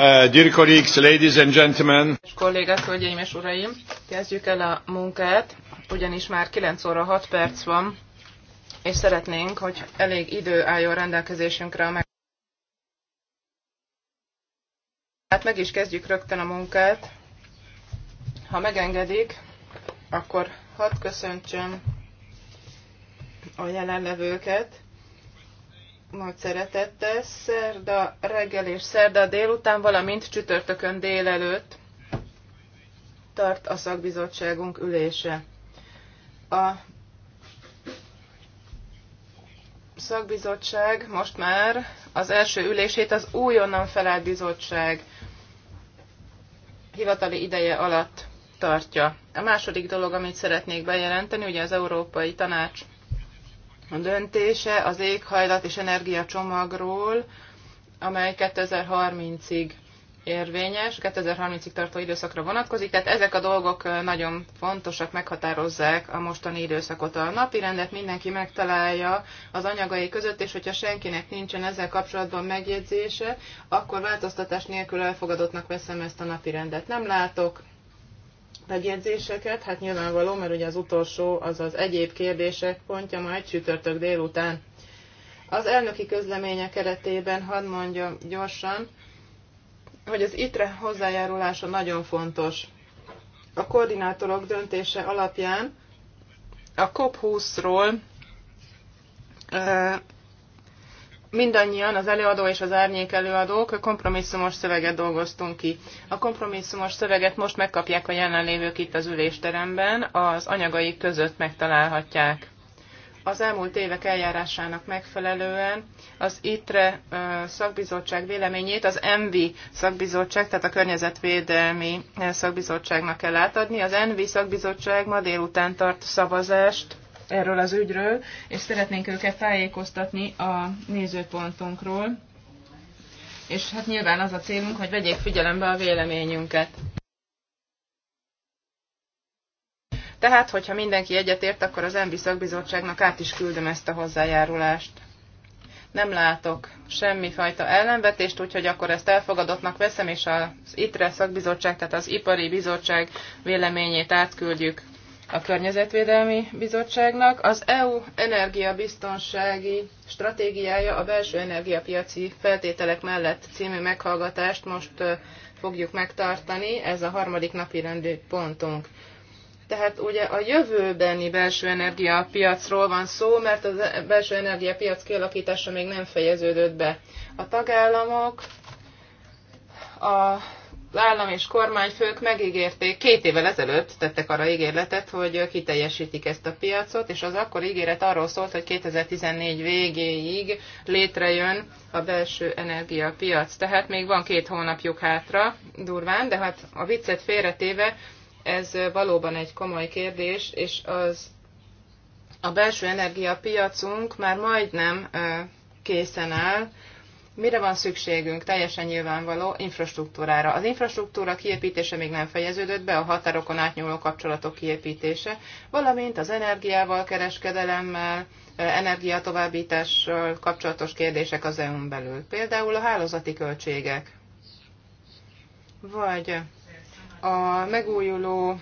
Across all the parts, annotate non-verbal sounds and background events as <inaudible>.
Uh, dear colleagues, ladies and gentlemen. kollégák, hölgyeim és uraim, kezdjük el a munkát, ugyanis már 9 óra 6 perc van, és szeretnénk, hogy elég idő álljon rendelkezésünkre a meg. Hát meg is kezdjük rögtön a munkát. Ha megengedik, akkor hadd köszöntsön a jelenlevőket nagy szeretettel, szerda reggel és szerda délután, valamint csütörtökön délelőtt tart a szakbizottságunk ülése. A szakbizottság most már az első ülését az újonnan felállt bizottság hivatali ideje alatt tartja. A második dolog, amit szeretnék bejelenteni, ugye az Európai Tanács a döntése az éghajlat és energiacsomagról, amely 2030-ig érvényes, 2030-ig tartó időszakra vonatkozik, tehát ezek a dolgok nagyon fontosak, meghatározzák a mostani időszakot. A napi rendet mindenki megtalálja az anyagai között, és hogyha senkinek nincsen ezzel kapcsolatban megjegyzése, akkor változtatás nélkül elfogadottnak veszem ezt a napi rendet. Nem látok megjegyzéseket. Hát nyilvánvaló, mert ugye az utolsó, az az egyéb kérdések pontja majd csütörtök délután. Az elnöki közleménye keretében hadd mondjam gyorsan, hogy az ITRE hozzájárulása nagyon fontos. A koordinátorok döntése alapján a COP20-ról mindannyian, az előadó és az árnyék előadók kompromisszumos szöveget dolgoztunk ki. A kompromisszumos szöveget most megkapják a jelenlévők itt az ülésteremben, az anyagai között megtalálhatják. Az elmúlt évek eljárásának megfelelően az ITRE szakbizottság véleményét az ENVI szakbizottság, tehát a Környezetvédelmi Szakbizottságnak kell átadni. Az ENVI szakbizottság ma délután tart szavazást erről az ügyről, és szeretnénk őket tájékoztatni a nézőpontunkról. És hát nyilván az a célunk, hogy vegyék figyelembe a véleményünket. Tehát, hogyha mindenki egyetért, akkor az ENBI szakbizottságnak át is küldöm ezt a hozzájárulást. Nem látok semmifajta ellenvetést, úgyhogy akkor ezt elfogadottnak veszem, és az ITRE szakbizottság, tehát az Ipari Bizottság véleményét átküldjük a Környezetvédelmi Bizottságnak. Az EU energiabiztonsági stratégiája a belső energiapiaci feltételek mellett című meghallgatást most fogjuk megtartani, ez a harmadik napi rendi pontunk. Tehát ugye a jövőbeni belső energiapiacról van szó, mert a e- belső energiapiac kialakítása még nem fejeződött be. A tagállamok a állam és kormányfők megígérték, két évvel ezelőtt tettek arra ígérletet, hogy kiteljesítik ezt a piacot, és az akkor ígéret arról szólt, hogy 2014 végéig létrejön a belső energiapiac. Tehát még van két hónapjuk hátra, durván, de hát a viccet félretéve ez valóban egy komoly kérdés, és az a belső energiapiacunk már majdnem készen áll, Mire van szükségünk? Teljesen nyilvánvaló infrastruktúrára. Az infrastruktúra kiépítése még nem fejeződött be, a határokon átnyúló kapcsolatok kiépítése, valamint az energiával, kereskedelemmel, eh, energiatovábbítással kapcsolatos kérdések az EU-n belül. Például a hálózati költségek, vagy a megújuló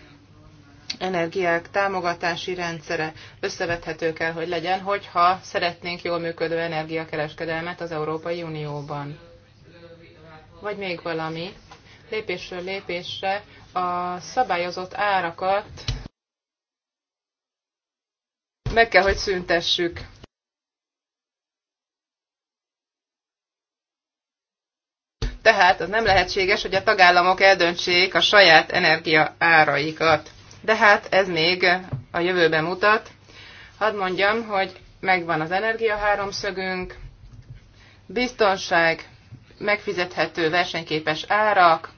energiák támogatási rendszere összevethető kell, hogy legyen, hogyha szeretnénk jól működő energiakereskedelmet az Európai Unióban. Vagy még valami. Lépésről lépésre a szabályozott árakat meg kell, hogy szüntessük. Tehát az nem lehetséges, hogy a tagállamok eldöntsék a saját energia áraikat de hát ez még a jövőben mutat. Hadd mondjam, hogy megvan az energia háromszögünk, biztonság, megfizethető versenyképes árak,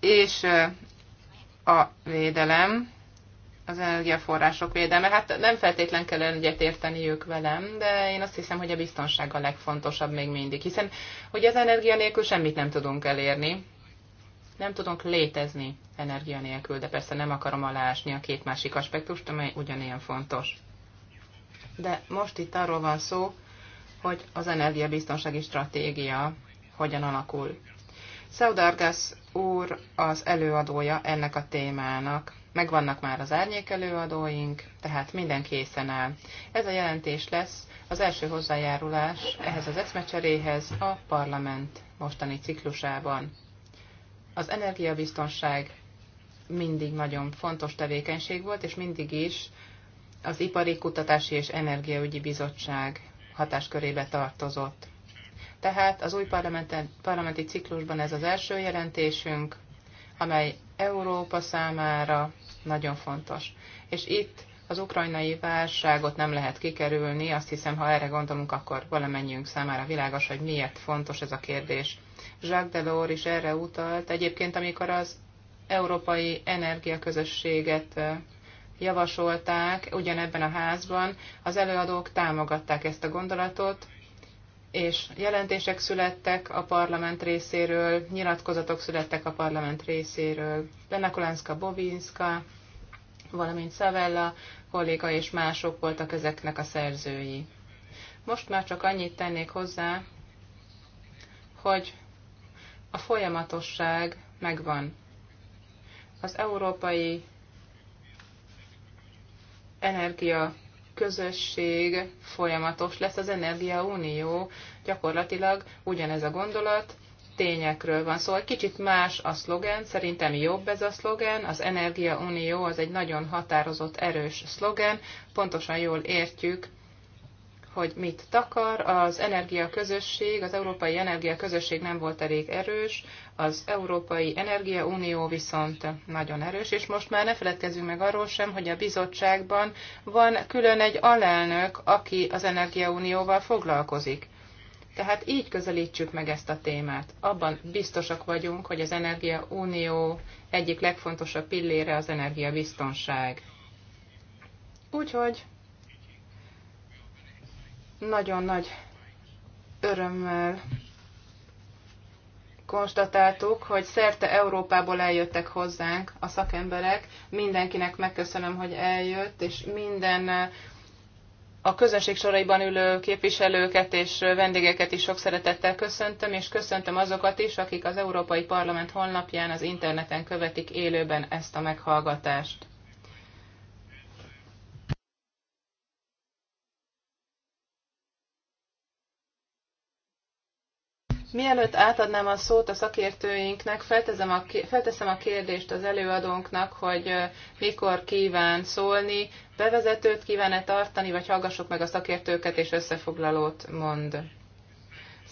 és a védelem, az energiaforrások védelme. Hát nem feltétlen kell egyet ők velem, de én azt hiszem, hogy a biztonság a legfontosabb még mindig, hiszen hogy az energia nélkül semmit nem tudunk elérni nem tudunk létezni energia nélkül, de persze nem akarom aláásni a két másik aspektust, amely ugyanilyen fontos. De most itt arról van szó, hogy az energiabiztonsági stratégia hogyan alakul. Szeudargász úr az előadója ennek a témának. Megvannak már az árnyék előadóink, tehát minden készen áll. Ez a jelentés lesz az első hozzájárulás ehhez az eszmecseréhez a parlament mostani ciklusában. Az energiabiztonság mindig nagyon fontos tevékenység volt, és mindig is az Ipari Kutatási és Energiaügyi Bizottság hatáskörébe tartozott. Tehát az új parlamenti ciklusban ez az első jelentésünk, amely Európa számára nagyon fontos. És itt az ukrajnai válságot nem lehet kikerülni, azt hiszem, ha erre gondolunk, akkor valamennyiünk számára világos, hogy miért fontos ez a kérdés. Jacques Delors is erre utalt. Egyébként, amikor az Európai Energiaközösséget javasolták ugyanebben a házban, az előadók támogatták ezt a gondolatot, és jelentések születtek a parlament részéről, nyilatkozatok születtek a parlament részéről. Lenakulánszka, Bovinska, valamint Szavella kolléga és mások voltak ezeknek a szerzői. Most már csak annyit tennék hozzá, hogy a folyamatosság megvan. Az európai energia közösség folyamatos lesz, az energia unió gyakorlatilag ugyanez a gondolat, tényekről van szó. Szóval egy kicsit más a szlogen, szerintem jobb ez a szlogen, az energia unió az egy nagyon határozott, erős szlogen, pontosan jól értjük, hogy mit takar. Az energiaközösség, az Európai Energiaközösség nem volt elég erős, az Európai Energiaunió viszont nagyon erős, és most már ne feledkezzünk meg arról sem, hogy a bizottságban van külön egy alelnök, aki az Energiaunióval foglalkozik. Tehát így közelítsük meg ezt a témát. Abban biztosak vagyunk, hogy az Energia Unió egyik legfontosabb pillére az energiabiztonság. Úgyhogy nagyon nagy örömmel konstatáltuk, hogy szerte Európából eljöttek hozzánk a szakemberek. Mindenkinek megköszönöm, hogy eljött, és minden a közönség soraiban ülő képviselőket és vendégeket is sok szeretettel köszöntöm, és köszöntöm azokat is, akik az Európai Parlament honlapján az interneten követik élőben ezt a meghallgatást. Mielőtt átadnám a szót a szakértőinknek, felteszem a, a kérdést az előadónknak, hogy mikor kíván szólni, bevezetőt kíván-e tartani, vagy hallgassuk meg a szakértőket, és összefoglalót mond.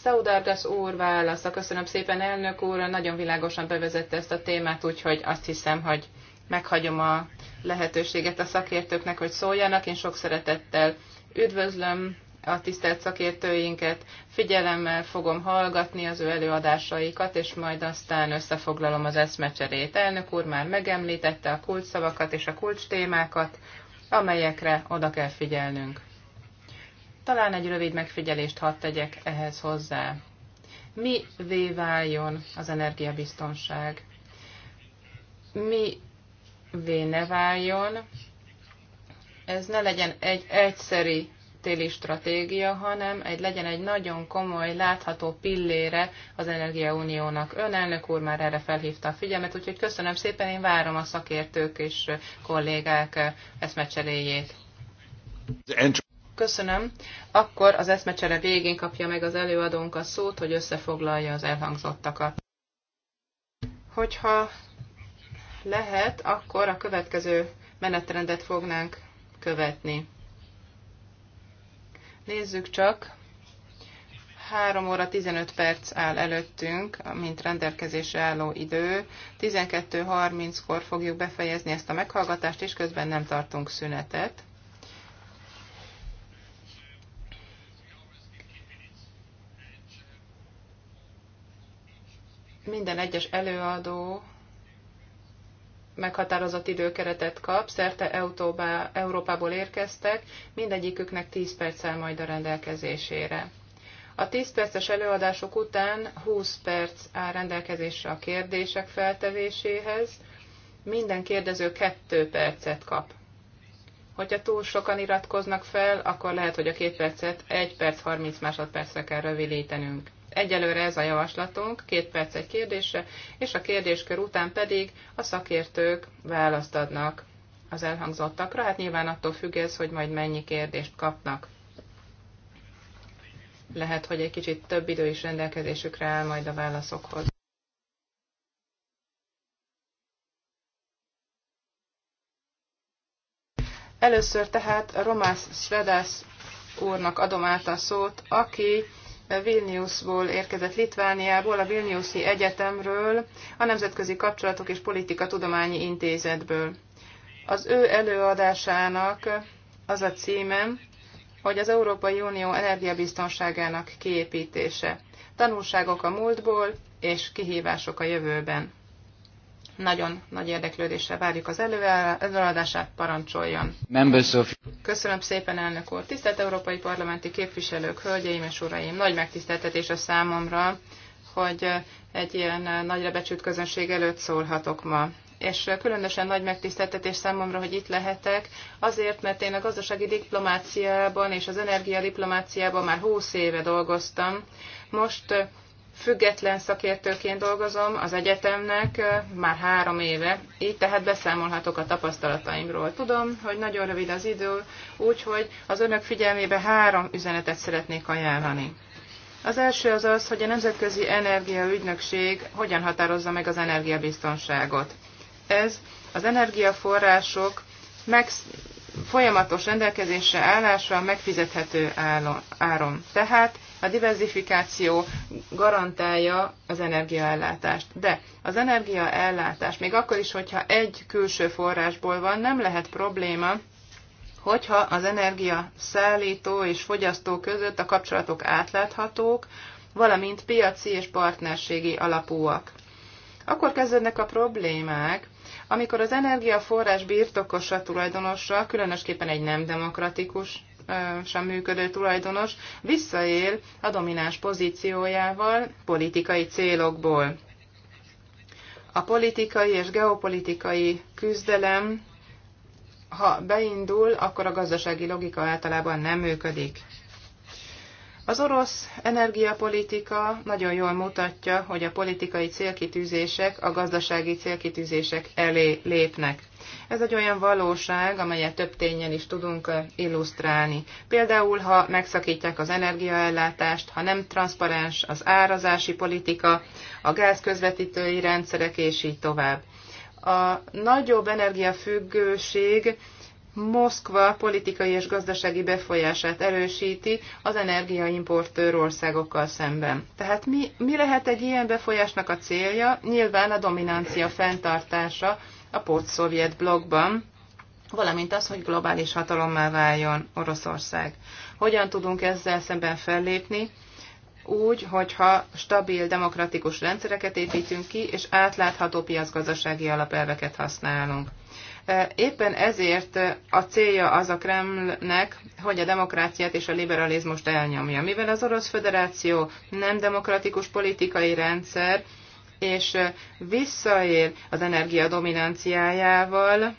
Szaudargas úr válasza. Köszönöm szépen, elnök úr, nagyon világosan bevezette ezt a témát, úgyhogy azt hiszem, hogy meghagyom a lehetőséget a szakértőknek, hogy szóljanak. Én sok szeretettel üdvözlöm a tisztelt szakértőinket, figyelemmel fogom hallgatni az ő előadásaikat, és majd aztán összefoglalom az eszmecserét. Elnök úr már megemlítette a kulcsszavakat és a kulcs témákat, amelyekre oda kell figyelnünk. Talán egy rövid megfigyelést hadd tegyek ehhez hozzá. Mi váljon az energiabiztonság? Mi vé ne váljon? Ez ne legyen egy egyszeri téli stratégia, hanem egy legyen egy nagyon komoly, látható pillére az Energiauniónak. Ön elnök úr már erre felhívta a figyelmet, úgyhogy köszönöm szépen, én várom a szakértők és kollégák eszmecseréjét. Köszönöm. Akkor az eszmecsere végén kapja meg az előadónk a szót, hogy összefoglalja az elhangzottakat. Hogyha lehet, akkor a következő menetrendet fognánk követni. Nézzük csak, 3 óra 15 perc áll előttünk, mint rendelkezésre álló idő. 12.30-kor fogjuk befejezni ezt a meghallgatást, és közben nem tartunk szünetet. Minden egyes előadó meghatározott időkeretet kap, szerte Eutóba, Európából érkeztek, mindegyiküknek 10 perccel majd a rendelkezésére. A 10 perces előadások után 20 perc áll rendelkezésre a kérdések feltevéséhez, minden kérdező 2 percet kap. Hogyha túl sokan iratkoznak fel, akkor lehet, hogy a 2 percet 1 perc 30 másodpercre kell rövidítenünk. Egyelőre ez a javaslatunk, két perc egy kérdésre, és a kérdéskör után pedig a szakértők választ adnak az elhangzottakra. Hát nyilván attól függ ez, hogy majd mennyi kérdést kapnak. Lehet, hogy egy kicsit több idő is rendelkezésükre áll majd a válaszokhoz. Először tehát Romász Svedász úrnak adom át a szót, aki Vilniusból érkezett Litvániából, a Vilniuszi Egyetemről, a Nemzetközi Kapcsolatok és Politika Tudományi Intézetből. Az ő előadásának az a címe, hogy az Európai Unió energiabiztonságának kiépítése. Tanulságok a múltból és kihívások a jövőben. Nagyon nagy érdeklődésre várjuk az előadását, parancsoljon. Köszönöm szépen, elnök úr. Tisztelt Európai Parlamenti képviselők, hölgyeim és uraim, nagy megtiszteltetés a számomra, hogy egy ilyen nagyra becsült közönség előtt szólhatok ma és különösen nagy megtiszteltetés számomra, hogy itt lehetek, azért, mert én a gazdasági diplomáciában és az energiadiplomáciában már húsz éve dolgoztam. Most független szakértőként dolgozom az egyetemnek már három éve, így tehát beszámolhatok a tapasztalataimról. Tudom, hogy nagyon rövid az idő, úgyhogy az önök figyelmébe három üzenetet szeretnék ajánlani. Az első az az, hogy a Nemzetközi Ügynökség hogyan határozza meg az energiabiztonságot. Ez az energiaforrások meg folyamatos rendelkezésre állása megfizethető áron. Tehát a diversifikáció garantálja az energiaellátást. De az energiaellátás, még akkor is, hogyha egy külső forrásból van, nem lehet probléma, hogyha az energia szállító és fogyasztó között a kapcsolatok átláthatók, valamint piaci és partnerségi alapúak. Akkor kezdődnek a problémák, amikor az energiaforrás birtokosa, tulajdonosa, különösképpen egy nem demokratikus sem működő tulajdonos visszaél a domináns pozíciójával politikai célokból. A politikai és geopolitikai küzdelem, ha beindul, akkor a gazdasági logika általában nem működik. Az orosz energiapolitika nagyon jól mutatja, hogy a politikai célkitűzések a gazdasági célkitűzések elé lépnek. Ez egy olyan valóság, amelyet több tényen is tudunk illusztrálni. Például, ha megszakítják az energiaellátást, ha nem transzparens az árazási politika, a gázközvetítői rendszerek és így tovább. A nagyobb energiafüggőség Moszkva politikai és gazdasági befolyását erősíti az energiaimportőr országokkal szemben. Tehát mi, mi lehet egy ilyen befolyásnak a célja? Nyilván a dominancia fenntartása a post-szovjet blokkban, valamint az, hogy globális hatalommá váljon Oroszország. Hogyan tudunk ezzel szemben fellépni? Úgy, hogyha stabil, demokratikus rendszereket építünk ki, és átlátható piacgazdasági alapelveket használunk. Éppen ezért a célja az a Kremlnek, hogy a demokráciát és a liberalizmust elnyomja. Mivel az Orosz Föderáció nem demokratikus politikai rendszer, és visszaél az energia dominanciájával,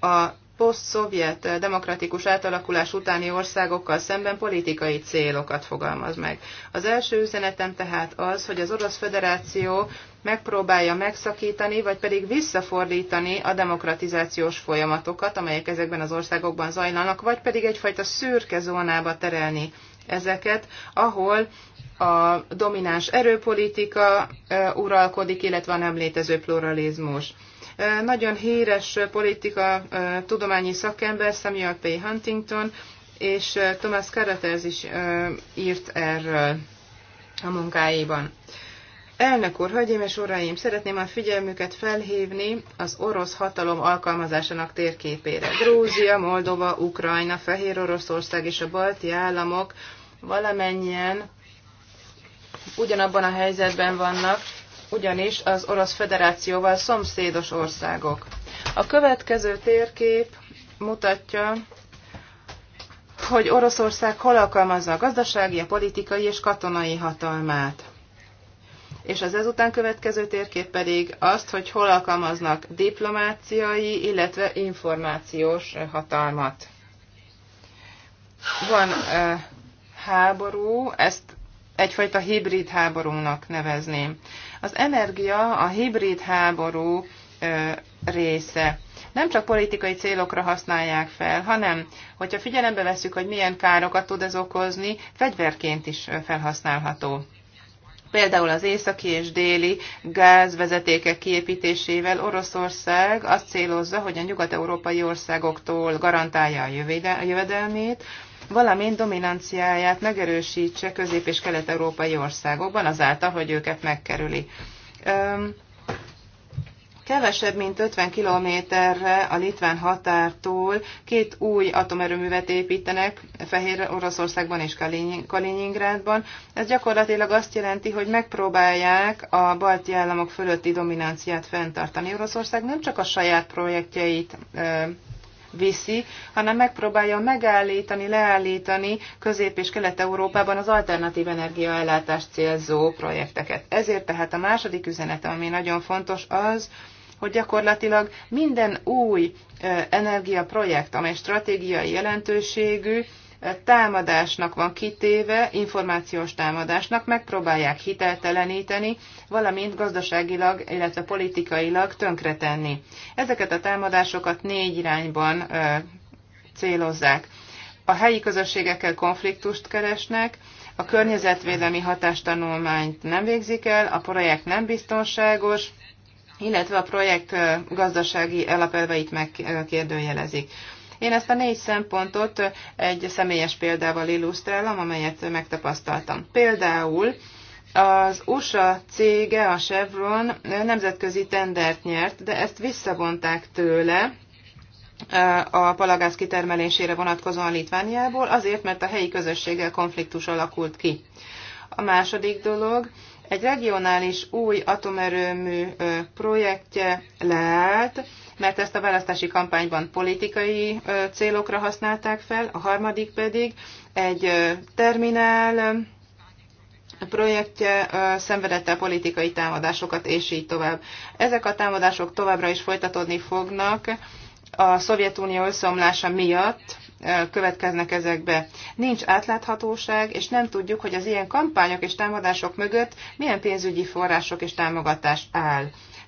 a posztszovjet eh, demokratikus átalakulás utáni országokkal szemben politikai célokat fogalmaz meg. Az első üzenetem tehát az, hogy az Orosz Föderáció megpróbálja megszakítani, vagy pedig visszafordítani a demokratizációs folyamatokat, amelyek ezekben az országokban zajlanak, vagy pedig egyfajta szürke zónába terelni ezeket, ahol a domináns erőpolitika eh, uralkodik, illetve a nem létező pluralizmus nagyon híres politika tudományi szakember Samuel P. Huntington és Thomas Karatez is írt erről a munkáiban. Elnök úr, hölgyeim és uraim, szeretném a figyelmüket felhívni az orosz hatalom alkalmazásának térképére. Grúzia, Moldova, Ukrajna, Fehér Oroszország és a balti államok valamennyien ugyanabban a helyzetben vannak, ugyanis az Orosz Federációval szomszédos országok. A következő térkép mutatja, hogy Oroszország hol alkalmazza a gazdasági, a politikai és katonai hatalmát. És az ezután következő térkép pedig azt, hogy hol alkalmaznak diplomáciai, illetve információs hatalmat. Van e, háború, ezt egyfajta hibrid háborúnak nevezném. Az energia a hibrid háború része. Nem csak politikai célokra használják fel, hanem, hogyha figyelembe veszük, hogy milyen károkat tud ez okozni, fegyverként is felhasználható például az északi és déli gázvezetékek kiépítésével Oroszország azt célozza, hogy a nyugat-európai országoktól garantálja a jövedelmét, valamint dominanciáját megerősítse közép- és kelet-európai országokban azáltal, hogy őket megkerüli. Kevesebb, mint 50 kilométerre a litván határtól két új atomerőművet építenek Fehér Oroszországban és Kaliningrádban. Ez gyakorlatilag azt jelenti, hogy megpróbálják a balti államok fölötti dominanciát fenntartani. Oroszország nem csak a saját projektjeit viszi, hanem megpróbálja megállítani, leállítani Közép- és Kelet-Európában az alternatív energiaellátást célzó projekteket. Ezért tehát a második üzenetem, ami nagyon fontos, az, hogy gyakorlatilag minden új eh, energiaprojekt, amely stratégiai jelentőségű, támadásnak van kitéve, információs támadásnak, megpróbálják hitelteleníteni, valamint gazdaságilag, illetve politikailag tönkretenni. Ezeket a támadásokat négy irányban célozzák. A helyi közösségekkel konfliktust keresnek, a környezetvédelmi hatástanulmányt nem végzik el, a projekt nem biztonságos, illetve a projekt gazdasági alapelveit megkérdőjelezik. Én ezt a négy szempontot egy személyes példával illusztrálom, amelyet megtapasztaltam. Például az USA cége, a Chevron nemzetközi tendert nyert, de ezt visszavonták tőle, a palagáz kitermelésére vonatkozóan Litvániából, azért, mert a helyi közösséggel konfliktus alakult ki. A második dolog, egy regionális új atomerőmű projektje leállt, mert ezt a választási kampányban politikai célokra használták fel, a harmadik pedig egy terminál projektje szenvedette a politikai támadásokat, és így tovább. Ezek a támadások továbbra is folytatódni fognak a Szovjetunió összeomlása miatt, következnek ezekbe. Nincs átláthatóság, és nem tudjuk, hogy az ilyen kampányok és támadások mögött milyen pénzügyi források és támogatás áll.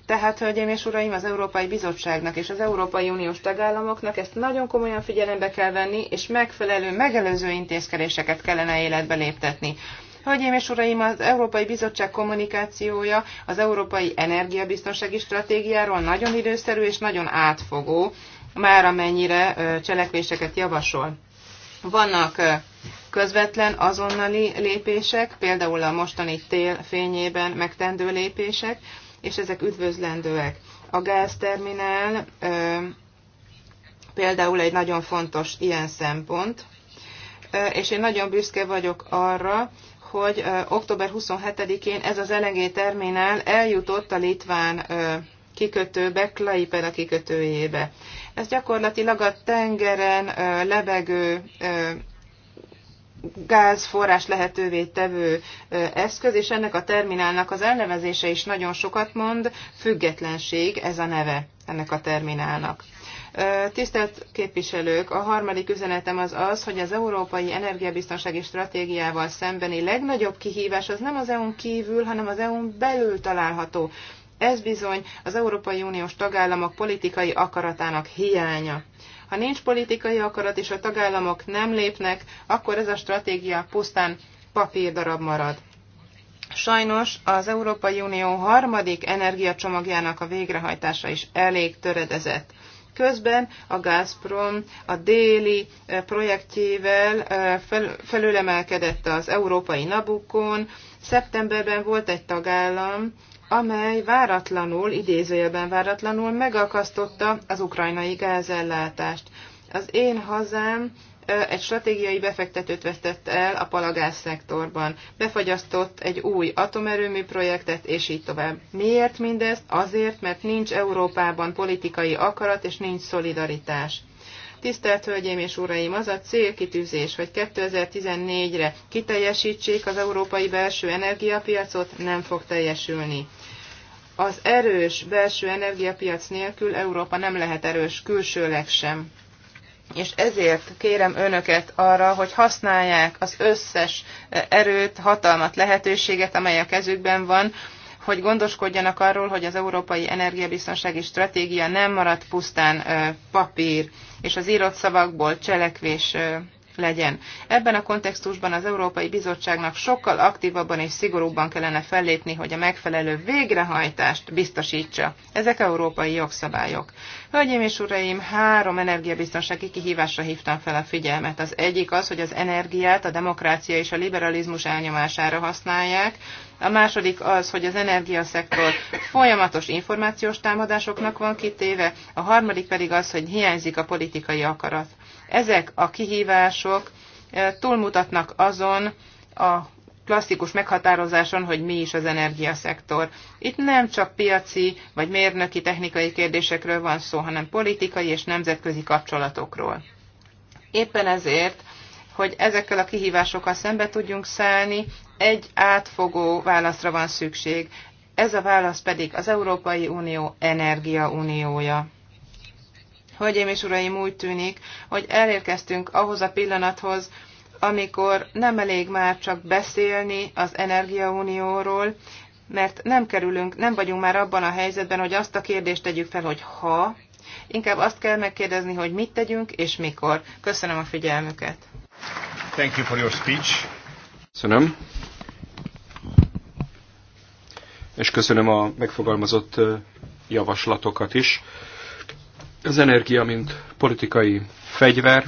Tehát, hölgyeim és uraim, az Európai Bizottságnak és az Európai Uniós tagállamoknak ezt nagyon komolyan figyelembe kell venni, és megfelelő, megelőző intézkedéseket kellene életbe léptetni. Hölgyeim és Uraim, az Európai Bizottság kommunikációja az Európai Energiabiztonsági Stratégiáról nagyon időszerű és nagyon átfogó, már amennyire cselekvéseket javasol. Vannak közvetlen azonnali lépések, például a mostani tél fényében megtendő lépések, és ezek üdvözlendőek. A gázterminál például egy nagyon fontos ilyen szempont, és én nagyon büszke vagyok arra, hogy október 27-én ez az LNG terminál eljutott a litván kikötőbe, Klaipeda kikötőjébe. Ez gyakorlatilag a tengeren lebegő gázforrás lehetővé tevő eszköz, és ennek a terminálnak az elnevezése is nagyon sokat mond, függetlenség ez a neve ennek a terminálnak. Tisztelt képviselők, a harmadik üzenetem az az, hogy az Európai Energiabiztonsági Stratégiával szembeni legnagyobb kihívás az nem az EU-n kívül, hanem az EU-n belül található. Ez bizony az Európai Uniós tagállamok politikai akaratának hiánya. Ha nincs politikai akarat és a tagállamok nem lépnek, akkor ez a stratégia pusztán papírdarab marad. Sajnos az Európai Unió harmadik energiacsomagjának a végrehajtása is elég töredezett. Közben a Gazprom a déli eh, projektjével eh, fel, felülemelkedett az európai Nabukon. Szeptemberben volt egy tagállam, amely váratlanul, idézőjelben váratlanul megakasztotta az ukrajnai gázellátást. Az én hazám egy stratégiai befektetőt vesztett el a palagás szektorban. Befagyasztott egy új atomerőmű projektet, és így tovább. Miért mindezt? Azért, mert nincs Európában politikai akarat, és nincs szolidaritás. Tisztelt Hölgyeim és Uraim, az a célkitűzés, hogy 2014-re kiteljesítsék az európai belső energiapiacot, nem fog teljesülni. Az erős belső energiapiac nélkül Európa nem lehet erős külsőleg sem. És ezért kérem önöket arra, hogy használják az összes e, erőt, hatalmat, lehetőséget, amely a kezükben van, hogy gondoskodjanak arról, hogy az európai energiabiztonsági stratégia nem marad pusztán e, papír és az írott szavakból cselekvés legyen. Ebben a kontextusban az Európai Bizottságnak sokkal aktívabban és szigorúbban kellene fellépni, hogy a megfelelő végrehajtást biztosítsa. Ezek európai jogszabályok. Hölgyeim és uraim, három energiabiztonsági kihívásra hívtam fel a figyelmet. Az egyik az, hogy az energiát a demokrácia és a liberalizmus elnyomására használják, a második az, hogy az energiaszektor folyamatos információs támadásoknak van kitéve, a harmadik pedig az, hogy hiányzik a politikai akarat. Ezek a kihívások eh, túlmutatnak azon a klasszikus meghatározáson, hogy mi is az energiaszektor. Itt nem csak piaci vagy mérnöki technikai kérdésekről van szó, hanem politikai és nemzetközi kapcsolatokról. Éppen ezért, hogy ezekkel a kihívásokkal szembe tudjunk szállni, egy átfogó válaszra van szükség. Ez a válasz pedig az Európai Unió energiauniója. Hölgyeim és uraim, úgy tűnik, hogy elérkeztünk ahhoz a pillanathoz, amikor nem elég már csak beszélni az energiaunióról, mert nem kerülünk, nem vagyunk már abban a helyzetben, hogy azt a kérdést tegyük fel, hogy ha, inkább azt kell megkérdezni, hogy mit tegyünk és mikor. Köszönöm a figyelmüket. Thank you for your speech. Köszönöm. És köszönöm a megfogalmazott javaslatokat is. Az energia, mint politikai fegyver,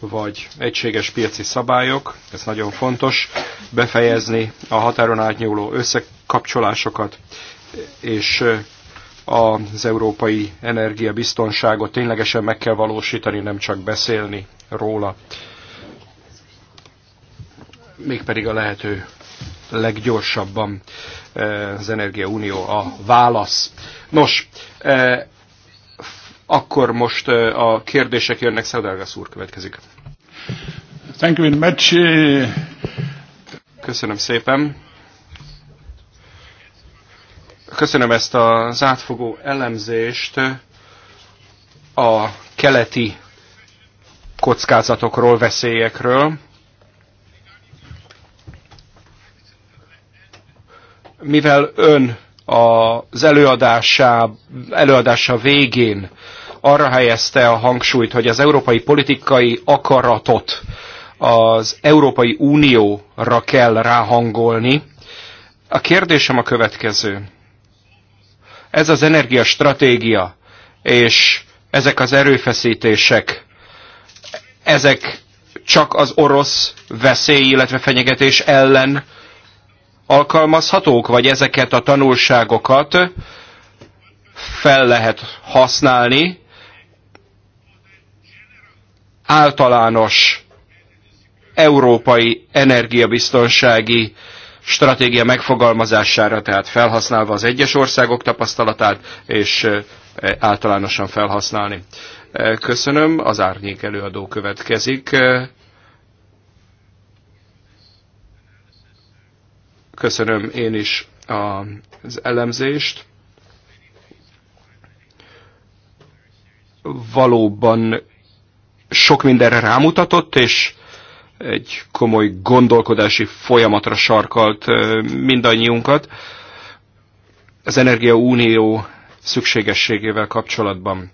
vagy egységes piaci szabályok, ez nagyon fontos, befejezni a határon átnyúló összekapcsolásokat, és az európai energiabiztonságot ténylegesen meg kell valósítani, nem csak beszélni róla. Mégpedig a lehető leggyorsabban az energia unió a válasz. Nos, akkor most a kérdések jönnek, Szedárgász úr következik. Thank you very much. Köszönöm szépen. Köszönöm ezt az átfogó elemzést a keleti kockázatokról, veszélyekről. Mivel ön az előadása, előadása végén arra helyezte a hangsúlyt, hogy az európai politikai akaratot az Európai Unióra kell ráhangolni. A kérdésem a következő. Ez az energiastratégia és ezek az erőfeszítések, ezek csak az orosz veszély, illetve fenyegetés ellen alkalmazhatók, vagy ezeket a tanulságokat fel lehet használni általános európai energiabiztonsági stratégia megfogalmazására, tehát felhasználva az egyes országok tapasztalatát, és általánosan felhasználni. Köszönöm, az árnyék előadó következik. Köszönöm én is az elemzést. Valóban sok mindenre rámutatott, és egy komoly gondolkodási folyamatra sarkalt mindannyiunkat az Energia Unió szükségességével kapcsolatban.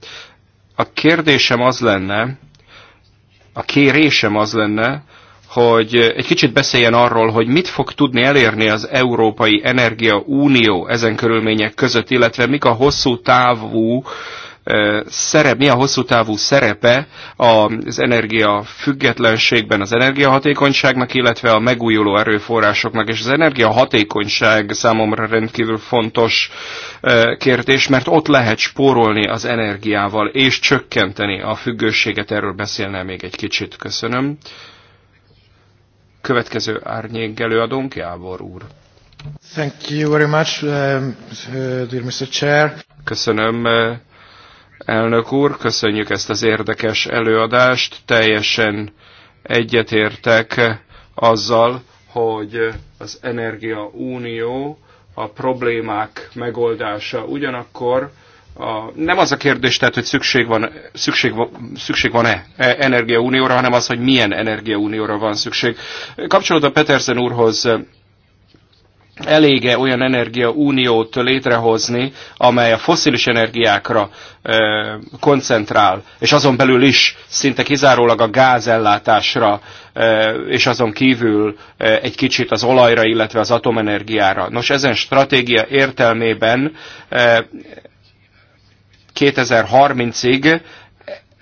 A kérdésem az lenne, a kérésem az lenne, hogy egy kicsit beszéljen arról, hogy mit fog tudni elérni az Európai Energia Unió ezen körülmények között, illetve mik a hosszú távú uh, szerep, mi a hosszú távú szerepe az energia függetlenségben az energiahatékonyságnak, illetve a megújuló erőforrásoknak. És az energiahatékonyság számomra rendkívül fontos kérdés, mert ott lehet spórolni az energiával és csökkenteni a függőséget. Erről beszélne még egy kicsit. Köszönöm. Következő árnyék előadónk Jábor úr. Thank you very much, um, uh, dear Mr. Chair. Köszönöm, elnök úr, köszönjük ezt az érdekes előadást, teljesen egyetértek azzal, hogy az Energia Unió a problémák megoldása ugyanakkor, a, nem az a kérdés, tehát, hogy szükség, van, szükség, szükség van energiaunióra, hanem az, hogy milyen energiaunióra van szükség. Kapcsolódva Petersen úrhoz elége olyan energiauniót létrehozni, amely a foszilis energiákra ö, koncentrál, és azon belül is szinte kizárólag a gázellátásra, ö, és azon kívül ö, egy kicsit az olajra, illetve az atomenergiára. Nos, ezen stratégia értelmében ö, 2030-ig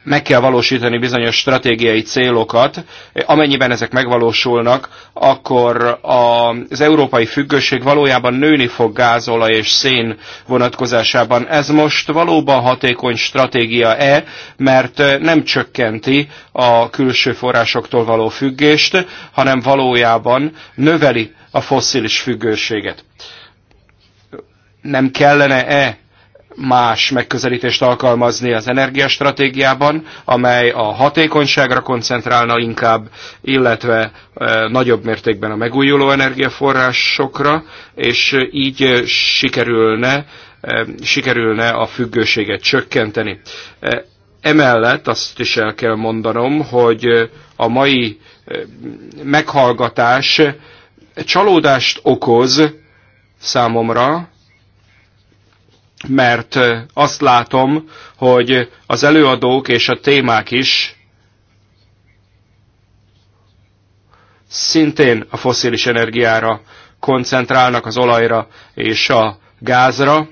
meg kell valósítani bizonyos stratégiai célokat. Amennyiben ezek megvalósulnak, akkor az európai függőség valójában nőni fog gázolaj és szén vonatkozásában. Ez most valóban hatékony stratégia-e, mert nem csökkenti a külső forrásoktól való függést, hanem valójában növeli a fosszilis függőséget. Nem kellene-e más megközelítést alkalmazni az energiastratégiában, amely a hatékonyságra koncentrálna inkább, illetve e, nagyobb mértékben a megújuló energiaforrásokra, és így sikerülne, e, sikerülne a függőséget csökkenteni. E, emellett azt is el kell mondanom, hogy a mai meghallgatás csalódást okoz számomra, mert azt látom, hogy az előadók és a témák is szintén a foszilis energiára koncentrálnak, az olajra és a gázra,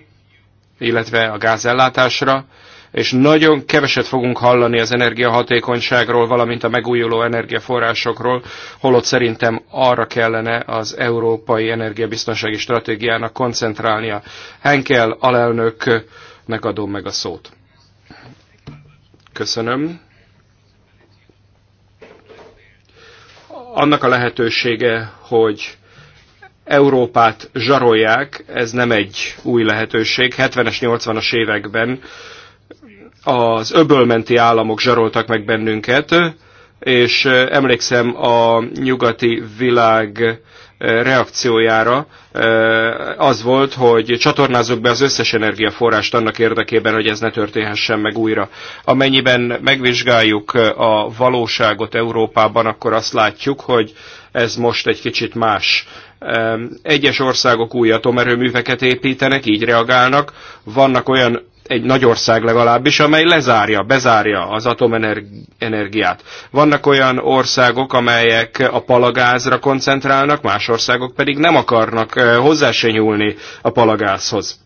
illetve a gázellátásra, és nagyon keveset fogunk hallani az energiahatékonyságról, valamint a megújuló energiaforrásokról, holott szerintem arra kellene az európai energiabiztonsági stratégiának koncentrálnia. Henkel alelnök? Megadom meg a szót. Köszönöm. Annak a lehetősége, hogy Európát zsarolják, ez nem egy új lehetőség. 70-es, 80-as években az öbölmenti államok zsaroltak meg bennünket, és emlékszem a nyugati világ reakciójára az volt, hogy csatornázzuk be az összes energiaforrást annak érdekében, hogy ez ne történhessen meg újra. Amennyiben megvizsgáljuk a valóságot Európában, akkor azt látjuk, hogy ez most egy kicsit más. Egyes országok új atomerőműveket építenek, így reagálnak. Vannak olyan egy nagy ország legalábbis, amely lezárja, bezárja az atomenergiát. Vannak olyan országok, amelyek a palagázra koncentrálnak, más országok pedig nem akarnak eh, hozzá se nyúlni a palagázhoz.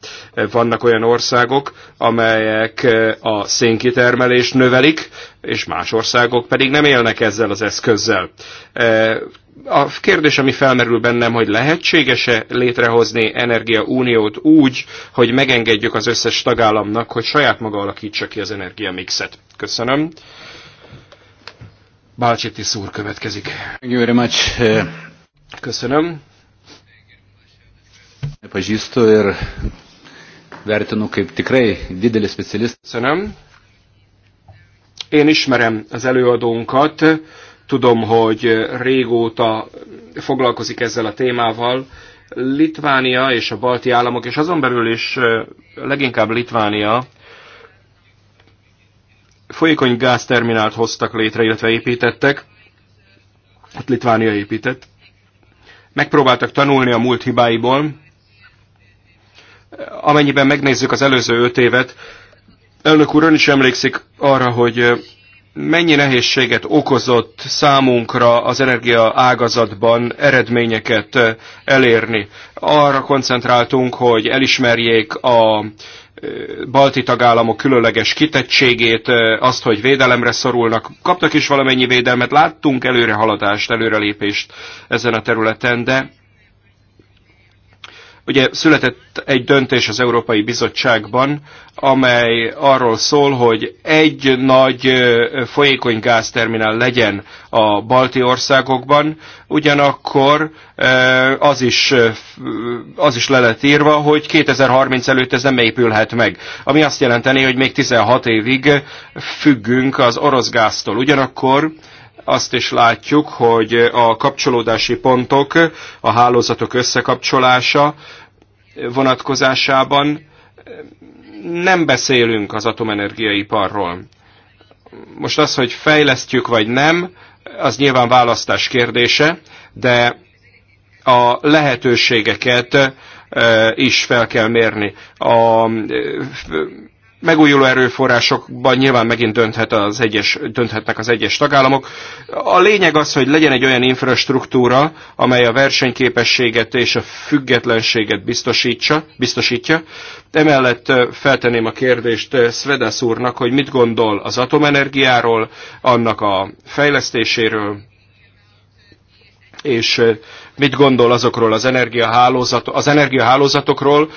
Vannak olyan országok, amelyek eh, a szénkitermelést növelik, és más országok pedig nem élnek ezzel az eszközzel. Eh, a kérdés, ami felmerül bennem, hogy lehetséges-e létrehozni energiauniót úgy, hogy megengedjük az összes tagállamnak, hogy saját maga alakítsa ki az energiamixet. Köszönöm. Bácsi úr következik. Eh. Köszönöm. Köszönöm. Én ismerem az előadónkat, Tudom, hogy régóta foglalkozik ezzel a témával. Litvánia és a balti államok, és azon belül is leginkább Litvánia folyékony gázterminált hoztak létre, illetve építettek. Hát Litvánia épített. Megpróbáltak tanulni a múlt hibáiból. Amennyiben megnézzük az előző öt évet, elnök úr ön is emlékszik arra, hogy mennyi nehézséget okozott számunkra az energia ágazatban eredményeket elérni. Arra koncentráltunk, hogy elismerjék a balti tagállamok különleges kitettségét, azt, hogy védelemre szorulnak. Kaptak is valamennyi védelmet, láttunk előrehaladást, előrelépést ezen a területen, de Ugye született egy döntés az Európai Bizottságban, amely arról szól, hogy egy nagy folyékony gázterminál legyen a balti országokban, ugyanakkor az is, az is le lett írva, hogy 2030 előtt ez nem épülhet meg. Ami azt jelenteni, hogy még 16 évig függünk az orosz gáztól. Ugyanakkor azt is látjuk, hogy a kapcsolódási pontok, a hálózatok összekapcsolása vonatkozásában nem beszélünk az atomenergiaiparról. Most az, hogy fejlesztjük vagy nem, az nyilván választás kérdése, de a lehetőségeket is fel kell mérni. A megújuló erőforrásokban nyilván megint dönthet az egyes, dönthetnek az egyes tagállamok. A lényeg az, hogy legyen egy olyan infrastruktúra, amely a versenyképességet és a függetlenséget biztosítsa, biztosítja. Emellett feltenném a kérdést Svedász úrnak, hogy mit gondol az atomenergiáról, annak a fejlesztéséről, és mit gondol azokról az, energiahálózat, az energiahálózatokról,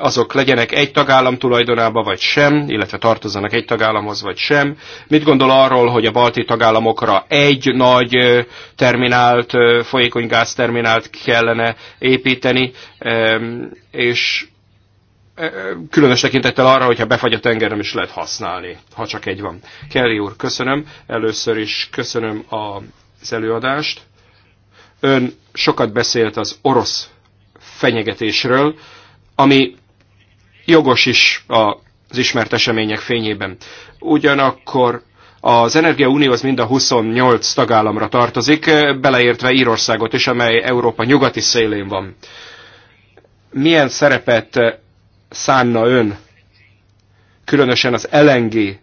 azok legyenek egy tagállam tulajdonába vagy sem, illetve tartozzanak egy tagállamhoz vagy sem. Mit gondol arról, hogy a balti tagállamokra egy nagy terminált, folyékony gázterminált kellene építeni, és különös tekintettel arra, hogyha befagy a tenger, nem is lehet használni, ha csak egy van. Kelly úr, köszönöm. Először is köszönöm az előadást Ön sokat beszélt az orosz fenyegetésről, ami jogos is az ismert események fényében. Ugyanakkor az Unió az mind a 28 tagállamra tartozik, beleértve Írországot is, amely Európa nyugati szélén van. Milyen szerepet szánna ön, különösen az LNG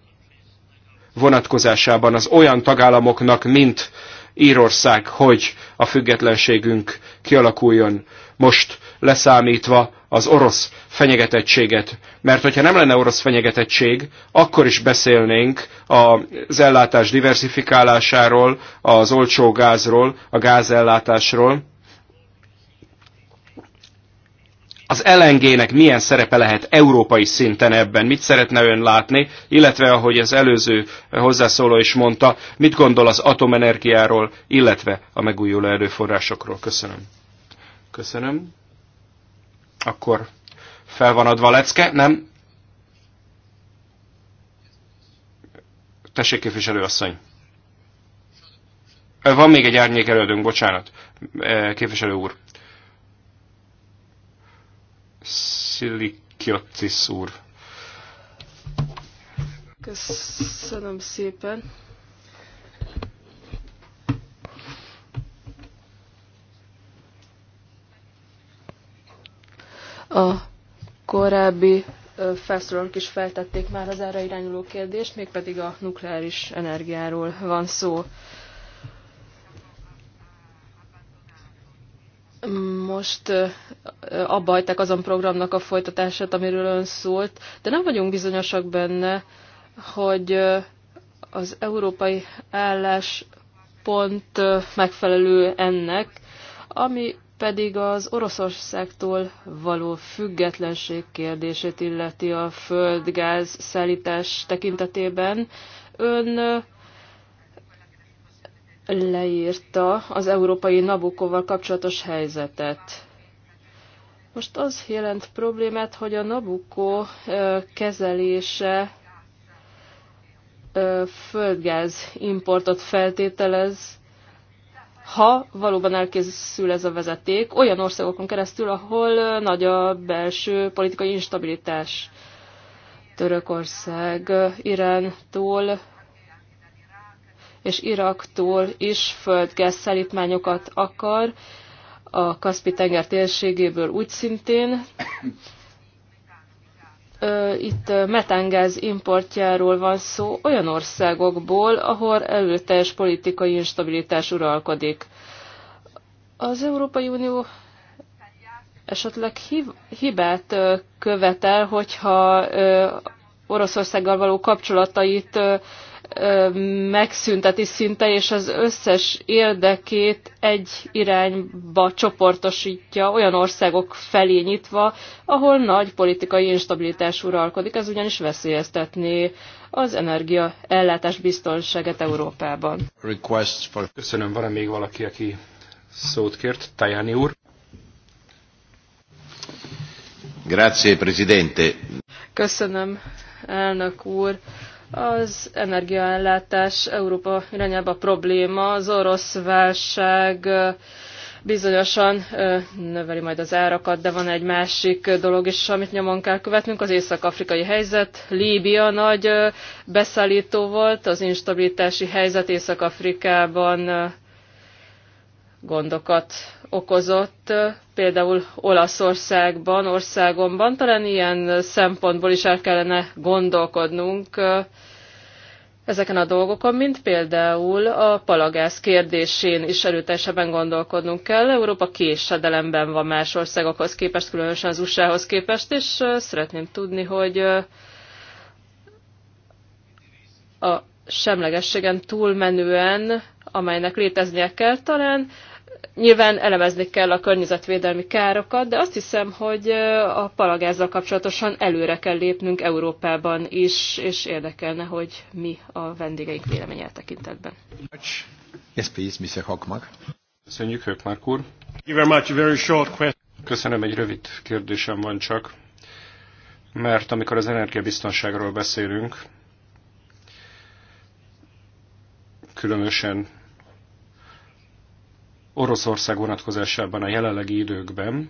vonatkozásában az olyan tagállamoknak, mint Írország, hogy a függetlenségünk kialakuljon most leszámítva az orosz fenyegetettséget. Mert hogyha nem lenne orosz fenyegetettség, akkor is beszélnénk az ellátás diversifikálásáról, az olcsó gázról, a gázellátásról, az LNG-nek milyen szerepe lehet európai szinten ebben, mit szeretne ön látni, illetve ahogy az előző hozzászóló is mondta, mit gondol az atomenergiáról, illetve a megújuló erőforrásokról. Köszönöm. Köszönöm. Akkor fel van adva a lecke, nem? Tessék képviselőasszony. Van még egy árnyék előadónk, bocsánat, képviselő úr. Silikiottis úr. Köszönöm szépen. A korábbi felszólalók is feltették már az erre irányuló kérdést, mégpedig a nukleáris energiáról van szó. most abba hagyták azon programnak a folytatását, amiről ön szólt, de nem vagyunk bizonyosak benne, hogy az európai állás pont megfelelő ennek, ami pedig az Oroszországtól való függetlenség kérdését illeti a földgáz szállítás tekintetében. Ön leírta az európai Nabukóval kapcsolatos helyzetet. Most az jelent problémát, hogy a Nabukó kezelése földgáz importot feltételez, ha valóban elkészül ez a vezeték olyan országokon keresztül, ahol nagy a belső politikai instabilitás. Törökország Irántól és Iraktól is földgázszállítmányokat akar, a Kaspi-tenger térségéből úgy szintén. Itt metángáz importjáról van szó olyan országokból, ahol előteljes politikai instabilitás uralkodik. Az Európai Unió esetleg hibát követel, hogyha Oroszországgal való kapcsolatait megszünteti szinte, és az összes érdekét egy irányba csoportosítja, olyan országok felé nyitva, ahol nagy politikai instabilitás uralkodik, ez ugyanis veszélyeztetné az energia ellátás biztonságát Európában. For... Köszönöm, van -e még valaki, aki szót kért? Tajani úr. Grazie, Presidente. Köszönöm, elnök úr. Az energiaellátás Európa irányába probléma, az orosz válság bizonyosan növeli majd az árakat, de van egy másik dolog is, amit nyomon kell követnünk, az észak-afrikai helyzet. Líbia nagy beszállító volt, az instabilitási helyzet Észak-Afrikában gondokat okozott, például Olaszországban, országomban. Talán ilyen szempontból is el kellene gondolkodnunk ezeken a dolgokon, mint például a palagász kérdésén is erőteljesebben gondolkodnunk kell. Európa késedelemben van más országokhoz képest, különösen az USA-hoz képest, és szeretném tudni, hogy a semlegességen túlmenően, amelynek léteznie kell talán, Nyilván elemezni kell a környezetvédelmi károkat, de azt hiszem, hogy a palagázzal kapcsolatosan előre kell lépnünk Európában is, és érdekelne, hogy mi a vendégeink véleménye e tekintetben. Köszönjük, Hökmark úr. Köszönöm, egy rövid kérdésem van csak, mert amikor az energiabiztonságról beszélünk, különösen Oroszország vonatkozásában a jelenlegi időkben,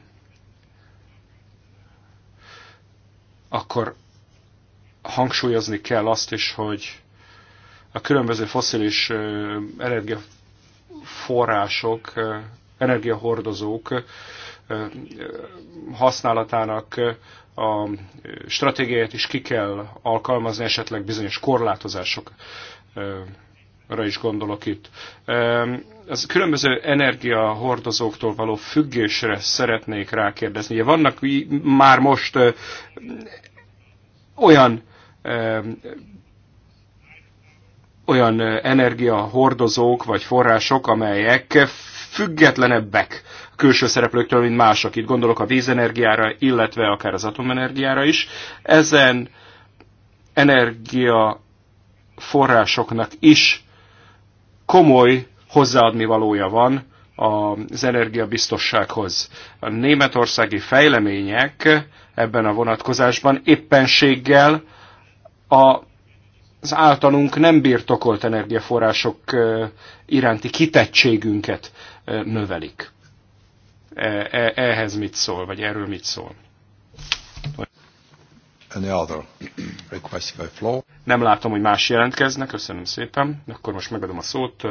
akkor hangsúlyozni kell azt is, hogy a különböző foszilis energiaforrások, energiahordozók használatának a stratégiáját is ki kell alkalmazni, esetleg bizonyos korlátozások arra is gondolok itt. Az különböző energiahordozóktól való függésre szeretnék rákérdezni. Ugye vannak már most olyan olyan energiahordozók vagy források, amelyek függetlenebbek a külső szereplőktől, mint mások. Itt gondolok a vízenergiára, illetve akár az atomenergiára is. Ezen energia forrásoknak is komoly hozzáadni valója van az energiabiztossághoz. A németországi fejlemények ebben a vonatkozásban éppenséggel a az általunk nem birtokolt energiaforrások iránti kitettségünket növelik. E, e, ehhez mit szól, vagy erről mit szól? Any other request a floor? Nem látom, hogy más jelentkeznek, köszönöm szépen. Akkor most megadom a szót.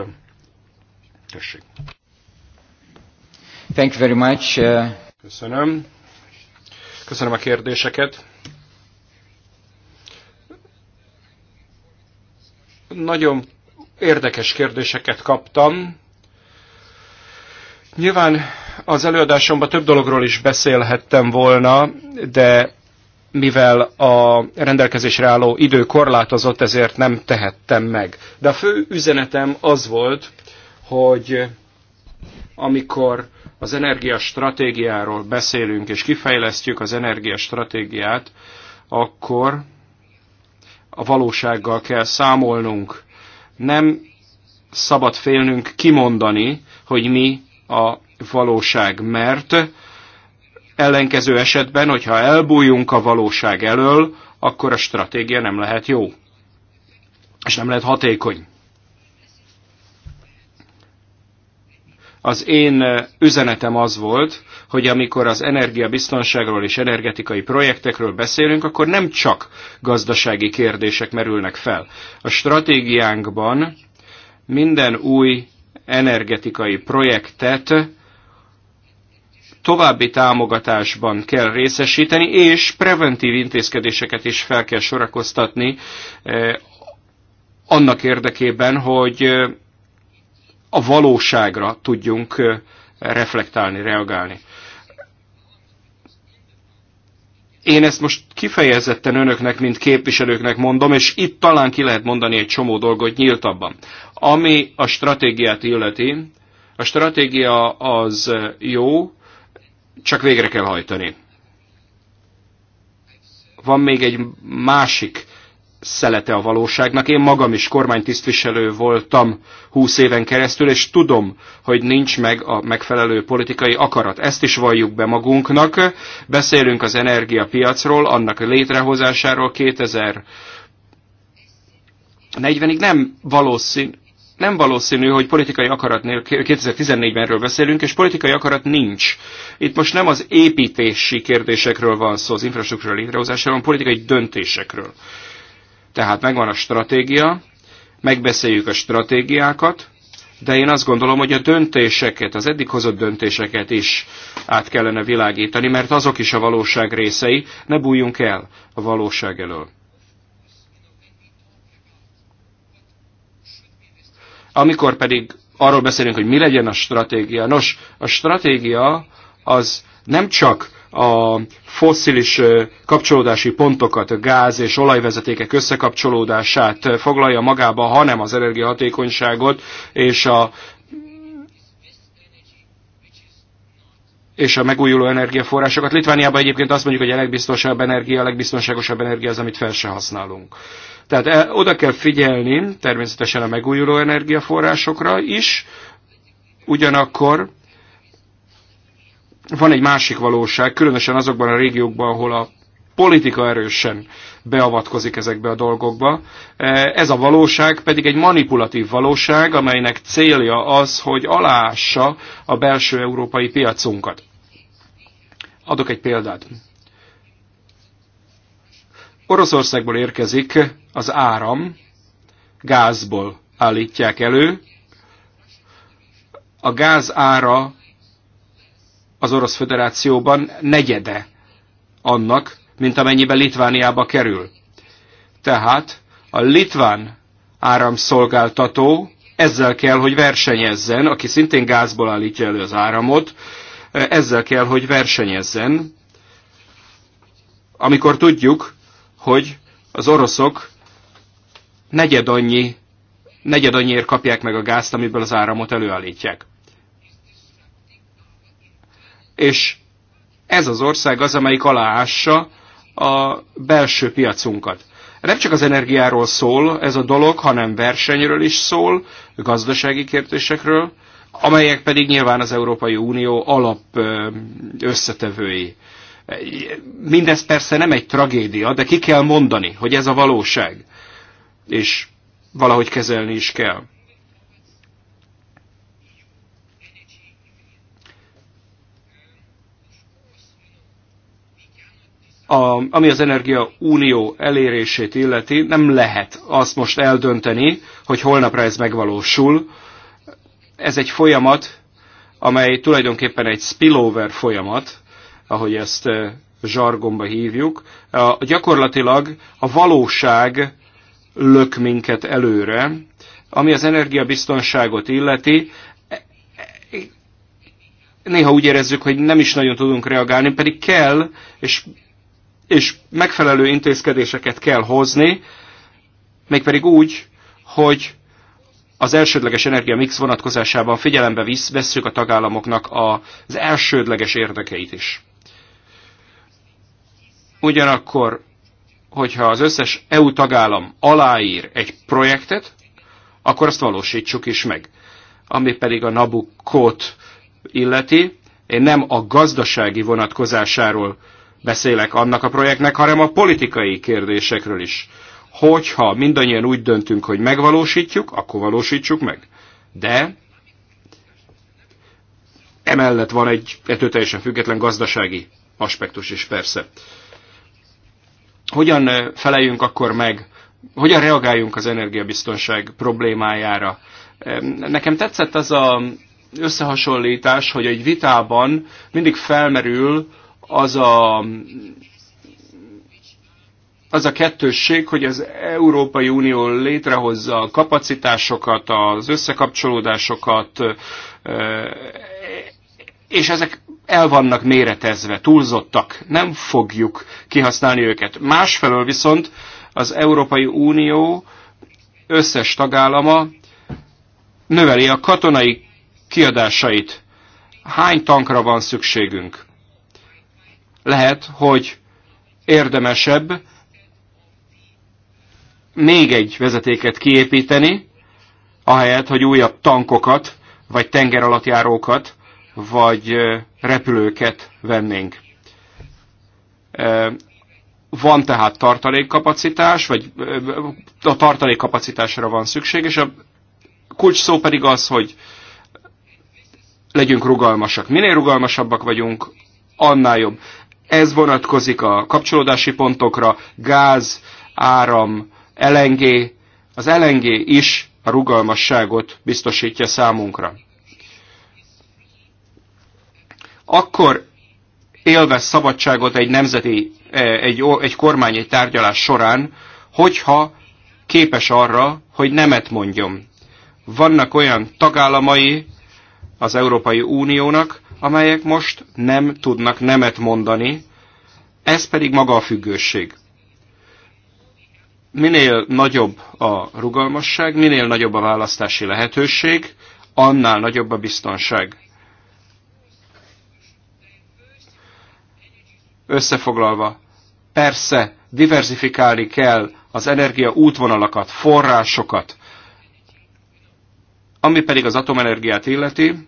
Tessék. Thank you very much. Uh, köszönöm. Köszönöm a kérdéseket. Nagyon érdekes kérdéseket kaptam. Nyilván az előadásomban több dologról is beszélhettem volna, de mivel a rendelkezésre álló idő korlátozott, ezért nem tehettem meg. De a fő üzenetem az volt, hogy amikor az energiastratégiáról beszélünk és kifejlesztjük az energiastratégiát, akkor a valósággal kell számolnunk. Nem szabad félnünk kimondani, hogy mi a valóság, mert Ellenkező esetben, hogyha elbújunk a valóság elől, akkor a stratégia nem lehet jó, és nem lehet hatékony. Az én eh, üzenetem az volt, hogy amikor az energiabiztonságról és energetikai projektekről beszélünk, akkor nem csak gazdasági kérdések merülnek fel. A stratégiánkban minden új energetikai projektet további támogatásban kell részesíteni, és preventív intézkedéseket is fel kell sorakoztatni eh, annak érdekében, hogy eh, a valóságra tudjunk eh, reflektálni, reagálni. Én ezt most kifejezetten önöknek, mint képviselőknek mondom, és itt talán ki lehet mondani egy csomó dolgot nyíltabban. Ami a stratégiát illeti, a stratégia az jó, csak végre kell hajtani. Van még egy másik szelete a valóságnak. Én magam is kormánytisztviselő voltam 20 éven keresztül, és tudom, hogy nincs meg a megfelelő politikai akarat. Ezt is valljuk be magunknak. Beszélünk az energiapiacról, annak létrehozásáról 2040-ig nem valószínű, nem valószínű, hogy politikai akarat nélkül, 2014-benről beszélünk, és politikai akarat nincs. Itt most nem az építési kérdésekről van szó, az infrastruktúra létrehozásáról, hanem politikai döntésekről. Tehát megvan a stratégia, megbeszéljük a stratégiákat, de én azt gondolom, hogy a döntéseket, az eddig hozott döntéseket is át kellene világítani, mert azok is a valóság részei, ne bújjunk el a valóság elől. Amikor pedig arról beszélünk, hogy mi legyen a stratégia, nos, a stratégia az nem csak a fosszilis kapcsolódási pontokat, a gáz és olajvezetékek összekapcsolódását foglalja magába, hanem az energiahatékonyságot és a és a megújuló energiaforrásokat. Litvániában egyébként azt mondjuk, hogy a legbiztonságosabb energia, a legbiztonságosabb energia az, amit fel se használunk. Tehát el, oda kell figyelni természetesen a megújuló energiaforrásokra is, ugyanakkor van egy másik valóság, különösen azokban a régiókban, ahol a politika erősen beavatkozik ezekbe a dolgokba. E, ez a valóság pedig egy manipulatív valóság, amelynek célja az, hogy aláássa a belső európai piacunkat. Adok egy példát. Oroszországból érkezik az áram, gázból állítják elő. A gáz ára az Orosz Föderációban negyede annak, mint amennyibe Litvániába kerül. Tehát a litván áramszolgáltató ezzel kell, hogy versenyezzen, aki szintén gázból állítja elő az áramot, ezzel kell, hogy versenyezzen, amikor tudjuk, hogy az oroszok negyed annyi, negyed annyiért kapják meg a gázt, amiből az áramot előállítják. És ez az ország az, amelyik aláássa a belső piacunkat. Nem csak az energiáról szól ez a dolog, hanem versenyről is szól, gazdasági kérdésekről, amelyek pedig nyilván az Európai Unió alap összetevői. Mindez persze nem egy tragédia, de ki kell mondani, hogy ez a valóság, és valahogy kezelni is kell. a, ami az Energia Unió elérését illeti, nem lehet azt most eldönteni, hogy holnapra ez megvalósul. Ez egy folyamat, amely tulajdonképpen egy spillover folyamat, ahogy ezt eh, zsargomba hívjuk. A, gyakorlatilag a valóság lök minket előre, ami az energiabiztonságot illeti, eh, néha úgy érezzük, hogy nem is nagyon tudunk reagálni, pedig kell, és és megfelelő intézkedéseket kell hozni, mégpedig úgy, hogy az elsődleges energiamix vonatkozásában figyelembe visz, vesszük a tagállamoknak az elsődleges érdekeit is. Ugyanakkor, hogyha az összes EU tagállam aláír egy projektet, akkor azt valósítsuk is meg. Ami pedig a Nabukkót illeti, én nem a gazdasági vonatkozásáról beszélek annak a projektnek, hanem a politikai kérdésekről is. Hogyha mindannyian úgy döntünk, hogy megvalósítjuk, akkor valósítsuk meg. De emellett van egy ettől teljesen független gazdasági aspektus is persze. Hogyan feleljünk akkor meg, hogyan reagáljunk az energiabiztonság problémájára? Nekem tetszett az a összehasonlítás, hogy egy vitában mindig felmerül, az a az a kettősség, hogy az Európai Unió létrehozza a kapacitásokat, az összekapcsolódásokat, és ezek el vannak méretezve, túlzottak, nem fogjuk kihasználni őket. Másfelől viszont az Európai Unió összes tagállama növeli a katonai kiadásait. Hány tankra van szükségünk? lehet, hogy érdemesebb még egy vezetéket kiépíteni, ahelyett, hogy újabb tankokat, vagy tengeralattjárókat, vagy repülőket vennénk. Van tehát tartalékkapacitás, vagy a tartalékkapacitásra van szükség, és a kulcs szó pedig az, hogy legyünk rugalmasak. Minél rugalmasabbak vagyunk, annál jobb. Ez vonatkozik a kapcsolódási pontokra, gáz, áram, LNG. Az LNG is a rugalmasságot biztosítja számunkra. Akkor élvez szabadságot egy nemzeti, e, egy, egy kormány egy tárgyalás során, hogyha képes arra, hogy nemet mondjon. Vannak olyan tagállamai az Európai Uniónak, amelyek most nem tudnak nemet mondani, ez pedig maga a függőség. Minél nagyobb a rugalmasság, minél nagyobb a választási lehetőség, annál nagyobb a biztonság. Összefoglalva, persze diversifikálni kell az energia útvonalakat, forrásokat, ami pedig az atomenergiát illeti,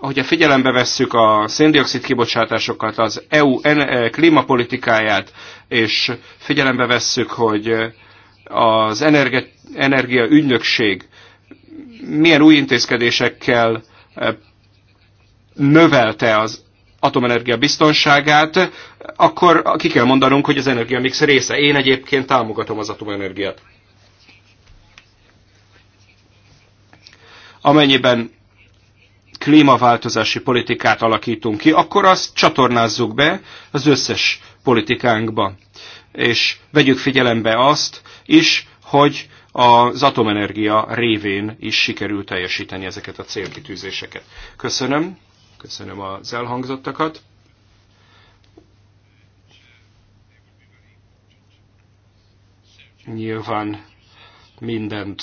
hogyha figyelembe vesszük a széndiokszid kibocsátásokat, az EU eh, klímapolitikáját, és figyelembe vesszük, hogy eh, az energia, ügynökség milyen új intézkedésekkel eh, növelte az atomenergia biztonságát, akkor ki kell mondanunk, hogy az energiamix része. Én egyébként támogatom az atomenergiát. Amennyiben klímaváltozási politikát alakítunk ki, akkor azt csatornázzuk be az összes politikánkba. És vegyük figyelembe azt is, hogy az atomenergia révén is sikerül teljesíteni ezeket a célkitűzéseket. Köszönöm, köszönöm az elhangzottakat. Nyilván mindent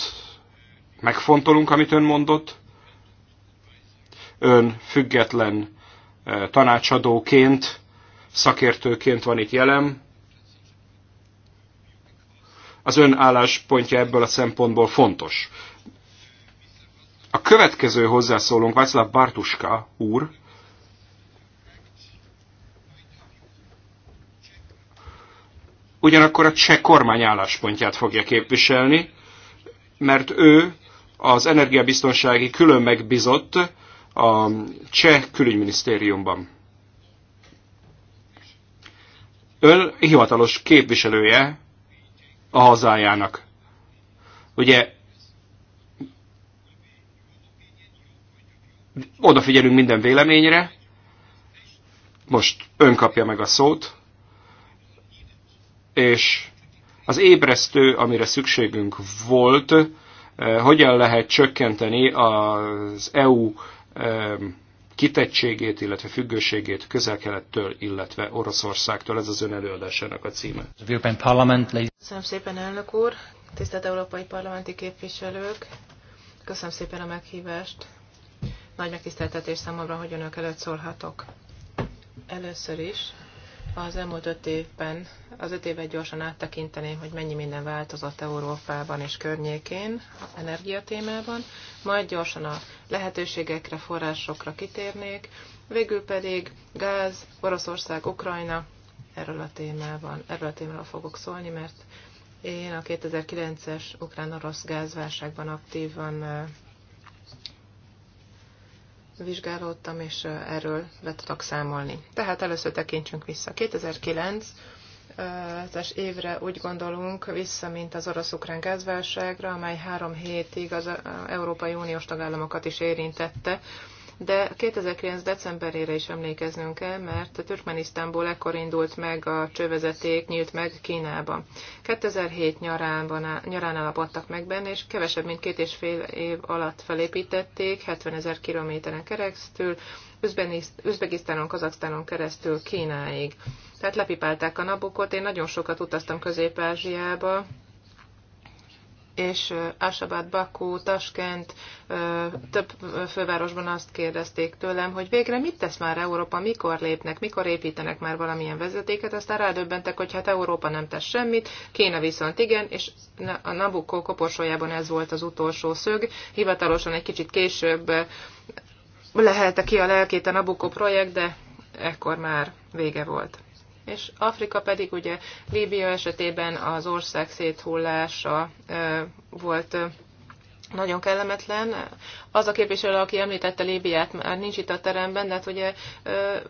megfontolunk, amit ön mondott ön független e, tanácsadóként, szakértőként van itt jelen. Az ön álláspontja ebből a szempontból fontos. A következő hozzászólónk, Václav Bartuska úr, ugyanakkor a cseh kormány álláspontját fogja képviselni, mert ő az energiabiztonsági külön megbizott, a cseh külügyminisztériumban. Ön hivatalos képviselője a hazájának. Ugye odafigyelünk minden véleményre, most ön kapja meg a szót, és az ébresztő, amire szükségünk volt, eh, hogyan lehet csökkenteni az EU kitettségét, illetve függőségét közel-kelettől, illetve Oroszországtól. Ez az ön előadásának a címe. Köszönöm szépen, elnök úr, tisztelt európai parlamenti képviselők, köszönöm szépen a meghívást. Nagy megtiszteltetés számomra, hogy önök előtt szólhatok. Először is az elmúlt öt évben, az öt évet gyorsan áttekinteném, hogy mennyi minden változott Európában és környékén energiatémában, majd gyorsan a lehetőségekre, forrásokra kitérnék, végül pedig gáz, Oroszország, Ukrajna, erről a témában, erről a témáról fogok szólni, mert én a 2009-es ukrán-orosz gázválságban aktívan vizsgálódtam, és erről le tudok számolni. Tehát először tekintsünk vissza. 2009 es évre úgy gondolunk vissza, mint az orosz-ukrán gázválságra, amely három hétig az Európai Uniós tagállamokat is érintette, de 2009. decemberére is emlékeznünk kell, mert Türkmenisztánból ekkor indult meg a csővezeték, nyílt meg Kínába. 2007 nyaránban, nyarán alapodtak meg benne, és kevesebb, mint két és fél év alatt felépítették, 70 ezer kilométeren keresztül, Üzbegisztánon, Kazaksztánon keresztül Kínáig. Tehát lepipálták a napokot. Én nagyon sokat utaztam Közép-Ázsiába, és Ashabad, Bakú, Taskent, több fővárosban azt kérdezték tőlem, hogy végre mit tesz már Európa, mikor lépnek, mikor építenek már valamilyen vezetéket, aztán rádöbbentek, hogy hát Európa nem tesz semmit, Kéne viszont igen, és a Nabucco koporsójában ez volt az utolsó szög, hivatalosan egy kicsit később lehelte ki a lelkét a Nabucco projekt, de ekkor már vége volt és Afrika pedig ugye Líbia esetében az ország széthullása volt nagyon kellemetlen. Az a képviselő, aki említette Líbiát, már nincs itt a teremben, de hát ugye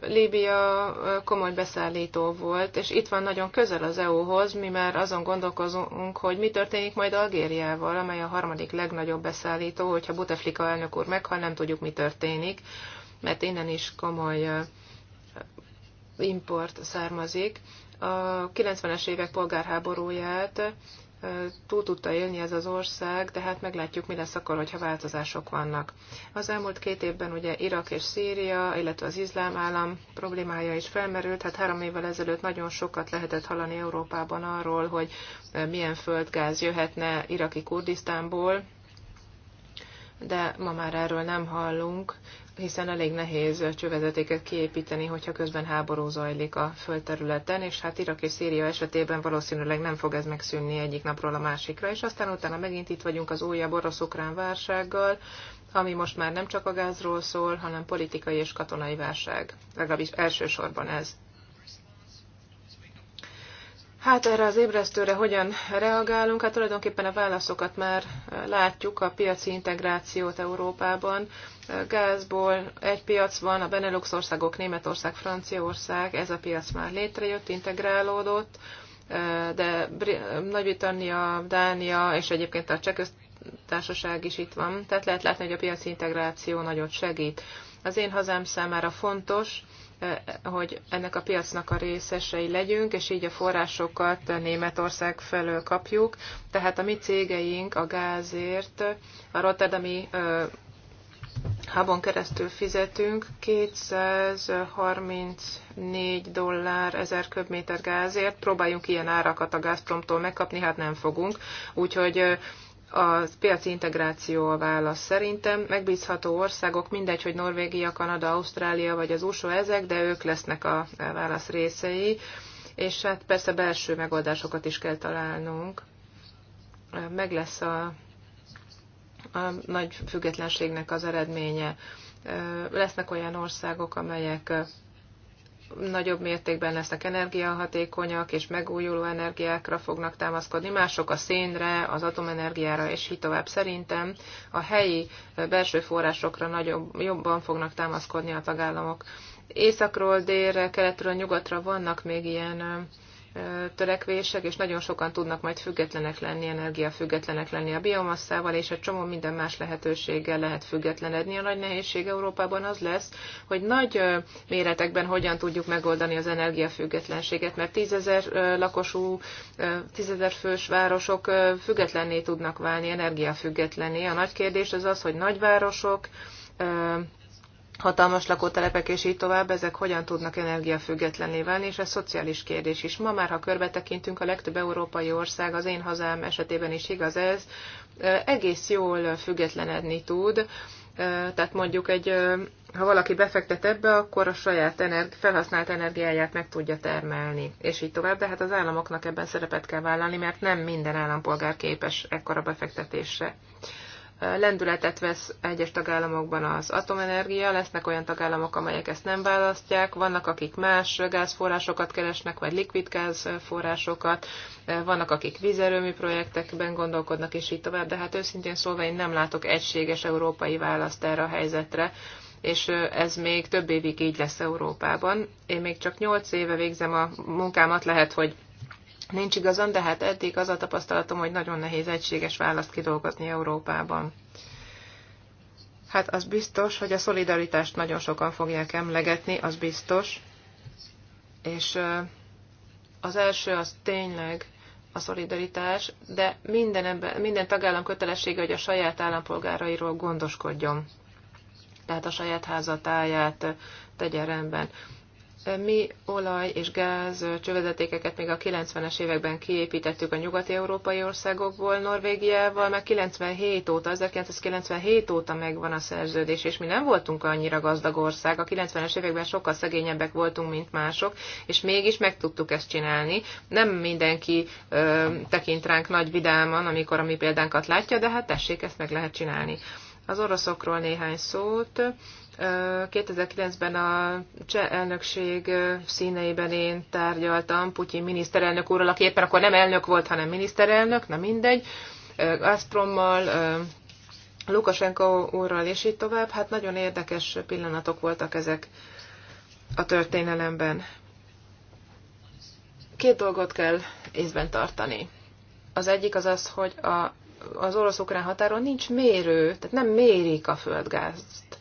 Líbia komoly beszállító volt, és itt van nagyon közel az EU-hoz, mi már azon gondolkozunk, hogy mi történik majd Algériával, amely a harmadik legnagyobb beszállító, hogyha Buteflika elnök úr meghal, nem tudjuk, mi történik, mert innen is komoly import származik. A 90-es évek polgárháborúját túl tudta élni ez az ország, de hát meglátjuk, mi lesz akkor, hogyha változások vannak. Az elmúlt két évben ugye Irak és Szíria, illetve az iszlám állam problémája is felmerült. Hát három évvel ezelőtt nagyon sokat lehetett hallani Európában arról, hogy milyen földgáz jöhetne iraki Kurdisztánból, de ma már erről nem hallunk hiszen elég nehéz csövezetéket kiépíteni, hogyha közben háború zajlik a földterületen, és hát Irak és Szíria esetében valószínűleg nem fog ez megszűnni egyik napról a másikra, és aztán utána megint itt vagyunk az újabb orosz-ukrán válsággal, ami most már nem csak a gázról szól, hanem politikai és katonai válság, legalábbis elsősorban ez. Hát erre az ébresztőre hogyan reagálunk? Hát tulajdonképpen a válaszokat már eh, látjuk, a piaci integrációt Európában. Eh, gázból egy piac van, a Benelux országok, Németország, Franciaország, ez a piac már létrejött, integrálódott, eh, de Nagy-Britannia, Dánia és egyébként a Cseh társaság is itt van. Tehát lehet látni, hogy a piaci integráció nagyot segít. Az én hazám számára fontos, hogy ennek a piacnak a részesei legyünk, és így a forrásokat Németország felől kapjuk. Tehát a mi cégeink a gázért, a Rotterdami Habon keresztül fizetünk 234 dollár ezer köbméter gázért. Próbáljunk ilyen árakat a Gazpromtól megkapni, hát nem fogunk. Úgyhogy az piaci integráció a válasz szerintem. Megbízható országok, mindegy, hogy Norvégia, Kanada, Ausztrália vagy az USA ezek, de ők lesznek a válasz részei. És hát persze belső megoldásokat is kell találnunk. Meg lesz a, a nagy függetlenségnek az eredménye. Lesznek olyan országok, amelyek nagyobb mértékben lesznek energiahatékonyak, és megújuló energiákra fognak támaszkodni, mások a szénre, az atomenergiára, és így tovább. Szerintem a helyi belső forrásokra nagyobb, jobban fognak támaszkodni a tagállamok. Északról délre, keletről nyugatra vannak még ilyen törekvések, és nagyon sokan tudnak majd függetlenek lenni, energiafüggetlenek lenni a biomasszával, és egy csomó minden más lehetőséggel lehet függetlenedni. A nagy nehézség Európában az lesz, hogy nagy méretekben hogyan tudjuk megoldani az energiafüggetlenséget, mert tízezer lakosú, tízezer fős városok függetlenné tudnak válni, energiafüggetlenné. A nagy kérdés az az, hogy nagyvárosok, hatalmas lakótelepek és így tovább, ezek hogyan tudnak energiafüggetlenné válni, és ez szociális kérdés is. Ma már, ha körbe tekintünk, a legtöbb európai ország, az én hazám esetében is igaz ez, egész jól függetlenedni tud, tehát mondjuk egy, ha valaki befektet ebbe, akkor a saját energi- felhasznált energiáját meg tudja termelni, és így tovább, de hát az államoknak ebben szerepet kell vállalni, mert nem minden állampolgár képes ekkora befektetésre lendületet vesz egyes tagállamokban az atomenergia, lesznek olyan tagállamok, amelyek ezt nem választják, vannak, akik más gázforrásokat keresnek, vagy likvid gázforrásokat, vannak, akik vízerőmű projektekben gondolkodnak, és így tovább, de hát őszintén szólva én nem látok egységes európai választ erre a helyzetre, és ez még több évig így lesz Európában. Én még csak nyolc éve végzem a munkámat, lehet, hogy Nincs igazam, de hát eddig az a tapasztalatom, hogy nagyon nehéz egységes választ kidolgozni Európában. Hát az biztos, hogy a szolidaritást nagyon sokan fogják emlegetni, az biztos. És az első az tényleg a szolidaritás, de minden, ember, minden tagállam kötelessége, hogy a saját állampolgárairól gondoskodjon. Tehát a saját házatáját tegye rendben. Mi olaj és gáz csövezetékeket még a 90-es években kiépítettük a nyugat-európai országokból, Norvégiával, meg 97 óta, 1997 óta megvan a szerződés, és mi nem voltunk annyira gazdag ország, a 90-es években sokkal szegényebbek voltunk, mint mások, és mégis meg tudtuk ezt csinálni. Nem mindenki ö, tekint ránk nagy vidáman, amikor a mi példánkat látja, de hát tessék, ezt meg lehet csinálni. Az oroszokról néhány szót. 2009-ben a cseh elnökség színeiben én tárgyaltam Putyin miniszterelnök úrral, aki éppen akkor nem elnök volt, hanem miniszterelnök, na mindegy, Gazprommal, Lukasenko úrral, és így tovább. Hát nagyon érdekes pillanatok voltak ezek a történelemben. Két dolgot kell észben tartani. Az egyik az az, hogy a, az orosz-ukrán határon nincs mérő, tehát nem mérik a földgázt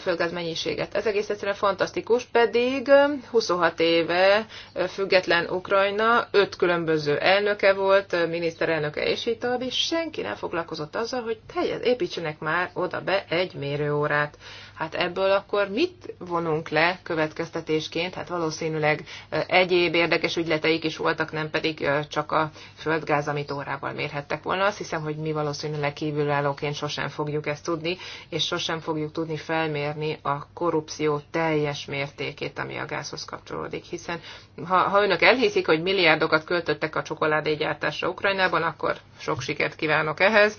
földgáz mennyiséget. Ez egész egyszerűen fantasztikus, pedig 26 éve független Ukrajna, öt különböző elnöke volt, miniszterelnöke és így tovább, és senki nem foglalkozott azzal, hogy helyez, építsenek már oda be egy mérőórát. Hát ebből akkor mit vonunk le következtetésként? Hát valószínűleg egyéb érdekes ügyleteik is voltak, nem pedig csak a földgáz, amit órával mérhettek volna. Azt hiszem, hogy mi valószínűleg kívülállóként sosem fogjuk ezt tudni, és sosem fogjuk tudni felmérni felmérni a korrupció teljes mértékét, ami a gázhoz kapcsolódik. Hiszen ha, ha önök elhiszik, hogy milliárdokat költöttek a csokoládégyártásra Ukrajnában, akkor sok sikert kívánok ehhez.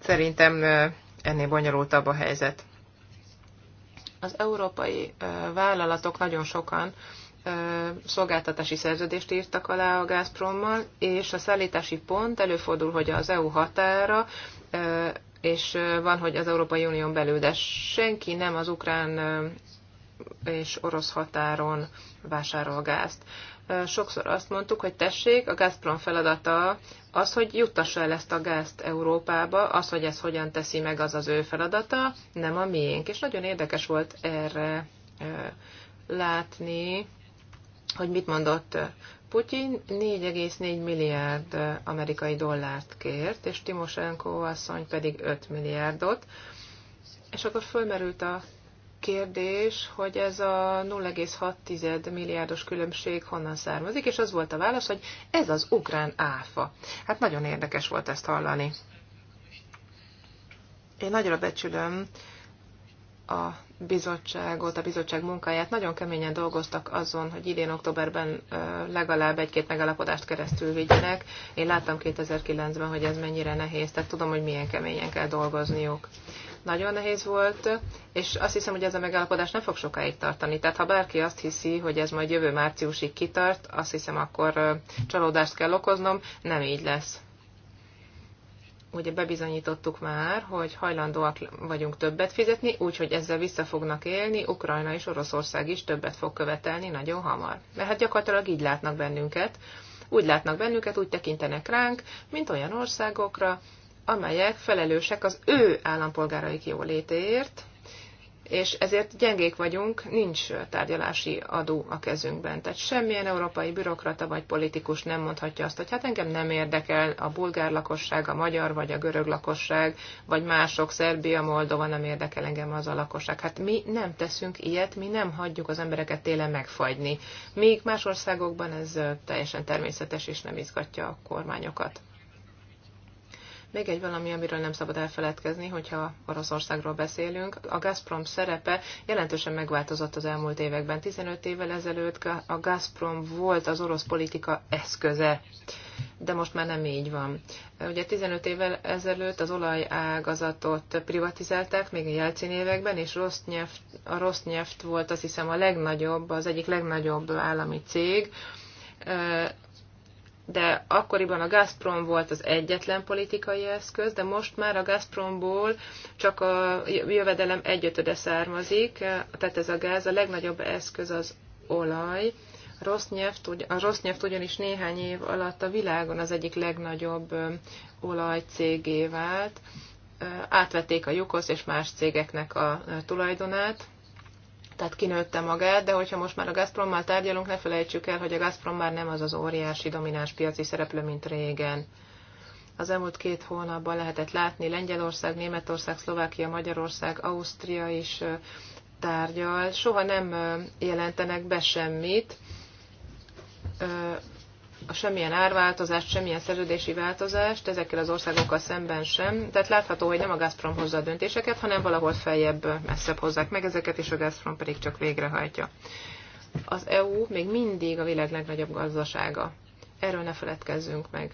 Szerintem ennél bonyolultabb a helyzet. Az európai vállalatok nagyon sokan szolgáltatási szerződést írtak alá a Gazprommal, és a szállítási pont előfordul, hogy az EU határa és van, hogy az Európai Unión belül, de senki nem az ukrán és orosz határon vásárol gázt. Sokszor azt mondtuk, hogy tessék, a Gazprom feladata az, hogy juttassa el ezt a gázt Európába, az, hogy ez, hogyan teszi meg, az az ő feladata, nem a miénk. És nagyon érdekes volt erre látni, hogy mit mondott Putyin 4,4 milliárd amerikai dollárt kért, és Timosenko asszony pedig 5 milliárdot. És akkor fölmerült a kérdés, hogy ez a 0,6 milliárdos különbség honnan származik, és az volt a válasz, hogy ez az ukrán áfa. Hát nagyon érdekes volt ezt hallani. Én nagyra becsülöm a bizottságot, a bizottság munkáját. Nagyon keményen dolgoztak azon, hogy idén októberben legalább egy-két megalapodást keresztül vigyenek. Én láttam 2009-ben, hogy ez mennyire nehéz, tehát tudom, hogy milyen keményen kell dolgozniuk. Nagyon nehéz volt, és azt hiszem, hogy ez a megállapodás nem fog sokáig tartani. Tehát ha bárki azt hiszi, hogy ez majd jövő márciusig kitart, azt hiszem, akkor csalódást kell okoznom, nem így lesz ugye bebizonyítottuk már, hogy hajlandóak vagyunk többet fizetni, úgyhogy ezzel vissza fognak élni, Ukrajna és Oroszország is többet fog követelni nagyon hamar. Mert hát gyakorlatilag így látnak bennünket, úgy látnak bennünket, úgy tekintenek ránk, mint olyan országokra, amelyek felelősek az ő állampolgáraik jólétéért, és ezért gyengék vagyunk, nincs tárgyalási adó a kezünkben. Tehát semmilyen európai bürokrata vagy politikus nem mondhatja azt, hogy hát engem nem érdekel a bulgár lakosság, a magyar vagy a görög lakosság, vagy mások, Szerbia, Moldova nem érdekel engem az a lakosság. Hát mi nem teszünk ilyet, mi nem hagyjuk az embereket télen megfagyni. Még más országokban ez teljesen természetes és nem izgatja a kormányokat. Még egy valami, amiről nem szabad elfeledkezni, hogyha Oroszországról beszélünk. A Gazprom szerepe jelentősen megváltozott az elmúlt években. 15 évvel ezelőtt a Gazprom volt az orosz politika eszköze de most már nem így van. Ugye 15 évvel ezelőtt az olajágazatot privatizálták, még a Jelcin években, és Rosznyeft, a Rosznyeft volt azt hiszem a legnagyobb, az egyik legnagyobb állami cég, de akkoriban a Gazprom volt az egyetlen politikai eszköz, de most már a Gazpromból csak a jövedelem egyötöde származik, tehát ez a gáz, a legnagyobb eszköz az olaj. Rosneft, a Rosneft ugyanis néhány év alatt a világon az egyik legnagyobb olajcégé vált. Átvették a Jukosz és más cégeknek a tulajdonát, tehát kinőtte magát, de hogyha most már a Gazprommal tárgyalunk, ne felejtsük el, hogy a Gazprom már nem az az óriási domináns piaci szereplő, mint régen. Az elmúlt két hónapban lehetett látni Lengyelország, Németország, Szlovákia, Magyarország, Ausztria is tárgyal. Soha nem jelentenek be semmit semmilyen árváltozást, semmilyen szerződési változást ezekkel az országokkal szemben sem. Tehát látható, hogy nem a Gazprom hozza a döntéseket, hanem valahol feljebb, messzebb hozzák meg ezeket, és a Gazprom pedig csak végrehajtja. Az EU még mindig a világ legnagyobb gazdasága. Erről ne feledkezzünk meg.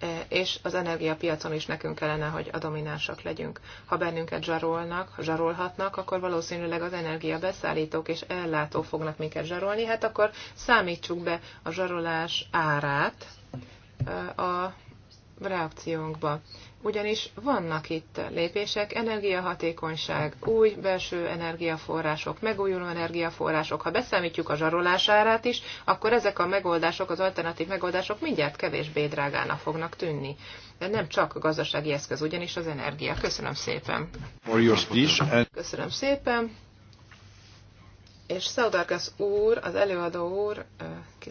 E, és az energiapiacon is nekünk kellene, hogy a dominánsak legyünk. Ha bennünket zsarolnak, ha zsarolhatnak, akkor valószínűleg az energiabeszállítók és ellátó fognak minket zsarolni, hát akkor számítsuk be a zsarolás árát e, a reakciónkba ugyanis vannak itt lépések, energiahatékonyság, új belső energiaforrások, megújuló energiaforrások. Ha beszámítjuk a zsarolás árát is, akkor ezek a megoldások, az alternatív megoldások mindjárt kevésbé drágának fognak tűnni. De nem csak a gazdasági eszköz, ugyanis az energia. Köszönöm szépen. Köszönöm szépen. És Szaudargasz úr, az előadó úr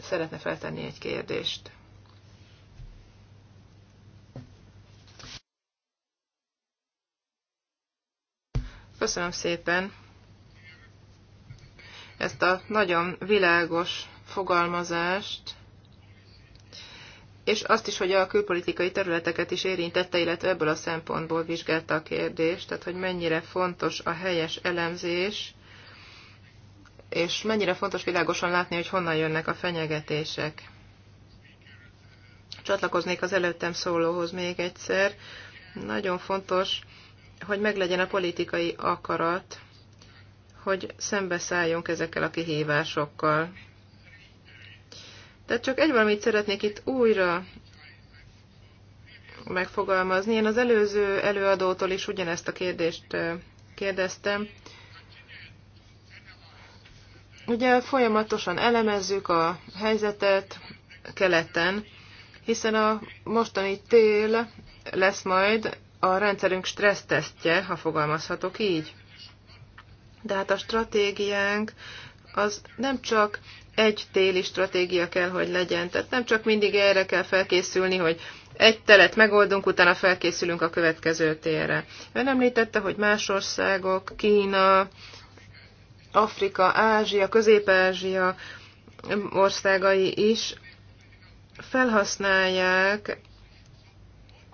szeretne feltenni egy kérdést. Köszönöm szépen ezt a nagyon világos fogalmazást, és azt is, hogy a külpolitikai területeket is érintette, illetve ebből a szempontból vizsgálta a kérdést, tehát hogy mennyire fontos a helyes elemzés, és mennyire fontos világosan látni, hogy honnan jönnek a fenyegetések. Csatlakoznék az előttem szólóhoz még egyszer. Nagyon fontos hogy meglegyen a politikai akarat, hogy szembeszálljunk ezekkel a kihívásokkal. Tehát csak egy valamit szeretnék itt újra megfogalmazni. Én az előző előadótól is ugyanezt a kérdést kérdeztem. Ugye folyamatosan elemezzük a helyzetet keleten, hiszen a mostani tél lesz majd a rendszerünk stressztesztje, ha fogalmazhatok így. De hát a stratégiánk az nem csak egy téli stratégia kell, hogy legyen. Tehát nem csak mindig erre kell felkészülni, hogy egy telet megoldunk, utána felkészülünk a következő térre. Ön említette, hogy más országok, Kína, Afrika, Ázsia, Közép-Ázsia országai is felhasználják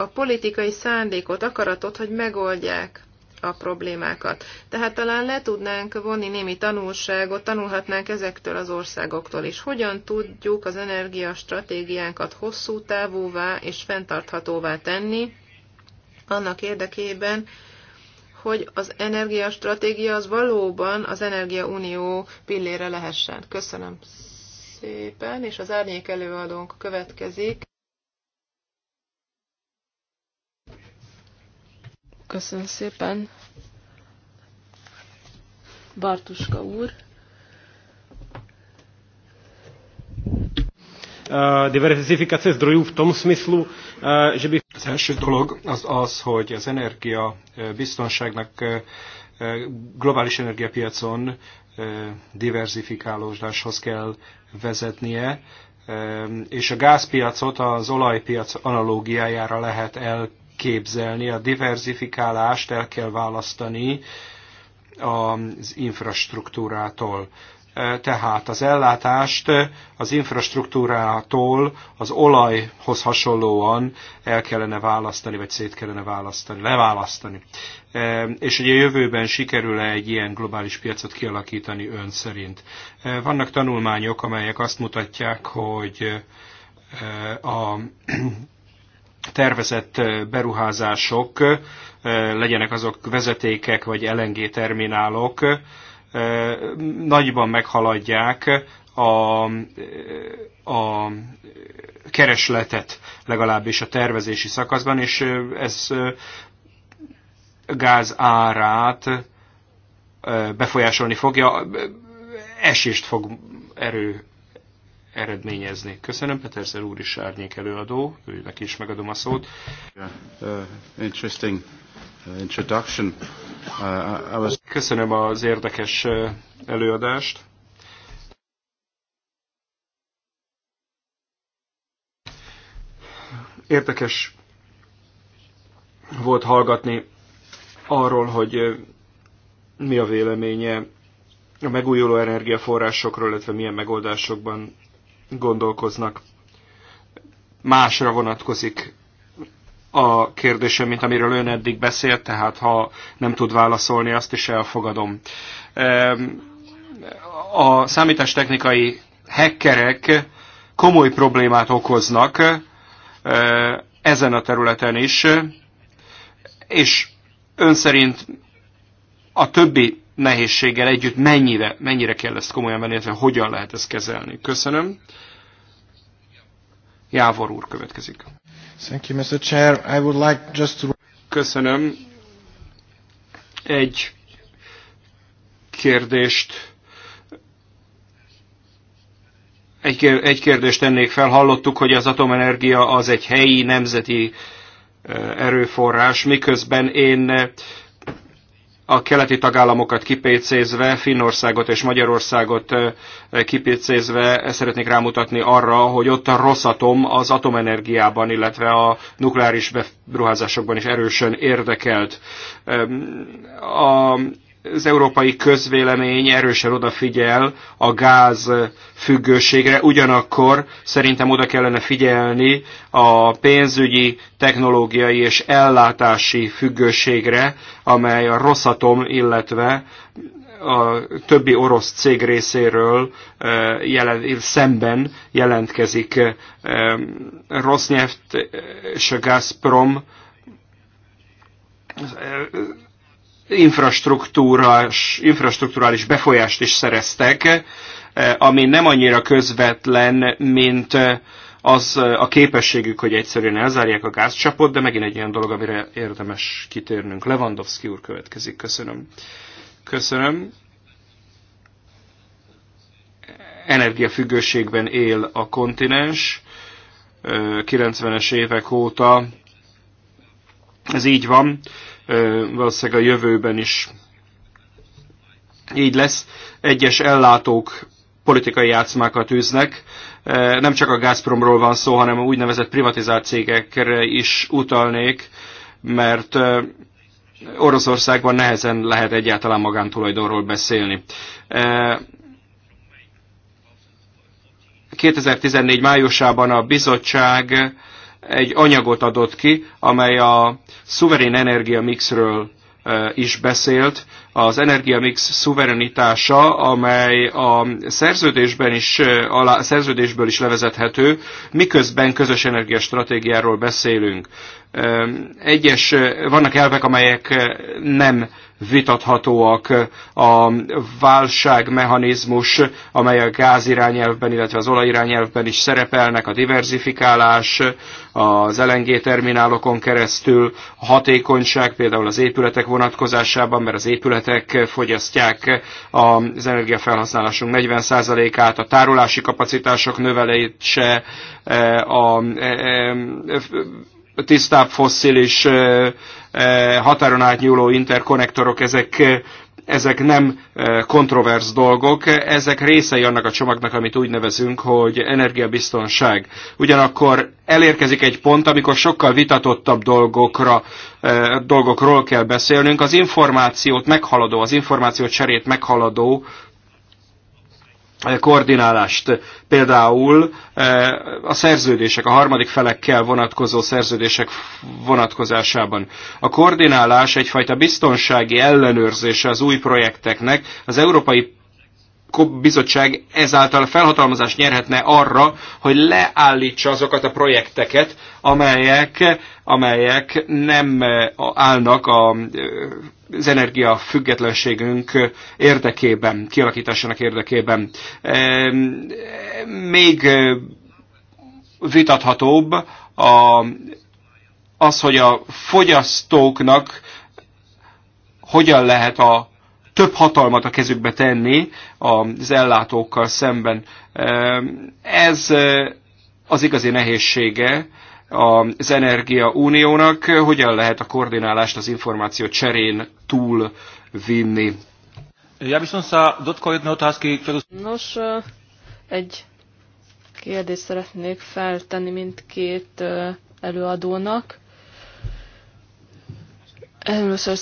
a politikai szándékot, akaratot, hogy megoldják a problémákat. Tehát talán le tudnánk vonni némi tanulságot, tanulhatnánk ezektől az országoktól is. Hogyan tudjuk az energiastratégiánkat hosszú távúvá és fenntarthatóvá tenni annak érdekében, hogy az energiastratégia az valóban az energiaunió pillére lehessen. Köszönöm szépen, és az árnyék előadónk következik. Köszönöm szépen. Bartuska úr. Uh, diverzifikáció zdrojů v tom smyslu, uh, že by... Az első dolog az az, hogy az energia uh, biztonságnak globális energiapiacon diversifikálódáshoz kell vezetnie, um, és a gázpiacot az olajpiac analógiájára lehet el képzelni a diverzifikálást el kell választani az infrastruktúrától. E, tehát az ellátást az infrastruktúrától az olajhoz hasonlóan el kellene választani, vagy szét kellene választani, leválasztani. E, és ugye a jövőben sikerül-e egy ilyen globális piacot kialakítani ön szerint? E, vannak tanulmányok, amelyek azt mutatják, hogy a tervezett beruházások, legyenek azok vezetékek vagy LNG terminálok, nagyban meghaladják a, a keresletet legalábbis a tervezési szakaszban, és ez gáz árát befolyásolni fogja, esést fog erő eredményezni. Köszönöm, Peterszer úr is árnyék előadó, őnek is megadom a szót. Uh, uh, uh, Köszönöm az érdekes előadást. Érdekes volt hallgatni arról, hogy mi a véleménye a megújuló energiaforrásokról, illetve milyen megoldásokban gondolkoznak. Másra vonatkozik a kérdésem, mint amiről ön eddig beszélt, tehát ha nem tud válaszolni, azt is elfogadom. A számítástechnikai hackerek komoly problémát okoznak ezen a területen is, és ön szerint a többi nehézséggel együtt mennyire, mennyire kell ezt komolyan venni, illetve hogyan lehet ezt kezelni. Köszönöm. Jávor úr következik. Thank you, Mr. Chair. I would like just to... Köszönöm. Egy kérdést egy, egy kérdést tennék fel. Hallottuk, hogy az atomenergia az egy helyi, nemzeti erőforrás, miközben én a keleti tagállamokat kipécézve, Finnországot és Magyarországot kipécézve szeretnék rámutatni arra, hogy ott a rossz atom, az atomenergiában, illetve a nukleáris beruházásokban is erősen érdekelt. A az európai közvélemény erősen odafigyel a gáz függőségre, ugyanakkor szerintem oda kellene figyelni a pénzügyi, technológiai és ellátási függőségre, amely a Rosszatom, illetve a többi orosz cég részéről eh, jelen, szemben jelentkezik. Eh, Rosneft és a Gazprom eh, infrastruktúrás, infrastruktúrális befolyást is szereztek, eh, ami nem annyira közvetlen, mint eh, az eh, a képességük, hogy egyszerűen elzárják a gázcsapot, de megint egy olyan dolog, amire érdemes kitérnünk. Lewandowski úr következik. Köszönöm. Köszönöm. Energiafüggőségben él a kontinens. 90-es évek óta ez így van valószínűleg a jövőben is így lesz. Egyes ellátók politikai játszmákat űznek. Nem csak a Gazpromról van szó, hanem a úgynevezett privatizált cégekre is utalnék, mert Oroszországban nehezen lehet egyáltalán magántulajdonról beszélni. 2014 májusában a bizottság egy anyagot adott ki, amely a szuverén energiamixről is beszélt, az energiamix szuverenitása, amely a szerződésben is, alá, szerződésből is levezethető, miközben közös energiastratégiáról beszélünk. Egyes, vannak elvek, amelyek nem vitathatóak a válságmechanizmus, amely a gázirányelvben, illetve az olajirányelvben is szerepelnek, a diversifikálás, az LNG terminálokon keresztül, a hatékonyság például az épületek vonatkozásában, mert az épületek fogyasztják az energiafelhasználásunk 40%-át, a tárolási kapacitások növelése, eh, a eh, eh, tisztább fosszilis határon átnyúló interkonnektorok, ezek ezek nem kontroversz dolgok, ezek részei annak a csomagnak, amit úgy nevezünk, hogy energiabiztonság. Ugyanakkor elérkezik egy pont, amikor sokkal vitatottabb dolgokra, dolgokról kell beszélnünk. Az információt meghaladó, az információ cserét meghaladó koordinálást, például eh, a szerződések, a harmadik felekkel vonatkozó szerződések vonatkozásában. A koordinálás egyfajta biztonsági ellenőrzése az új projekteknek, az Európai bizottság ezáltal felhatalmazást nyerhetne arra, hogy leállítsa azokat a projekteket, amelyek, amelyek nem eh, állnak a eh, az energia függetlenségünk érdekében, kialakításának érdekében. Még eh, vitathatóbb a, az, hogy a fogyasztóknak hogyan lehet a több hatalmat a kezükbe tenni az ellátókkal szemben. Ez eh, az igazi nehézsége az Energia Uniónak, hogyan lehet a koordinálást az információ cserén túl vinni. Ja viszont som sa dotkol jednej otázky, ktorú... Nos, egy kérdést szeretnék feltenni mindkét előadónak. Először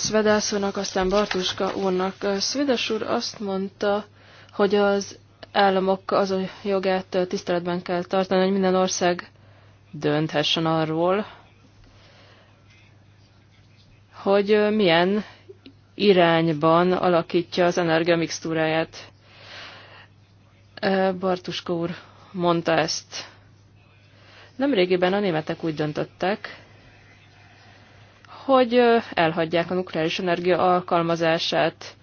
úrnak, aztán Bartuska úrnak. Svedes úr azt mondta, hogy az államok az a jogát tiszteletben kell tartani, hogy minden ország dönthessen arról, hogy milyen irányban alakítja az energiamixtúráját. Bartuska úr mondta ezt. Nemrégiben a németek úgy döntöttek, hogy elhagyják a nukleáris energia alkalmazását.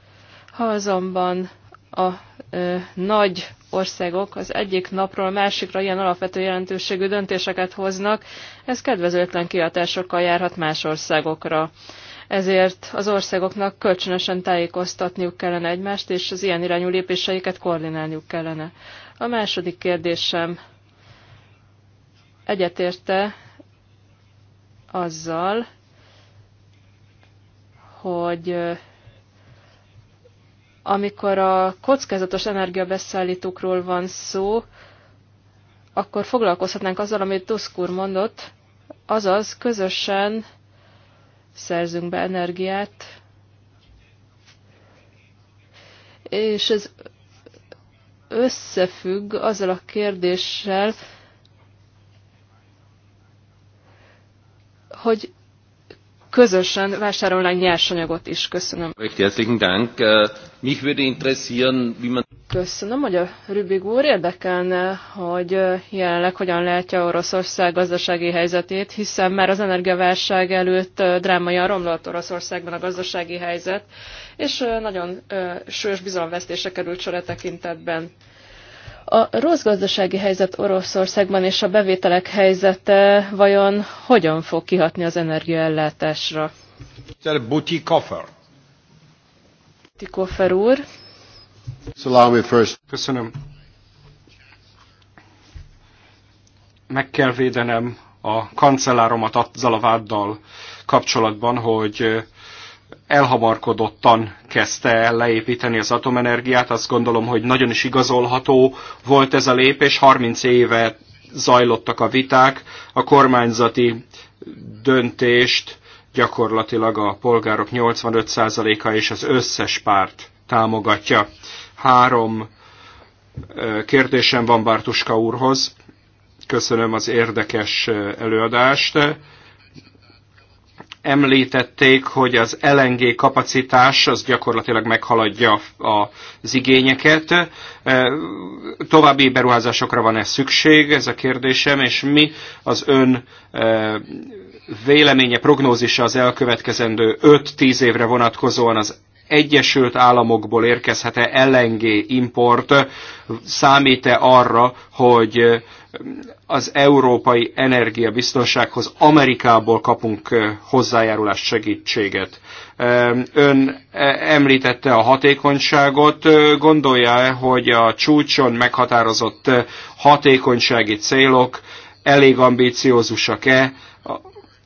Ha azonban a ö, nagy országok az egyik napról másikra ilyen alapvető jelentőségű döntéseket hoznak, ez kedvezőtlen kihatásokkal járhat más országokra. Ezért az országoknak kölcsönösen tájékoztatniuk kellene egymást, és az ilyen irányú lépéseiket koordinálniuk kellene. A második kérdésem egyetérte azzal, hogy amikor a kockázatos energiabeszállítókról van szó, akkor foglalkozhatnánk azzal, amit Tusk úr mondott, azaz közösen szerzünk be energiát, és ez összefügg azzal a kérdéssel, hogy közösen vásárolnánk nyersanyagot is. Köszönöm. Dank. Äh, mich würde interessieren, wie man... Köszönöm, hogy a Rübig úr érdekelne, hogy jelenleg hogyan látja Oroszország gazdasági helyzetét, hiszen már az energiaválság előtt drámaian romlott Oroszországban a gazdasági helyzet, és nagyon súlyos bizalomvesztése került sor e tekintetben. A rossz gazdasági helyzet Oroszországban és a bevételek helyzete vajon hogyan fog kihatni az energiaellátásra? Mr. Buti Koffer úr. Köszönöm. Meg kell védenem a kancelláromat azzal a váddal kapcsolatban, hogy elhamarkodottan kezdte el leépíteni az atomenergiát. Azt gondolom, hogy nagyon is igazolható volt ez a lépés. 30 éve zajlottak a viták, a kormányzati döntést gyakorlatilag a polgárok 85%-a és az összes párt támogatja. Három kérdésem van Bártuska úrhoz. Köszönöm az érdekes előadást említették, hogy az LNG kapacitás az gyakorlatilag meghaladja az igényeket. E, további beruházásokra van-e szükség, ez a kérdésem, és mi az ön e, véleménye, prognózisa az elkövetkezendő 5-10 évre vonatkozóan az Egyesült Államokból érkezhet-e LNG import, számít-e arra, hogy az európai energiabiztonsághoz Amerikából kapunk hozzájárulást, segítséget. Ön említette a hatékonyságot, gondolja-e, hogy a csúcson meghatározott hatékonysági célok elég ambíciózusak-e,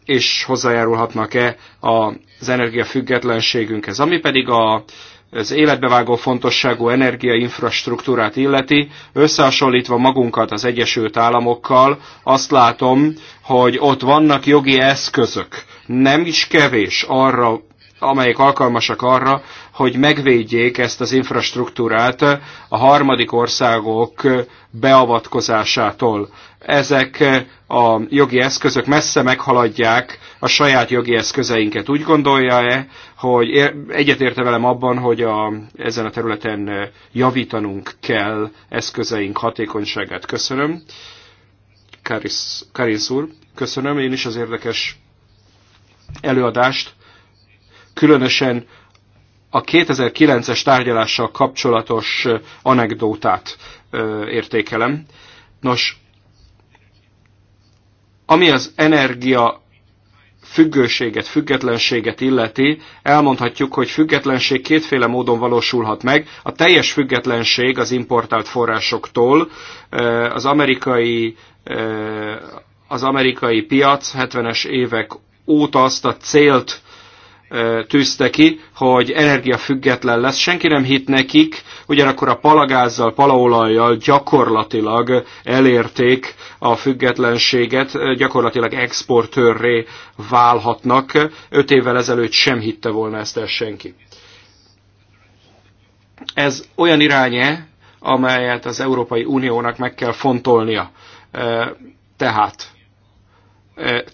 és hozzájárulhatnak-e az energiafüggetlenségünkhez. Ami pedig a az életbevágó fontosságú energiainfrastruktúrát illeti, összehasonlítva magunkat az Egyesült Államokkal, azt látom, hogy ott vannak jogi eszközök, nem is kevés arra, amelyek alkalmasak arra, hogy megvédjék ezt az infrastruktúrát a harmadik országok beavatkozásától. Ezek a jogi eszközök messze meghaladják a saját jogi eszközeinket. Úgy gondolja-e, hogy egyetérte velem abban, hogy a, ezen a területen javítanunk kell eszközeink hatékonyságát? Köszönöm. Karin úr, köszönöm én is az érdekes előadást. Különösen a 2009-es tárgyalással kapcsolatos anekdótát értékelem. Nos, ami az energia függőséget, függetlenséget illeti, elmondhatjuk, hogy függetlenség kétféle módon valósulhat meg. A teljes függetlenség az importált forrásoktól, az amerikai, az amerikai piac 70-es évek óta azt a célt tűzte ki, hogy energiafüggetlen lesz. Senki nem hitt nekik, ugyanakkor a palagázzal, palaolajjal gyakorlatilag elérték a függetlenséget, gyakorlatilag exportőrré válhatnak. Öt évvel ezelőtt sem hitte volna ezt el senki. Ez olyan iránye, amelyet az Európai Uniónak meg kell fontolnia. Tehát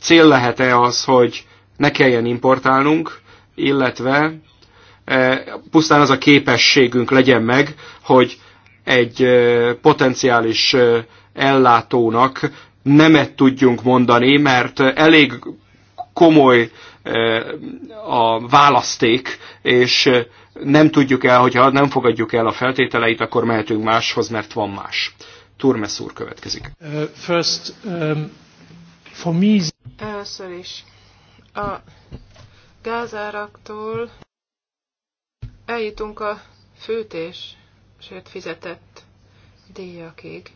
cél lehet-e az, hogy ne kelljen importálnunk, illetve e, pusztán az a képességünk legyen meg, hogy egy e, potenciális e, ellátónak nemet tudjunk mondani, mert elég komoly a választék, és nem tudjuk el, hogyha nem fogadjuk el a feltételeit, akkor mehetünk máshoz, mert van más. Turmes úr következik. Uh, first, um, for me... Először is. A gázáraktól eljutunk a fűtés, sőt fizetett díjakig.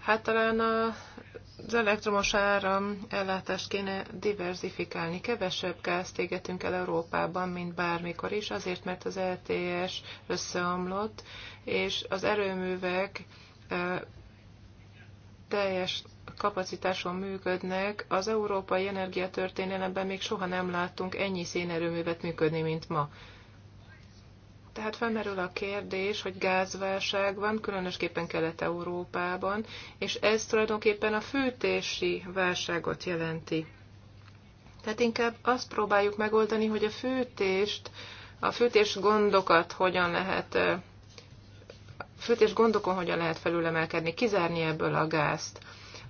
Hát talán az elektromos áram ellátást kéne diversifikálni. Kevesebb gázt égetünk el Európában, mint bármikor is, azért, mert az LTS e összeomlott, és az erőművek eh, teljes kapacitáson működnek. Az európai energiatörténelemben még soha nem láttunk ennyi szénerőművet működni, mint ma. Tehát felmerül a kérdés, hogy gázválság van, különösképpen Kelet-Európában, és ez tulajdonképpen a fűtési válságot jelenti. Tehát inkább azt próbáljuk megoldani, hogy a fűtést, a fűtés gondokat hogyan lehet, fűtés gondokon hogyan lehet felülemelkedni, kizárni ebből a gázt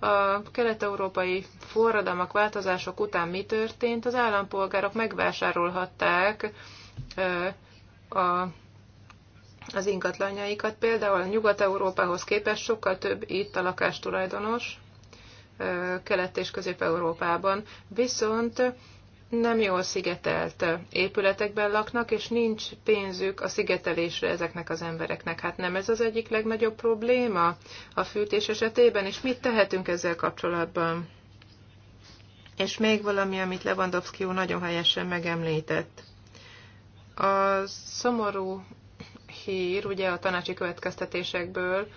a kelet-európai forradalmak, változások után mi történt, az állampolgárok megvásárolhatták a az ingatlanjaikat. Például a Nyugat-Európához képest sokkal több itt a lakástulajdonos, Kelet- és Közép-Európában. Viszont nem jól szigetelt épületekben laknak, és nincs pénzük a szigetelésre ezeknek az embereknek. Hát nem ez az egyik legnagyobb probléma a fűtés esetében, és mit tehetünk ezzel kapcsolatban? És még valami, amit Lewandowski úr nagyon helyesen megemlített. A szomorú hír, ugye a tanácsi következtetésekből,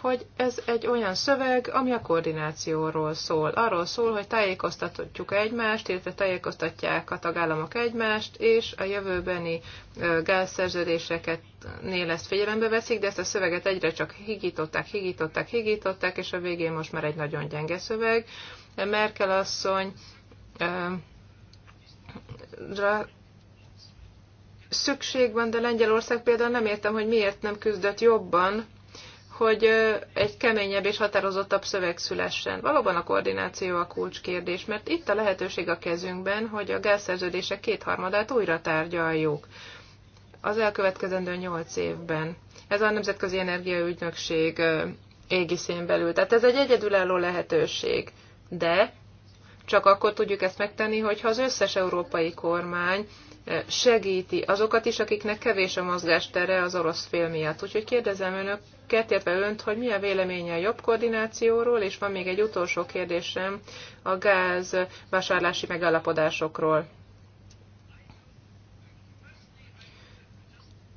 hogy ez egy olyan szöveg, ami a koordinációról szól. Arról szól, hogy tájékoztatjuk egymást, illetve tájékoztatják a tagállamok egymást, és a jövőbeni gázszerződéseket nél ezt figyelembe veszik, de ezt a szöveget egyre csak higították, higították, higították, és a végén most már egy nagyon gyenge szöveg. Merkel asszony szükség van, de Lengyelország például nem értem, hogy miért nem küzdött jobban hogy egy keményebb és határozottabb szöveg szülessen. Valóban a koordináció a kulcskérdés, mert itt a lehetőség a kezünkben, hogy a gázszerződések kétharmadát újra tárgyaljuk az elkövetkezendő nyolc évben. Ez a Nemzetközi Energiaügynökség égiszén belül. Tehát ez egy egyedülálló lehetőség. De csak akkor tudjuk ezt megtenni, hogyha az összes európai kormány segíti azokat is, akiknek kevés a mozgástere az orosz fél miatt. Úgyhogy kérdezem önök, kérdezve önt, hogy mi a véleménye a jobb koordinációról, és van még egy utolsó kérdésem a gáz vásárlási megállapodásokról.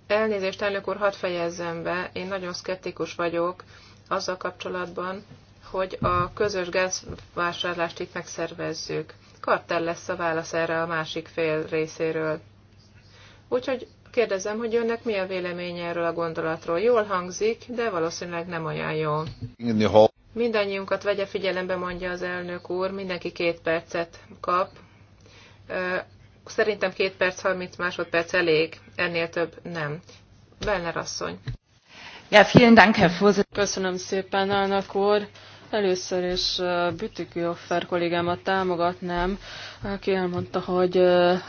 Elnézést, elnök úr, hadd fejezzem be. Én nagyon szkeptikus vagyok azzal kapcsolatban, hogy a közös gázvásárlást itt megszervezzük. Kartel lesz a válasz erre a másik fél részéről. Úgyhogy Kérdezem, hogy önnek mi a véleménye erről a gondolatról. Jól hangzik, de valószínűleg nem olyan jó. Mindannyiunkat vegye figyelembe, mondja az elnök úr, mindenki két percet kap. Szerintem két perc, 30 másodperc elég, ennél több nem. Bellner asszony. Ja, vielen Dank, Herr Köszönöm szépen, elnök úr. Hát először is Bütikőfer kollégámat támogatnám, aki elmondta, hogy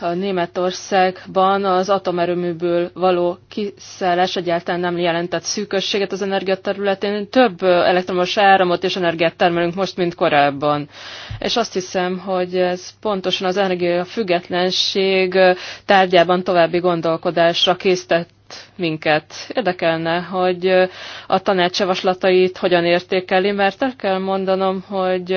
a Németországban az atomerőműből való kiszállás egyáltalán nem jelentett szűkösséget az energiaterületén. Több elektromos áramot és energiát termelünk most, mint korábban. És azt hiszem, hogy ez pontosan az energia függetlenség tárgyában további gondolkodásra késztett minket. Érdekelne, hogy a tanács javaslatait hogyan értékeli, mert el kell mondanom, hogy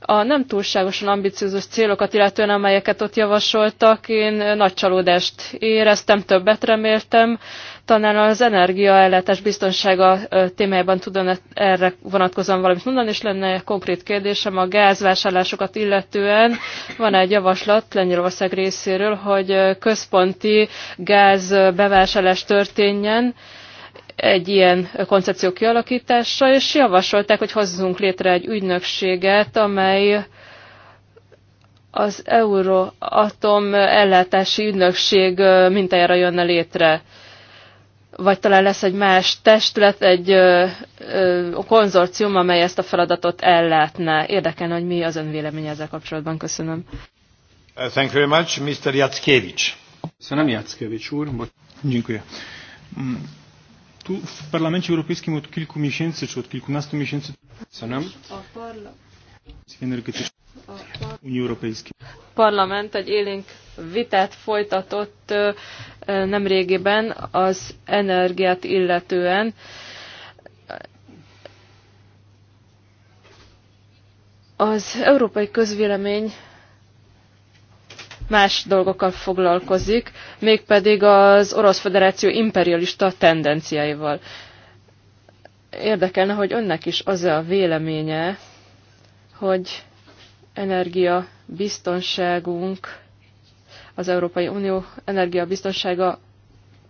a nem túlságosan ambiciózus célokat, illetően amelyeket ott javasoltak, én nagy csalódást éreztem, többet reméltem, talán az energiaellátás biztonsága témájában tudna erre vonatkozóan valamit mondani, és lenne egy konkrét kérdésem a gázvásárlásokat illetően. Van egy javaslat Lengyelország részéről, hogy központi gázbevásárlás történjen egy ilyen koncepció kialakítása, és javasolták, hogy hozzunk létre egy ügynökséget, amely az Euroatom ellátási ügynökség mintájára jönne létre vagy talán lesz egy más testület, egy ö, ö, konzorcium, amely ezt a feladatot ellátná. Érdekelne, hogy mi az ön véleménye ezzel kapcsolatban. Köszönöm. Uh, thank you very much, Mr. Jackiewicz. Köszönöm, Jackiewicz úr. Dziękuję. Mm, tu w Parlamencie Europejskim od kilku miesięcy, czy od kilkunastu miesięcy... Köszönöm. A parla... Unii Europejskiej parlament egy élénk vitát folytatott nemrégiben az energiát illetően. Az európai közvélemény más dolgokkal foglalkozik, mégpedig az Orosz Federáció imperialista tendenciáival. Érdekelne, hogy önnek is az -e a véleménye, hogy energia biztonságunk, az Európai Unió energiabiztonsága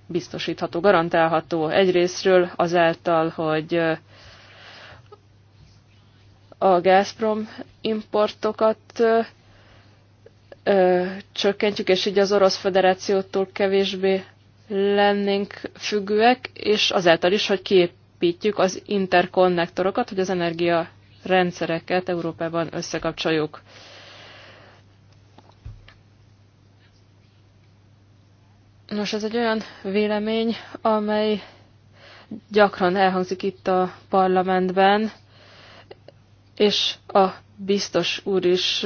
biztosítható, garantálható. Egyrésztről azáltal, hogy a Gazprom importokat ö, csökkentjük, és így az Orosz Federációtól kevésbé lennénk függőek, és azáltal is, hogy kiépítjük az interkonnektorokat, hogy az energia rendszereket Európában összekapcsoljuk. Nos, ez egy olyan vélemény, amely gyakran elhangzik itt a parlamentben, és a biztos úr is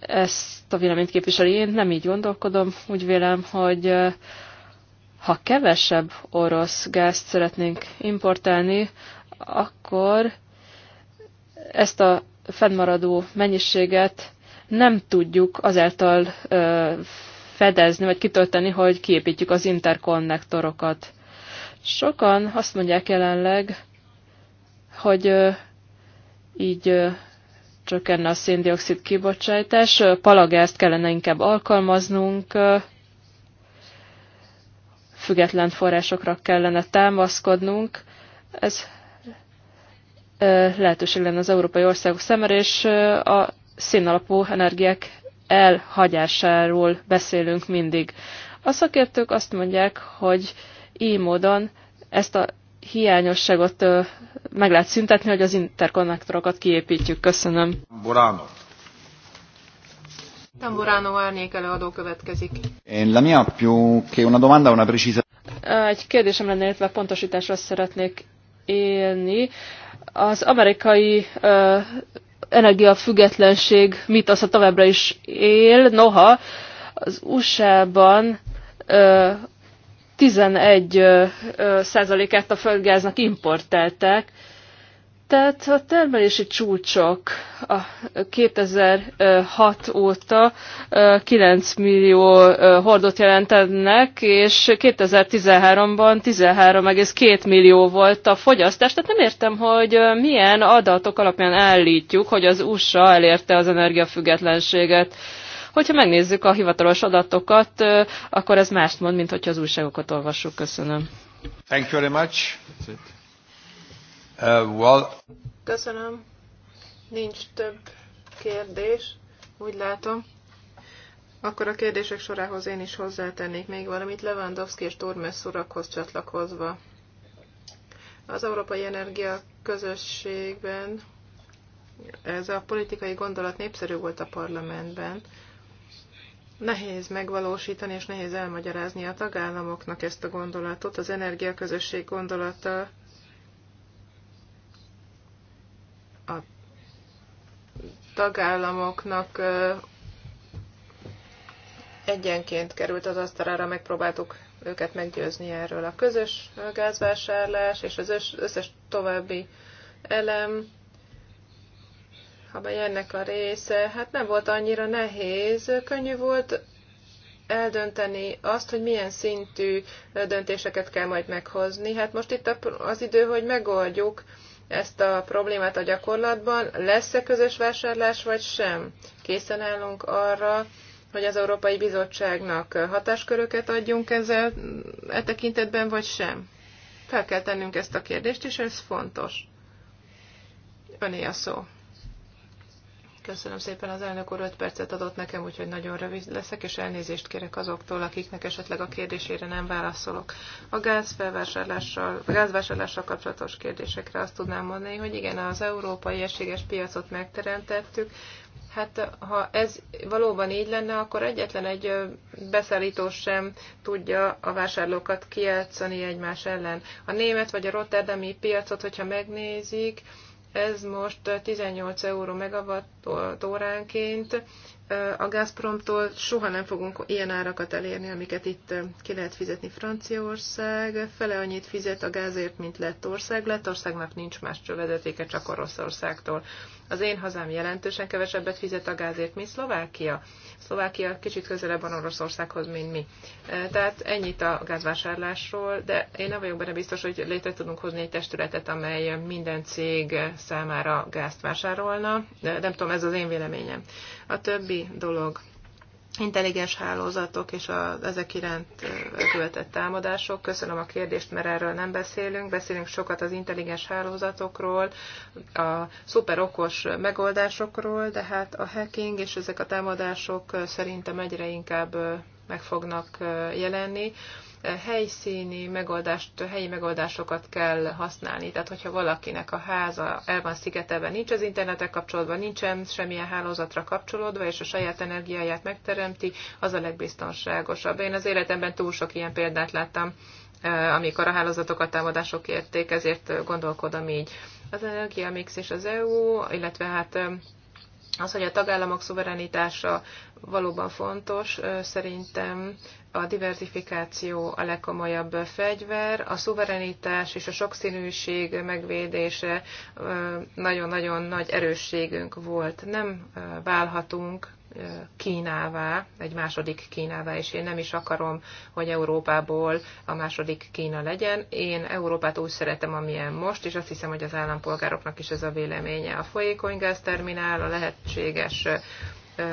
ezt a véleményt képviseli. Én nem így gondolkodom, úgy vélem, hogy ha kevesebb orosz gázt szeretnénk importálni, akkor ezt a fennmaradó mennyiséget nem tudjuk azáltal fedezni, vagy kitölteni, hogy kiépítjük az interkonnektorokat. Sokan azt mondják jelenleg, hogy így csökkenne a széndiokszid kibocsátás, palagázt kellene inkább alkalmaznunk, független forrásokra kellene támaszkodnunk. Ez lehetőség lenne az európai országok számára, és a színalapú energiák elhagyásáról beszélünk mindig. A szakértők azt mondják, hogy így módon ezt a hiányosságot meg lehet szüntetni, hogy az interkonnektorokat kiépítjük. Köszönöm. Borano. Tamburano árnyék előadó következik. Én la mia più che una domanda, una precisa... Egy kérdésem lenne, illetve pontosításra szeretnék élni az amerikai energiafüggetlenség mit az, a továbbra is él, noha az USA-ban 11 százalékát a földgáznak importálták, tehát a termelési csúcsok a 2006 óta 9 millió hordot jelentenek, és 2013-ban 13,2 millió volt a fogyasztás. Tehát nem értem, hogy milyen adatok alapján állítjuk, hogy az USA elérte az energiafüggetlenséget. Hogyha megnézzük a hivatalos adatokat, akkor ez mást mond, mint hogyha az újságokat olvassuk. Köszönöm. Thank you very much. Uh, well... Köszönöm. Nincs több kérdés, úgy látom. Akkor a kérdések sorához én is hozzátennék még valamit Lewandowski és Turmes urakhoz csatlakozva. Az Európai Energia Közösségben ez a politikai gondolat népszerű volt a parlamentben. Nehéz megvalósítani és nehéz elmagyarázni a tagállamoknak ezt a gondolatot, az energiaközösség gondolata a tagállamoknak egyenként került az asztalára, megpróbáltuk őket meggyőzni erről. A közös gázvásárlás és az összes további elem, amely ennek a része, hát nem volt annyira nehéz, könnyű volt eldönteni azt, hogy milyen szintű döntéseket kell majd meghozni. Hát most itt az idő, hogy megoldjuk ezt a problémát a gyakorlatban, lesz-e közös vásárlás vagy sem. Készen állunk arra, hogy az Európai Bizottságnak hatásköröket adjunk ezzel e tekintetben, vagy sem. Fel kell tennünk ezt a kérdést, és ez fontos. Öné a szó. Köszönöm szépen, az elnök úr 5 percet adott nekem, úgyhogy nagyon rövid leszek, és elnézést kérek azoktól, akiknek esetleg a kérdésére nem válaszolok. A gázfelvásárlással, a gázvásárlással kapcsolatos kérdésekre azt tudnám mondani, hogy igen, az európai egységes piacot megteremtettük, Hát ha ez valóban így lenne, akkor egyetlen egy beszállító sem tudja a vásárlókat kiátszani egymás ellen. A német vagy a rotterdami piacot, hogyha megnézik, ez most 18 euró megawatt óránként. A Gazpromtól soha nem fogunk ilyen árakat elérni, amiket itt ki lehet fizetni Franciaország. Fele annyit fizet a gázért, mint Lettország. Lettországnak nincs más csövezetéke, csak Oroszországtól. Az én hazám jelentősen kevesebbet fizet a gázért, mint Szlovákia. Szlovákia kicsit közelebb van Oroszországhoz, mint mi. Tehát ennyit a gázvásárlásról, de én nem vagyok benne biztos, hogy létre tudunk hozni egy testületet, amely minden cég számára gázt vásárolna. De nem tudom, ez az én véleményem. A többi dolog intelligens hálózatok és a ezek iránt követett támadások. Köszönöm a kérdést, mert erről nem beszélünk. Beszélünk sokat az intelligens hálózatokról, a szuper okos megoldásokról, de hát a hacking és ezek a támadások szerintem egyre inkább meg fognak jelenni. Helyszíni megoldást, helyi megoldásokat kell használni. Tehát, hogyha valakinek a háza el van szigetelve, nincs az internetek kapcsolódva, nincsen semmilyen hálózatra kapcsolódva, és a saját energiáját megteremti, az a legbiztonságosabb. Én az életemben túl sok ilyen példát láttam amikor a hálózatokat támadások érték, ezért gondolkodom így. Az energiamix és az EU, illetve hát az, hogy a tagállamok szuverenitása valóban fontos, szerintem a diversifikáció a legkomolyabb fegyver, a szuverenitás és a sokszínűség megvédése nagyon-nagyon nagy erősségünk volt. Nem válhatunk Kínává, egy második Kínává, és én nem is akarom, hogy Európából a második Kína legyen. Én Európát úgy szeretem, amilyen most, és azt hiszem, hogy az állampolgároknak is ez a véleménye. A folyékony gázterminál, a lehetséges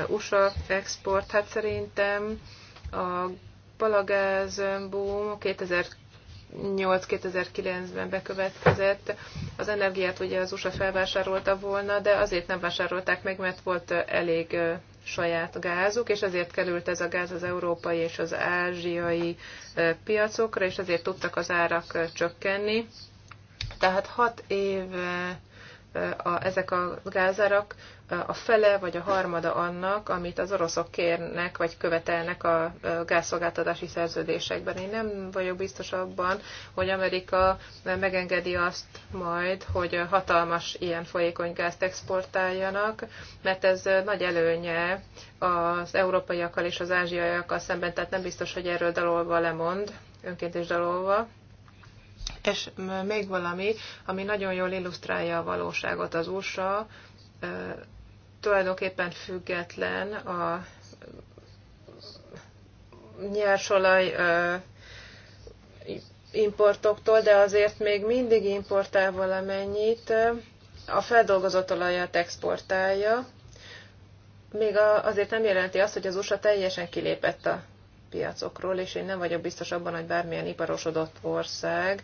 USA export, hát szerintem a palagáz boom 2008-2009-ben bekövetkezett. Az energiát ugye az USA felvásárolta volna, de azért nem vásárolták meg, mert volt elég saját gázuk, és ezért került ez a gáz az európai és az ázsiai piacokra, és ezért tudtak az árak csökkenni. Tehát hat éve a, ezek a gázárak a fele vagy a harmada annak, amit az oroszok kérnek vagy követelnek a gázszolgáltatási szerződésekben. Én nem vagyok biztos abban, hogy Amerika megengedi azt majd, hogy hatalmas ilyen folyékony gázt exportáljanak, mert ez nagy előnye az európaiakkal és az ázsiaiakkal szemben, tehát nem biztos, hogy erről dalolva lemond, önként is dalolva és még valami, ami nagyon jól illusztrálja a valóságot, az USA tulajdonképpen független a nyersolaj importoktól, de azért még mindig importál valamennyit, a feldolgozott olajat exportálja, még azért nem jelenti azt, hogy az USA teljesen kilépett a piacokról, és én nem vagyok biztos abban, hogy bármilyen iparosodott ország,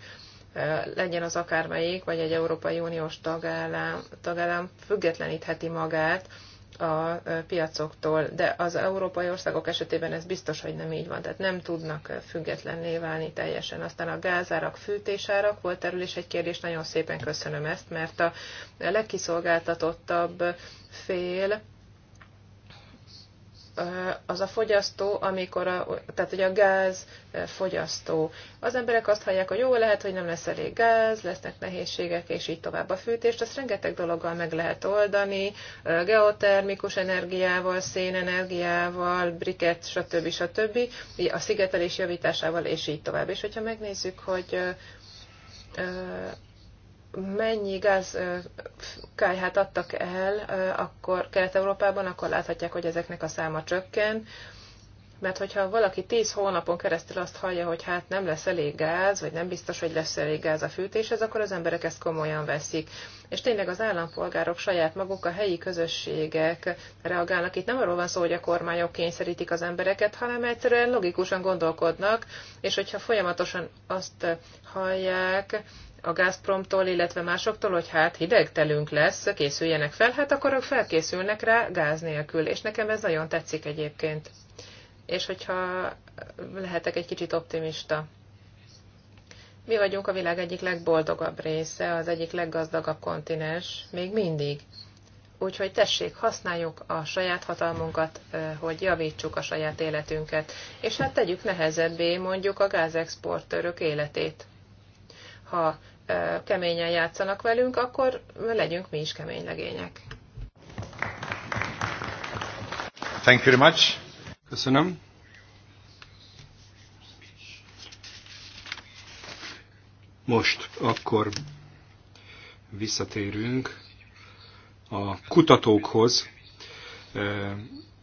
legyen az akármelyik, vagy egy Európai Uniós tagállam, tagállam függetlenítheti magát a piacoktól, de az európai országok esetében ez biztos, hogy nem így van, tehát nem tudnak függetlenné válni teljesen. Aztán a gázárak, fűtésárak volt erről is egy kérdés, nagyon szépen köszönöm ezt, mert a legkiszolgáltatottabb fél, az a fogyasztó, amikor a, tehát ugye a gáz fogyasztó. Az emberek azt hallják, hogy jó, lehet, hogy nem lesz elég gáz, lesznek nehézségek, és így tovább a fűtést. Ezt rengeteg dologgal meg lehet oldani, geotermikus energiával, szénenergiával, briket, stb. stb. a szigetelés javításával, és így tovább. És hogyha megnézzük, hogy mennyi gáz kályhát adtak el akkor Kelet-Európában, akkor láthatják, hogy ezeknek a száma csökken. Mert hogyha valaki 10 hónapon keresztül azt hallja, hogy hát nem lesz elég gáz, vagy nem biztos, hogy lesz elég gáz a fűtéshez, akkor az emberek ezt komolyan veszik. És tényleg az állampolgárok saját maguk, a helyi közösségek reagálnak. Itt nem arról van szó, hogy a kormányok kényszerítik az embereket, hanem egyszerűen logikusan gondolkodnak, és hogyha folyamatosan azt hallják, a Gazpromtól, illetve másoktól, hogy hát hideg telünk lesz, készüljenek fel, hát akkor ők felkészülnek rá gáz nélkül, és nekem ez nagyon tetszik egyébként. És hogyha lehetek egy kicsit optimista. Mi vagyunk a világ egyik legboldogabb része, az egyik leggazdagabb kontinens, még mindig. Úgyhogy tessék, használjuk a saját hatalmunkat, hogy javítsuk a saját életünket, és hát tegyük nehezebbé mondjuk a gázexportőrök életét ha keményen játszanak velünk, akkor legyünk mi is kemény legények. Thank you very much. Köszönöm. Most akkor visszatérünk a kutatókhoz.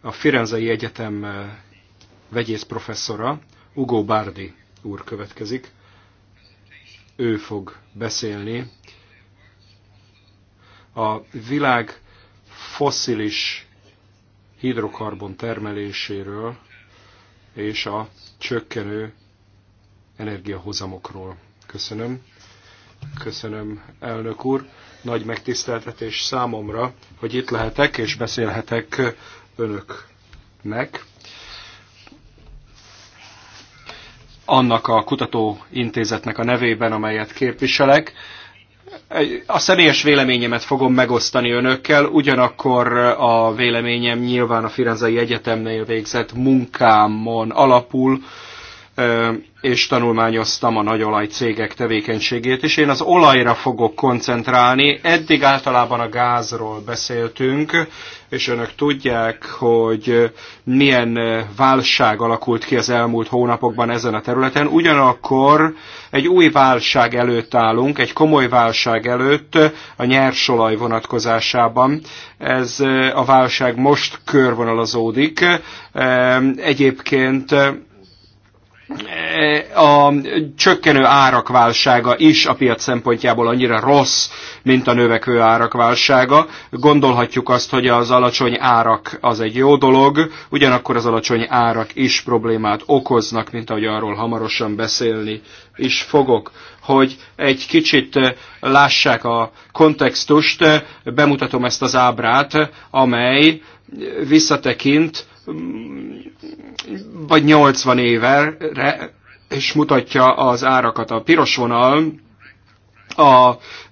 A Firenzei Egyetem vegyész professzora Ugo Bardi úr következik ő fog beszélni. A világ fosszilis hidrokarbon termeléséről és a csökkenő energiahozamokról. Köszönöm. Köszönöm, elnök úr. Nagy megtiszteltetés számomra, hogy itt lehetek és beszélhetek önöknek. annak a kutatóintézetnek a nevében, amelyet képviselek. A személyes véleményemet fogom megosztani önökkel, ugyanakkor a véleményem nyilván a Firenzei Egyetemnél végzett munkámon alapul, és tanulmányoztam a nagyolaj cégek tevékenységét, és én az olajra fogok koncentrálni. Eddig általában a gázról beszéltünk, és önök tudják, hogy milyen válság alakult ki az elmúlt hónapokban ezen a területen. Ugyanakkor egy új válság előtt állunk, egy komoly válság előtt a nyersolaj vonatkozásában. Ez a válság most körvonalazódik. Egyébként a csökkenő árak válsága is a piac szempontjából annyira rossz, mint a növekvő árak válsága. Gondolhatjuk azt, hogy az alacsony árak az egy jó dolog, ugyanakkor az alacsony árak is problémát okoznak, mint ahogy arról hamarosan beszélni is fogok. Hogy egy kicsit eh, lássák a kontextust, eh, bemutatom ezt az ábrát, amely eh, visszatekint mm, vagy 80 évre, és mutatja az árakat. A piros vonal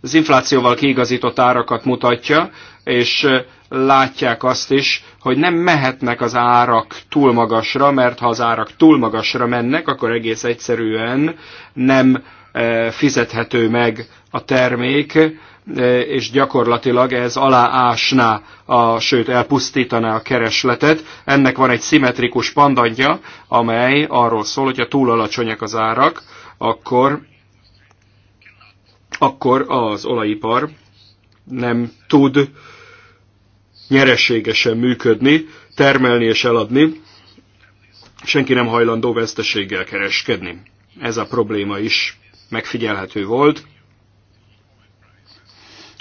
az inflációval kiigazított árakat mutatja, és látják azt is, hogy nem mehetnek az árak túl magasra, mert ha az árak túl magasra mennek, akkor egész egyszerűen nem eh, fizethető meg a termék, E, és gyakorlatilag ez aláásná, a, sőt elpusztítaná a keresletet. Ennek van egy szimmetrikus pandantja, amely arról szól, hogyha túl alacsonyak az árak, akkor, akkor az olajipar nem tud nyereségesen működni, termelni és eladni, senki nem hajlandó veszteséggel kereskedni. Ez a probléma is megfigyelhető volt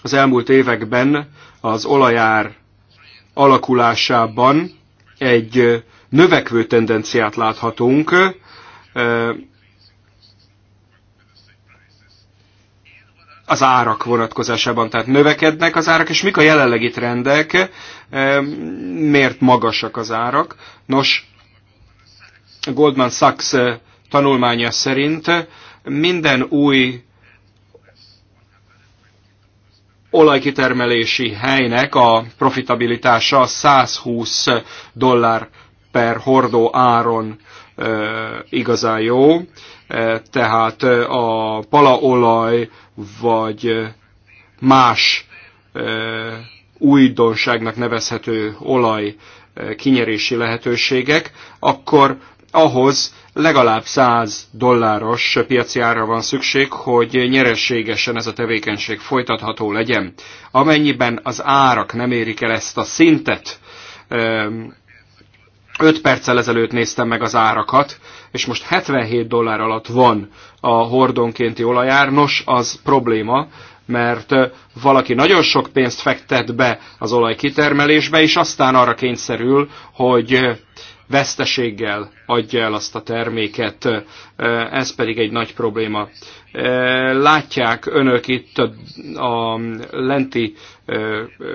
az elmúlt években az olajár alakulásában egy növekvő tendenciát láthatunk. az árak vonatkozásában, tehát növekednek az árak, és mik a jelenlegi trendek, miért magasak az árak. Nos, Goldman Sachs tanulmánya szerint minden új olajkitermelési helynek a profitabilitása 120 dollár per hordó áron igazán jó, tehát a palaolaj vagy más újdonságnak nevezhető olaj kinyerési lehetőségek, akkor ahhoz legalább 100 dolláros piaci ára van szükség, hogy nyereségesen ez a tevékenység folytatható legyen. Amennyiben az árak nem érik el ezt a szintet, 5 ehm, perccel ezelőtt néztem meg az árakat, és most 77 dollár alatt van a hordonkénti olajár. Nos, az probléma, mert valaki nagyon sok pénzt fektet be az olaj kitermelésbe, és aztán arra kényszerül, hogy veszteséggel adja el azt a terméket, ez pedig egy nagy probléma. Látják önök itt a, a lenti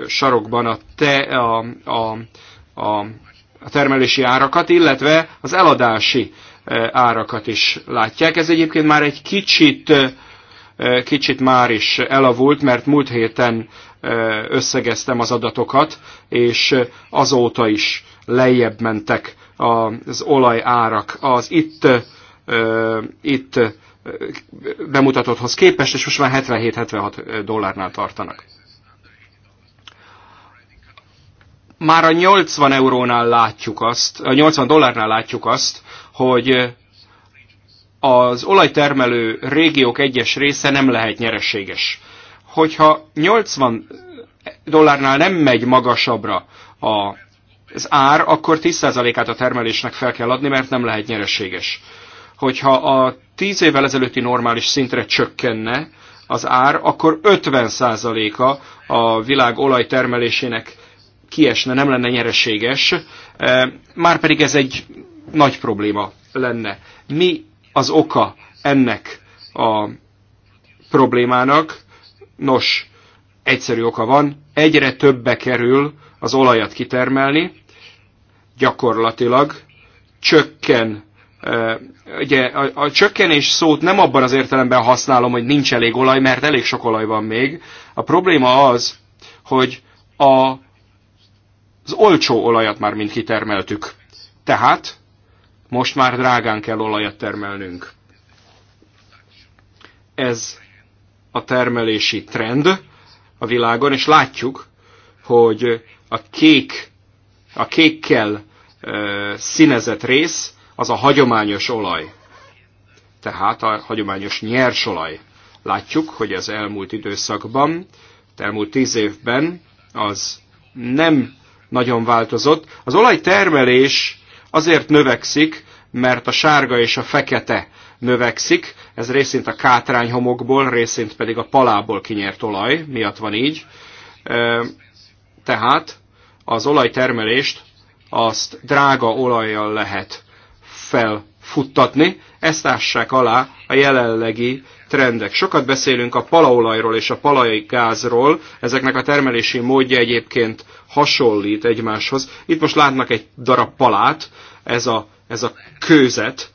sarokban a, te, a, a, a, a termelési árakat, illetve az eladási árakat is látják. Ez egyébként már egy kicsit, kicsit már is elavult, mert múlt héten összegeztem az adatokat, és azóta is lejjebb mentek az olajárak az itt, itt bemutatotthoz képest, és most már 77-76 dollárnál tartanak. Már a 80 eurónál látjuk azt, a 80 dollárnál látjuk azt, hogy az olajtermelő régiók egyes része nem lehet nyereséges. Hogyha 80 dollárnál nem megy magasabbra a az ár, akkor 10%-át a termelésnek fel kell adni, mert nem lehet nyereséges. Hogyha a 10 évvel ezelőtti normális szintre csökkenne az ár, akkor 50%-a a világ olajtermelésének kiesne, nem lenne nyereséges, e, márpedig ez egy nagy probléma lenne. Mi az oka ennek a problémának? Nos, egyszerű oka van, egyre többe kerül az olajat kitermelni, gyakorlatilag csökken ugye a, a csökkenés szót nem abban az értelemben használom, hogy nincs elég olaj, mert elég sok olaj van még. A probléma az, hogy a, az olcsó olajat már mind kitermeltük. Tehát most már drágán kell olajat termelnünk. Ez a termelési trend a világon, és látjuk, hogy a kék, a kékkel színezett rész, az a hagyományos olaj. Tehát a hagyományos nyersolaj. Látjuk, hogy az elmúlt időszakban, az elmúlt tíz évben az nem nagyon változott. Az olajtermelés azért növekszik, mert a sárga és a fekete növekszik, ez részint a kátrányhomokból, részint pedig a palából kinyert olaj, miatt van így. Tehát az olajtermelést azt drága olajjal lehet felfuttatni, ezt ássák alá a jelenlegi trendek. Sokat beszélünk a palaolajról és a palai gázról, ezeknek a termelési módja egyébként hasonlít egymáshoz. Itt most látnak egy darab palát, ez a, ez a kőzet,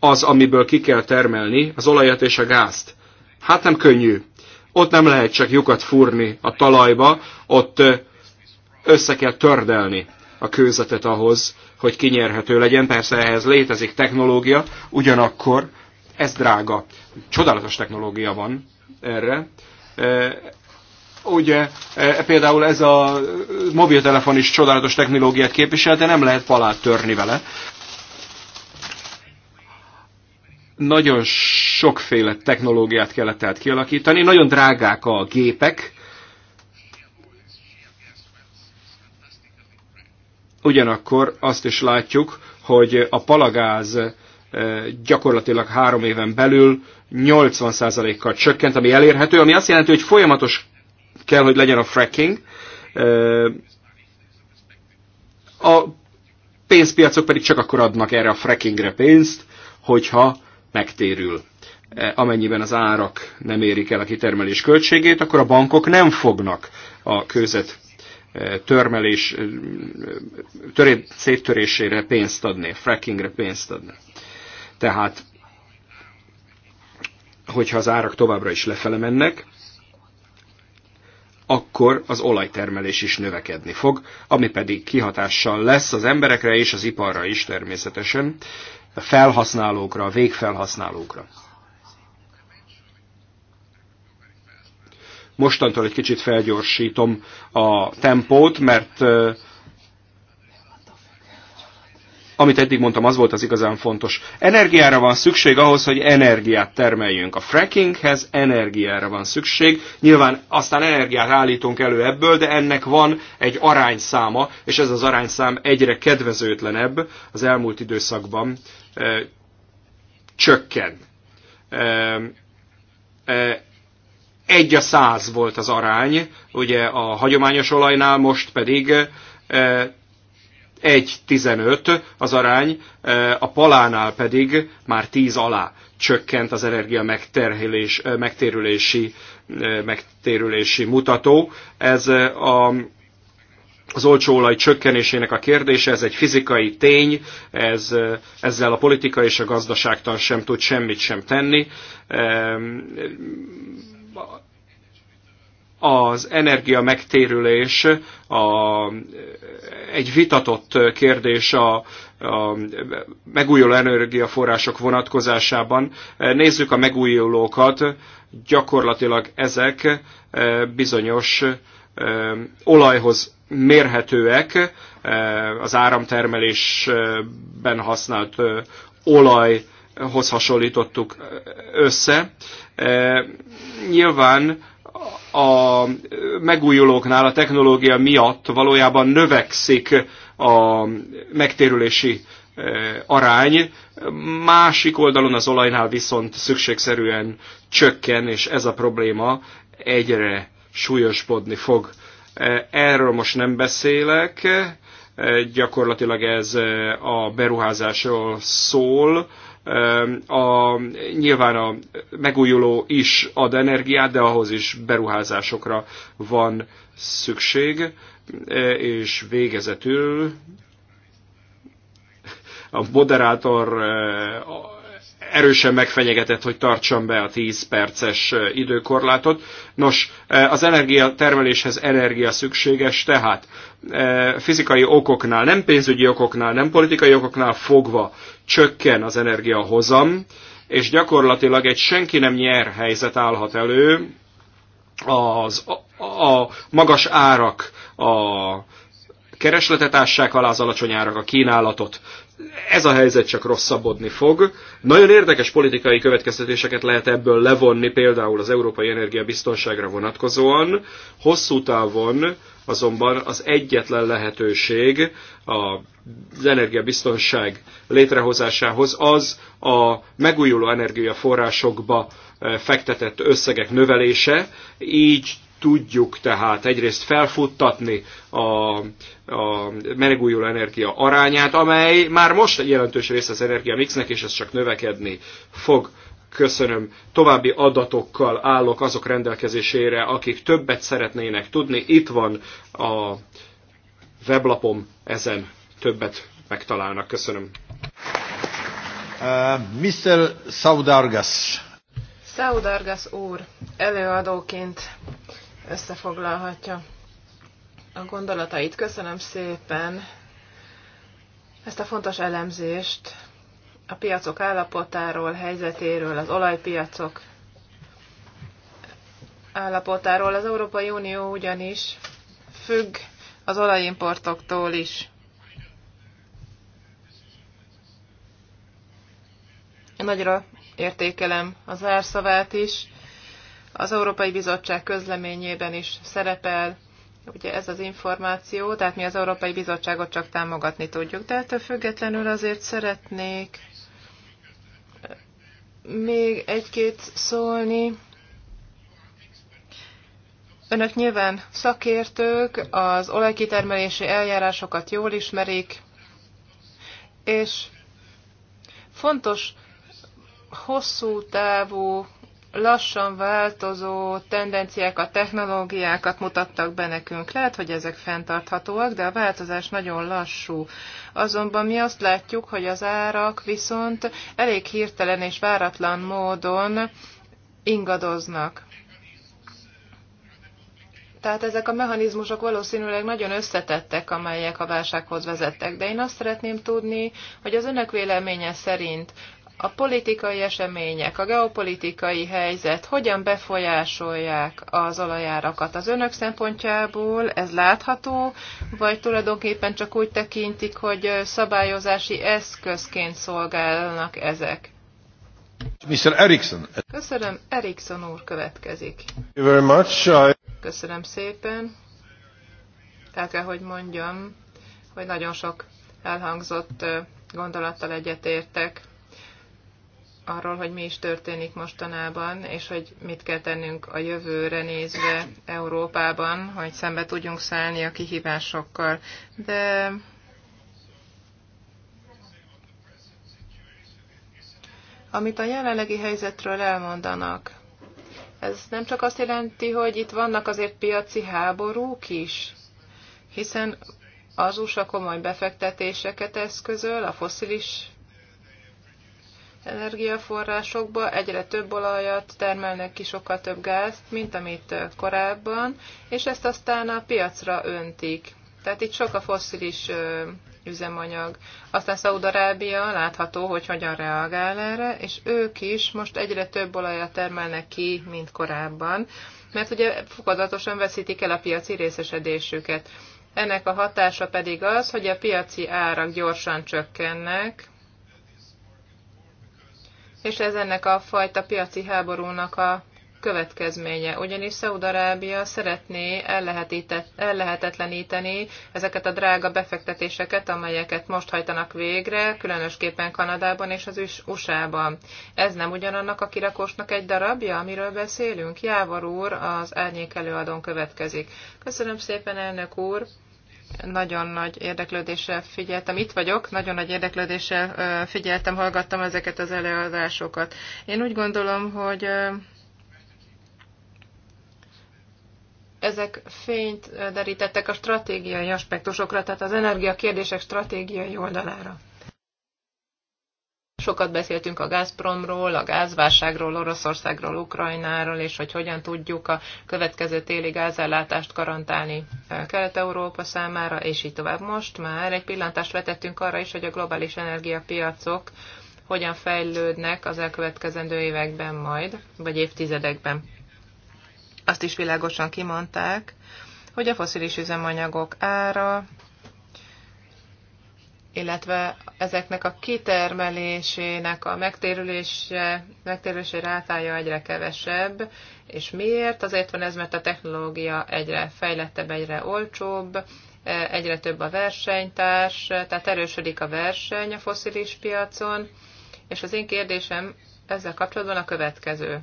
az, amiből ki kell termelni az olajat és a gázt. Hát nem könnyű. Ott nem lehet csak lyukat fúrni a talajba, ott össze kell tördelni a kőzetet ahhoz, hogy kinyerhető legyen. Persze ehhez létezik technológia, ugyanakkor ez drága. Csodálatos technológia van erre. Ugye e, például ez a mobiltelefon is csodálatos technológiát képvisel, de nem lehet palát törni vele. Nagyon sokféle technológiát kellett tehát kialakítani, nagyon drágák a gépek, ugyanakkor azt is látjuk, hogy a palagáz eh, gyakorlatilag három éven belül 80%-kal csökkent, ami elérhető, ami azt jelenti, hogy folyamatos kell, hogy legyen a fracking. Eh, a pénzpiacok pedig csak akkor adnak erre a frackingre pénzt, hogyha megtérül. E, amennyiben az árak nem érik el a kitermelés költségét, akkor a bankok nem fognak a kőzet e, törmelés, e, töré, széttörésére pénzt adni, frackingre pénzt adni. Tehát, hogyha az árak továbbra is lefele mennek, akkor az olajtermelés is növekedni fog, ami pedig kihatással lesz az emberekre és az iparra is természetesen a felhasználókra, a végfelhasználókra. Mostantól egy kicsit felgyorsítom a tempót, mert amit eddig mondtam, az volt az igazán fontos. Energiára van szükség ahhoz, hogy energiát termeljünk. A frackinghez energiára van szükség. Nyilván aztán energiát állítunk elő ebből, de ennek van egy arányszáma, és ez az arányszám egyre kedvezőtlenebb az elmúlt időszakban csökken. Egy a száz volt az arány, ugye a hagyományos olajnál most pedig 1,15 az arány, a palánál pedig már 10 alá csökkent az energia megterhelés, megtérülési, megtérülési mutató. Ez a az olcsóolaj csökkenésének a kérdése, ez egy fizikai tény, ez, ezzel a politika és a gazdaságtan sem tud semmit sem tenni. Ehm, az energia megtérülés a, egy vitatott kérdés a, a megújuló energiaforrások vonatkozásában. Nézzük a megújulókat, gyakorlatilag ezek eh, bizonyos eh, olajhoz mérhetőek, eh, az áramtermelésben használt eh, olajhoz hasonlítottuk eh, össze. Nyilván a megújulóknál a technológia miatt valójában növekszik a megtérülési arány, másik oldalon az olajnál viszont szükségszerűen csökken, és ez a probléma egyre súlyosbodni fog. Erről most nem beszélek, gyakorlatilag ez a beruházásról szól, a, nyilván a megújuló is ad energiát, de ahhoz is beruházásokra van szükség, és végezetül a moderátor erősen megfenyegetett, hogy tartsam be a 10 perces időkorlátot. Nos, az energia termeléshez energia szükséges, tehát fizikai okoknál, nem pénzügyi okoknál, nem politikai okoknál fogva csökken az energiahozam, és gyakorlatilag egy senki nem nyer helyzet állhat elő, az, a, a magas árak, a keresletet ássák alá az alacsony árak a kínálatot ez a helyzet csak rosszabbodni fog. Nagyon érdekes politikai következtetéseket lehet ebből levonni, például az európai energiabiztonságra vonatkozóan. Hosszú távon azonban az egyetlen lehetőség az energiabiztonság létrehozásához az a megújuló energiaforrásokba eh, fektetett összegek növelése, így tudjuk tehát egyrészt felfuttatni a, a melegújuló energia arányát, amely már most egy jelentős része az energia mixnek, és ez csak növekedni fog. Köszönöm. További adatokkal állok azok rendelkezésére, akik többet szeretnének tudni. Itt van a weblapom, ezen többet megtalálnak. Köszönöm. Uh, Mr. Saudargas. Saudargas úr, előadóként összefoglalhatja a gondolatait. Köszönöm szépen ezt a fontos elemzést a piacok állapotáról, helyzetéről, az olajpiacok állapotáról. Az Európai Unió ugyanis függ az olajimportoktól is. Nagyra értékelem az árszavát is, az Európai Bizottság közleményében is szerepel ugye ez az információ, tehát mi az Európai Bizottságot csak támogatni tudjuk, de ettől függetlenül azért szeretnék eh, még egy-két szólni. Önök nyilván szakértők, az olajkitermelési eljárásokat jól ismerik, és fontos hosszú távú lassan változó tendenciák a technológiákat mutattak be nekünk. Lehet, hogy ezek fenntarthatóak, de a változás nagyon lassú. Azonban mi azt látjuk, hogy az árak viszont elég hirtelen és váratlan módon ingadoznak. Tehát ezek a mechanizmusok valószínűleg nagyon összetettek, amelyek a válsághoz vezettek. De én azt szeretném tudni, hogy az önök véleménye szerint a politikai események, a geopolitikai helyzet hogyan befolyásolják az olajárakat az önök szempontjából, ez látható, vagy tulajdonképpen csak úgy tekintik, hogy szabályozási eszközként szolgálnak ezek? Mr. Erickson. Köszönöm, Erickson úr következik. Very much. Köszönöm szépen. El kell, hogy mondjam, hogy nagyon sok elhangzott gondolattal egyetértek arról, hogy mi is történik mostanában, és hogy mit kell tennünk a jövőre nézve Európában, hogy szembe tudjunk szállni a kihívásokkal. De amit a jelenlegi helyzetről elmondanak, ez nem csak azt jelenti, hogy itt vannak azért piaci háborúk is, hiszen az USA komoly befektetéseket eszközöl a foszilis energiaforrásokba, egyre több olajat termelnek ki, sokkal több gázt, mint amit korábban, és ezt aztán a piacra öntik. Tehát itt sok a fosszilis üzemanyag. Aztán Szaudarábia látható, hogy hogyan reagál erre, és ők is most egyre több olajat termelnek ki, mint korábban, mert ugye fokozatosan veszítik el a piaci részesedésüket. Ennek a hatása pedig az, hogy a piaci árak gyorsan csökkennek, és ez ennek a fajta piaci háborúnak a következménye, ugyanis Szaudarábia szeretné ellehetetleníteni ezeket a drága befektetéseket, amelyeket most hajtanak végre, különösképpen Kanadában és az USA-ban. Ez nem ugyanannak a kirakósnak egy darabja, amiről beszélünk? Jávor úr, az árnyék előadón következik. Köszönöm szépen, elnök úr! nagyon nagy érdeklődéssel figyeltem, itt vagyok, nagyon nagy érdeklődéssel figyeltem, hallgattam ezeket az előadásokat. Én úgy gondolom, hogy ezek fényt derítettek a stratégiai aspektusokra, tehát az energiakérdések stratégiai oldalára sokat beszéltünk a Gazpromról, a gázválságról, Oroszországról, Ukrajnáról, és hogy hogyan tudjuk a következő téli gázellátást garantálni eh, Kelet-Európa számára, és így tovább. Most már egy pillantást vetettünk arra is, hogy a globális energiapiacok hogyan fejlődnek az elkövetkezendő években majd, vagy évtizedekben. Azt is világosan kimondták, hogy a foszilis üzemanyagok ára illetve ezeknek a kitermelésének a megtérülése, megtérülési rátája egyre kevesebb. És miért? Azért van ez, mert a technológia egyre fejlettebb, egyre olcsóbb, egyre több a versenytárs, tehát erősödik a verseny a foszilis piacon, és az én kérdésem ezzel kapcsolatban a következő.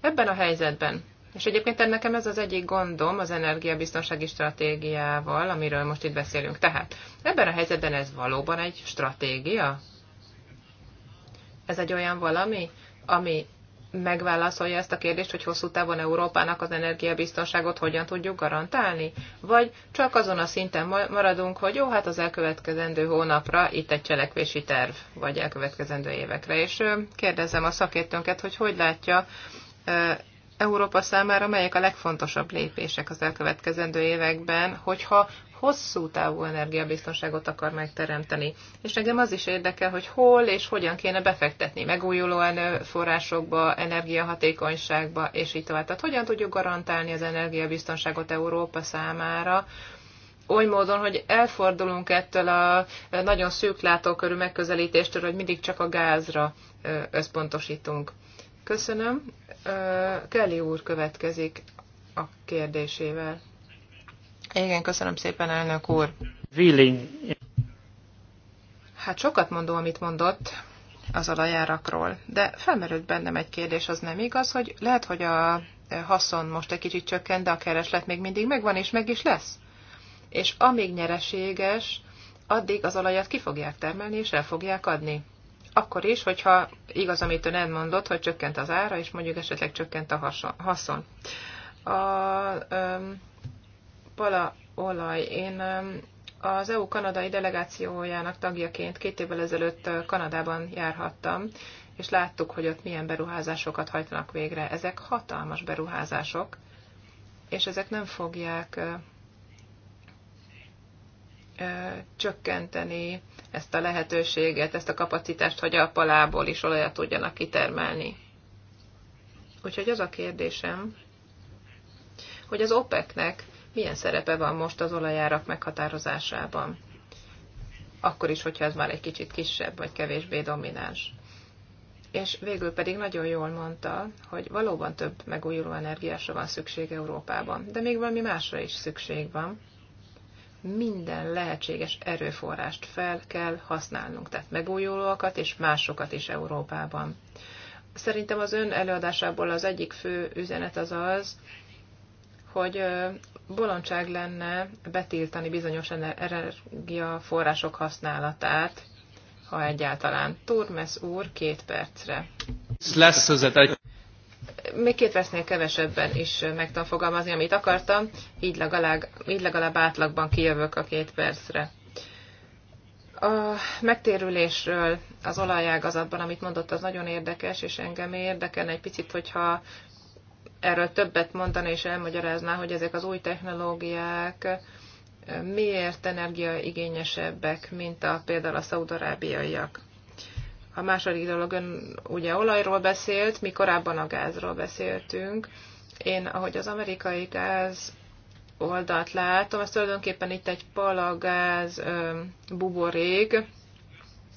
Ebben a helyzetben és egyébként nekem ez az egyik gondom az energiabiztonsági stratégiával, amiről most itt beszélünk. Tehát ebben a helyzetben ez valóban egy stratégia? Ez egy olyan valami, ami megválaszolja ezt a kérdést, hogy hosszú távon Európának az energiabiztonságot hogyan tudjuk garantálni? Vagy csak azon a szinten maradunk, hogy jó, hát az elkövetkezendő hónapra itt egy cselekvési terv, vagy elkövetkezendő évekre. És kérdezem a szakértőnket, hogy hogy látja Európa számára melyek a legfontosabb lépések az elkövetkezendő években, hogyha hosszú távú energiabiztonságot akar megteremteni. És engem az is érdekel, hogy hol és hogyan kéne befektetni megújuló forrásokba, energiahatékonyságba, és így tovább. Tehát hogyan tudjuk garantálni az energiabiztonságot Európa számára, oly módon, hogy elfordulunk ettől a nagyon szűk látókörű megközelítéstől, hogy mindig csak a gázra összpontosítunk. Köszönöm. Kelly úr következik a kérdésével. Igen, köszönöm szépen, elnök úr. Willing. Hát sokat mondó, amit mondott az alajárakról, de felmerült bennem egy kérdés, az nem igaz, hogy lehet, hogy a haszon most egy kicsit csökkent, de a kereslet még mindig megvan, és meg is lesz. És amíg nyereséges, addig az olajat ki fogják termelni, és el fogják adni akkor is, hogyha igaz, amit ön elmondott, hogy csökkent az ára, és mondjuk esetleg csökkent a haszon. A um, palaolaj, én um, az EU kanadai delegációjának tagjaként két évvel ezelőtt Kanadában járhattam, és láttuk, hogy ott milyen beruházásokat hajtanak végre. Ezek hatalmas beruházások, és ezek nem fogják uh, uh, csökkenteni ezt a lehetőséget, ezt a kapacitást, hogy a palából is olajat tudjanak kitermelni. Úgyhogy az a kérdésem, hogy az OPEC-nek milyen szerepe van most az olajárak meghatározásában. Akkor is, hogyha ez már egy kicsit kisebb vagy kevésbé domináns. És végül pedig nagyon jól mondta, hogy valóban több megújuló energiásra van szükség Európában, de még valami másra is szükség van minden lehetséges erőforrást fel kell használnunk, tehát megújulóakat és másokat is Európában. Szerintem az ön előadásából az egyik fő üzenet az az, hogy bolondság lenne betiltani bizonyos energiaforrások használatát, ha egyáltalán. Turmes úr, két percre. Ez lesz az egy még két vesznél kevesebben is meg tudom fogalmazni, amit akartam, így legalább, így legalább átlagban kijövök a két percre. A megtérülésről az olajágazatban, amit mondott, az nagyon érdekes, és engem érdekelne egy picit, hogyha erről többet mondani és elmagyarázná, hogy ezek az új technológiák eh, miért energiaigényesebbek, mint a, például a szaudarábiaiak. A második dolog, ön ugye olajról beszélt, mi korábban a gázról beszéltünk. Én, ahogy az amerikai gáz oldalt látom, ez tulajdonképpen itt egy palagáz buborék,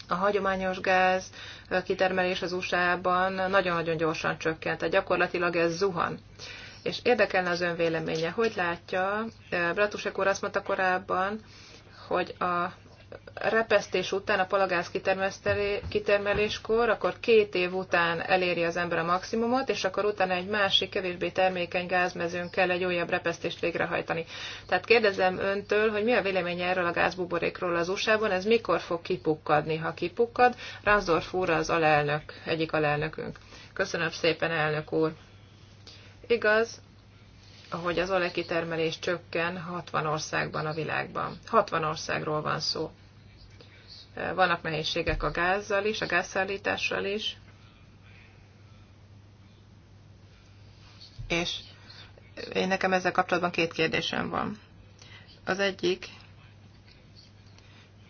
a hagyományos gáz kitermelés az USA-ban nagyon-nagyon gyorsan csökkent, tehát gyakorlatilag ez zuhan. És érdekelne az ön véleménye, hogy látja, Bratusek úr azt mondta korábban, hogy a repesztés után, a palagáz kitermeléskor, akkor két év után eléri az ember a maximumot, és akkor utána egy másik, kevésbé termékeny gázmezőn kell egy újabb repesztést végrehajtani. Tehát kérdezem öntől, hogy mi a véleménye erről a gázbuborékról az USA-ban, ez mikor fog kipukkadni, ha kipukkad? Ransdorf úr az alelnök, egyik alelnökünk. Köszönöm szépen, elnök úr. Igaz, hogy az olajkitermelés csökken 60 országban a világban. 60 országról van szó. Vannak nehézségek a gázzal is, a gázszállítással is. És én nekem ezzel kapcsolatban két kérdésem van. Az egyik,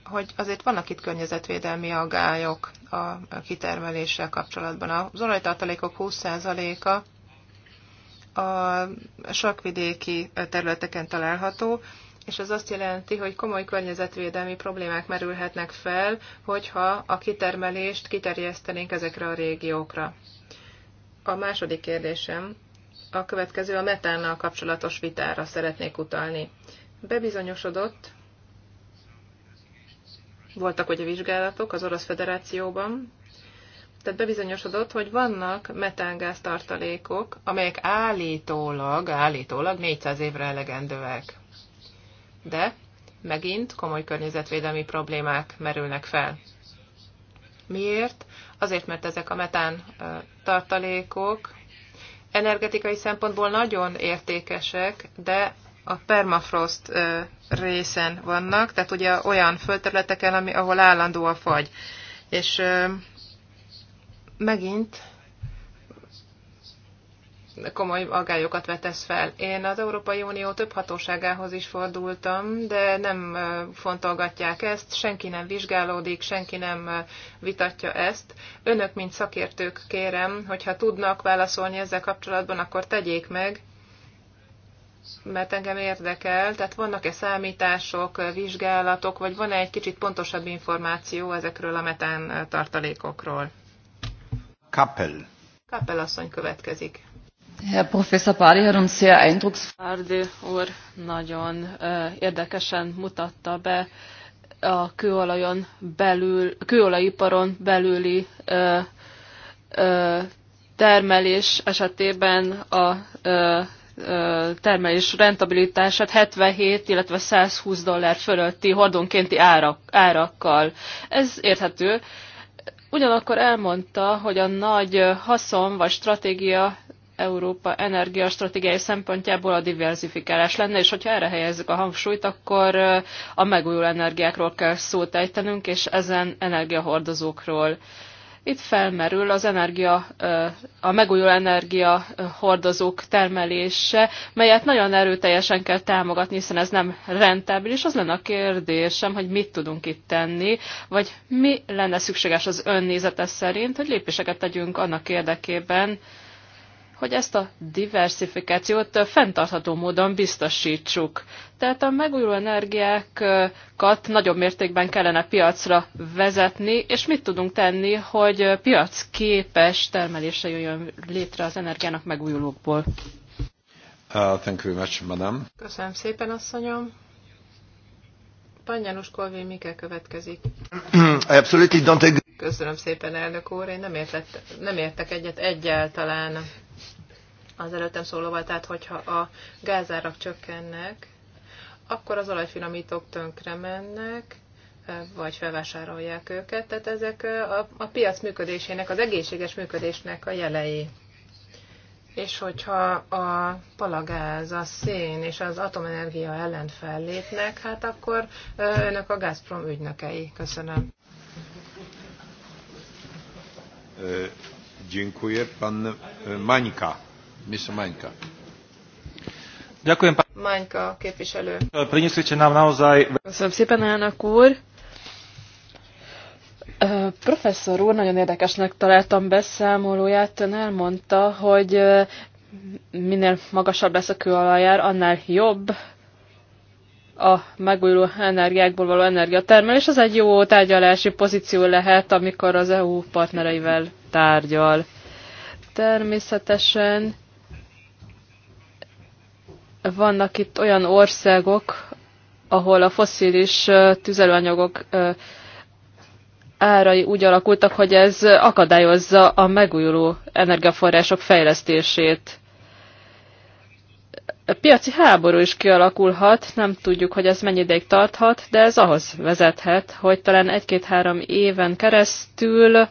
hogy azért vannak itt környezetvédelmi aggályok a kitermeléssel kapcsolatban. Az olajtartalékok 20%-a a sakvidéki területeken található, és ez azt jelenti, hogy komoly környezetvédelmi problémák merülhetnek fel, hogyha a kitermelést kiterjesztenénk ezekre a régiókra. A második kérdésem a következő a metánnal kapcsolatos vitára szeretnék utalni. Bebizonyosodott, voltak ugye vizsgálatok az Orosz Federációban, tehát bebizonyosodott, hogy vannak metángáztartalékok, tartalékok, amelyek állítólag, állítólag 400 évre elegendőek de megint komoly környezetvédelmi problémák merülnek fel. Miért? Azért, mert ezek a metán tartalékok energetikai szempontból nagyon értékesek, de a permafrost részen vannak, tehát ugye olyan földterületeken, ahol állandó a fagy. És megint komoly aggályokat vetesz fel. Én az Európai Unió több hatóságához is fordultam, de nem fontolgatják ezt, senki nem vizsgálódik, senki nem vitatja ezt. Önök, mint szakértők kérem, hogyha tudnak válaszolni ezzel kapcsolatban, akkor tegyék meg, mert engem érdekel, tehát vannak-e számítások, vizsgálatok, vagy van-e egy kicsit pontosabb információ ezekről a metán tartalékokról? Kappel. Kappel asszony következik. Herr Professor Bari, hat uns sehr eindrucksvoll. nagyon érdekesen mutatta be a kőolajon belül, kőolajiparon belüli ö, ö, termelés esetében a ö, ö, termelés rentabilitását 77, illetve 120 dollár fölötti hordonkénti árak, árakkal. Ez érthető. Ugyanakkor elmondta, hogy a nagy haszon vagy stratégia Európa energiastratégiai szempontjából a diversifikálás lenne, és hogyha erre helyezzük a hangsúlyt, akkor a megújuló energiákról kell szót ejtenünk, és ezen energiahordozókról. Itt felmerül az energia, a megújuló energia hordozók termelése, melyet nagyon erőteljesen kell támogatni, hiszen ez nem rentábilis. Az lenne a kérdésem, hogy mit tudunk itt tenni, vagy mi lenne szükséges az önnézete szerint, hogy lépéseket tegyünk annak érdekében, hogy ezt a diversifikációt fenntartható módon biztosítsuk. Tehát a megújuló energiákat nagyobb mértékben kellene piacra vezetni, és mit tudunk tenni, hogy piacképes termelése jöjjön létre az energiának megújulókból. Uh, thank you very much, madam. Köszönöm szépen, asszonyom. Pannyanus Kolvé Mike következik. I absolutely don't agree. Köszönöm szépen, elnök úr. Én nem, értett, nem értek egyet egyáltalán az előttem szólóval, tehát hogyha a gázárak csökkennek, akkor az olajfinomítók tönkre mennek, vagy felvásárolják őket. Tehát ezek a, a piac működésének, az egészséges működésnek a jelei. És hogyha a palagáz, a szén és az atomenergia ellen fellépnek, hát akkor önök a Gazprom ügynökei. Köszönöm. Dziękuję. Pan e, Mańka. Mr. Maňka. Maňka, képviselő. Priniesli nám naozaj... Köszönöm szépen, elnök úr. Professzor úr, nagyon érdekesnek találtam beszámolóját. Ön elmondta, hogy minél magasabb lesz a kőolajár, annál jobb a megújuló energiákból való energiatermelés. Ez egy jó tárgyalási pozíció lehet, amikor az EU partnereivel tárgyal. Természetesen vannak itt olyan országok, ahol a foszilis tüzelőanyagok árai úgy alakultak, hogy ez akadályozza a megújuló energiaforrások fejlesztését. A piaci háború is kialakulhat, nem tudjuk, hogy ez mennyi ideig tarthat, de ez ahhoz vezethet, hogy talán egy-két-három éven keresztül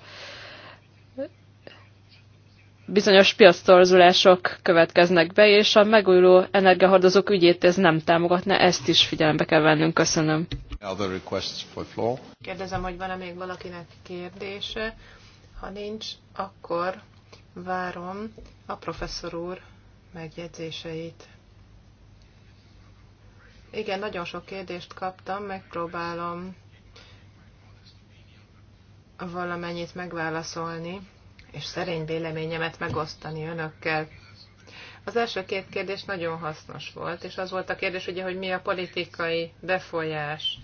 bizonyos piasztorzulások következnek be, és a megújuló energiahordozók ügyét ez nem támogatna, ezt is figyelembe kell vennünk. Köszönöm. Kérdezem, hogy van-e még valakinek kérdése. Ha nincs, akkor várom a professzor úr megjegyzéseit. Igen, nagyon sok kérdést kaptam, megpróbálom valamennyit megválaszolni és szerény véleményemet megosztani önökkel. Az első két kérdés nagyon hasznos volt, és az volt a kérdés, ugye, hogy mi a politikai befolyás.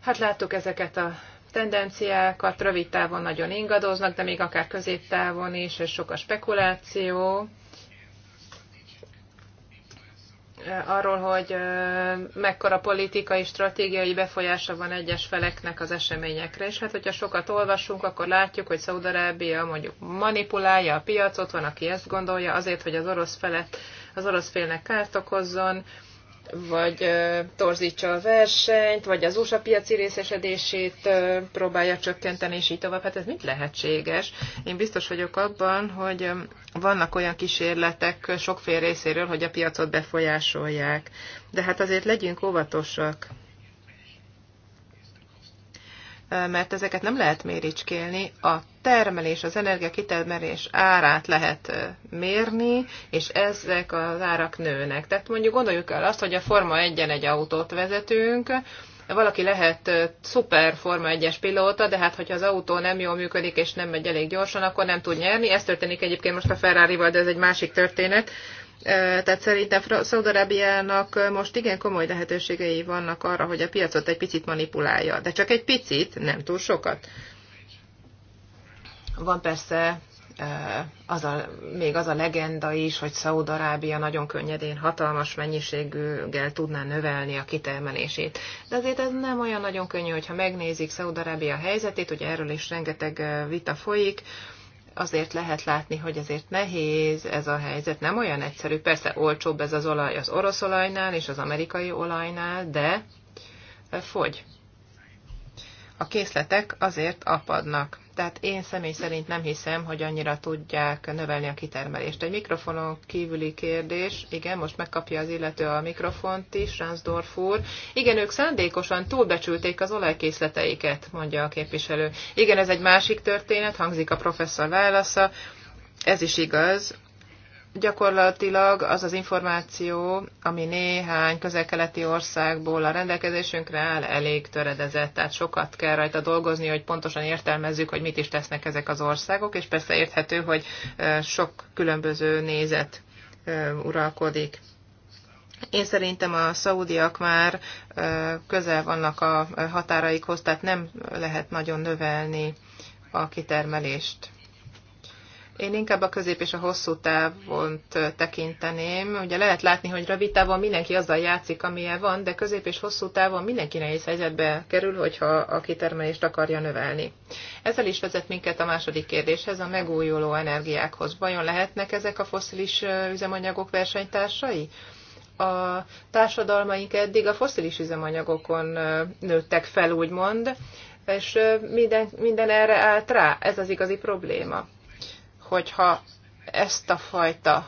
Hát láttuk ezeket a tendenciákat, rövid távon nagyon ingadoznak, de még akár középtávon is, és sok a spekuláció arról, hogy mekkora politikai, stratégiai befolyása van egyes feleknek az eseményekre. És hát, hogyha sokat olvasunk, akkor látjuk, hogy Szaudarábia mondjuk manipulálja a piacot, van, aki ezt gondolja, azért, hogy az orosz felet, az orosz félnek kárt okozzon, vagy torzítsa a versenyt, vagy az USA piaci részesedését próbálja csökkenteni, és így tovább. Hát ez mit lehetséges. Én biztos vagyok abban, hogy vannak olyan kísérletek sokféle részéről, hogy a piacot befolyásolják. De hát azért legyünk óvatosak mert ezeket nem lehet méricskélni. A termelés, az energia kitermelés árát lehet mérni, és ezek az árak nőnek. Tehát mondjuk gondoljuk el azt, hogy a Forma 1 egy autót vezetünk, valaki lehet szuper Forma 1-es pilóta, de hát hogyha az autó nem jól működik és nem megy elég gyorsan, akkor nem tud nyerni. Ez történik egyébként most a Ferrari-val, de ez egy másik történet. Tehát szerintem Szaudarábiának most igen komoly lehetőségei vannak arra, hogy a piacot egy picit manipulálja, de csak egy picit, nem túl sokat. Van persze az a, még az a legenda is, hogy Szaudarábia nagyon könnyedén hatalmas mennyiségűgel tudná növelni a kitermelését. De azért ez nem olyan nagyon könnyű, hogyha megnézik Szaudarábia helyzetét, ugye erről is rengeteg vita folyik, azért lehet látni, hogy azért nehéz ez a helyzet, nem olyan egyszerű. Persze olcsóbb ez az olaj az orosz olajnál és az amerikai olajnál, de fogy a készletek azért apadnak. Tehát én személy szerint nem hiszem, hogy annyira tudják növelni a kitermelést. Egy mikrofonon kívüli kérdés, igen, most megkapja az illető a mikrofont is, Ransdorf úr. Igen, ők szándékosan túlbecsülték az olajkészleteiket, mondja a képviselő. Igen, ez egy másik történet, hangzik a professzor válasza. Ez is igaz, gyakorlatilag az az információ, ami néhány közel-keleti országból a rendelkezésünkre áll, elég töredezett. Tehát sokat kell rajta dolgozni, hogy pontosan értelmezzük, hogy mit is tesznek ezek az országok, és persze érthető, hogy sok különböző nézet uralkodik. Én szerintem a szaudiak már közel vannak a határaikhoz, tehát nem lehet nagyon növelni a kitermelést. Én inkább a közép és a hosszú távont tekinteném. Ugye lehet látni, hogy rövid távon mindenki azzal játszik, amilyen van, de közép és hosszú távon mindenki nehéz helyzetbe kerül, hogyha a kitermelést akarja növelni. Ezzel is vezet minket a második kérdéshez, a megújuló energiákhoz. Vajon lehetnek ezek a foszilis üzemanyagok versenytársai? a társadalmaink eddig a foszilis üzemanyagokon nőttek fel, úgymond, és minden, minden erre állt rá. Ez az igazi probléma hogyha ezt a fajta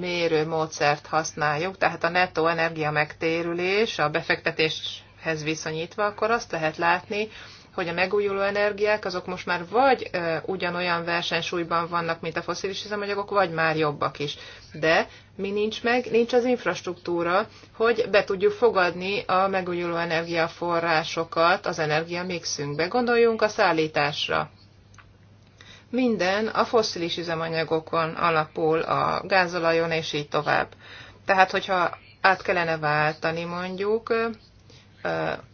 mérőmódszert használjuk, tehát a nettó energia megtérülés a befektetéshez viszonyítva, akkor azt lehet látni, hogy a megújuló energiák azok most már vagy ö, ugyanolyan versenysúlyban vannak, mint a foszilis üzemanyagok, vagy már jobbak is. De mi nincs meg, nincs az infrastruktúra, hogy be tudjuk fogadni a megújuló energiaforrásokat az energiamixünkbe. Gondoljunk a szállításra minden a fosszilis üzemanyagokon alapul, a gázolajon és így tovább. Tehát, hogyha át kellene váltani mondjuk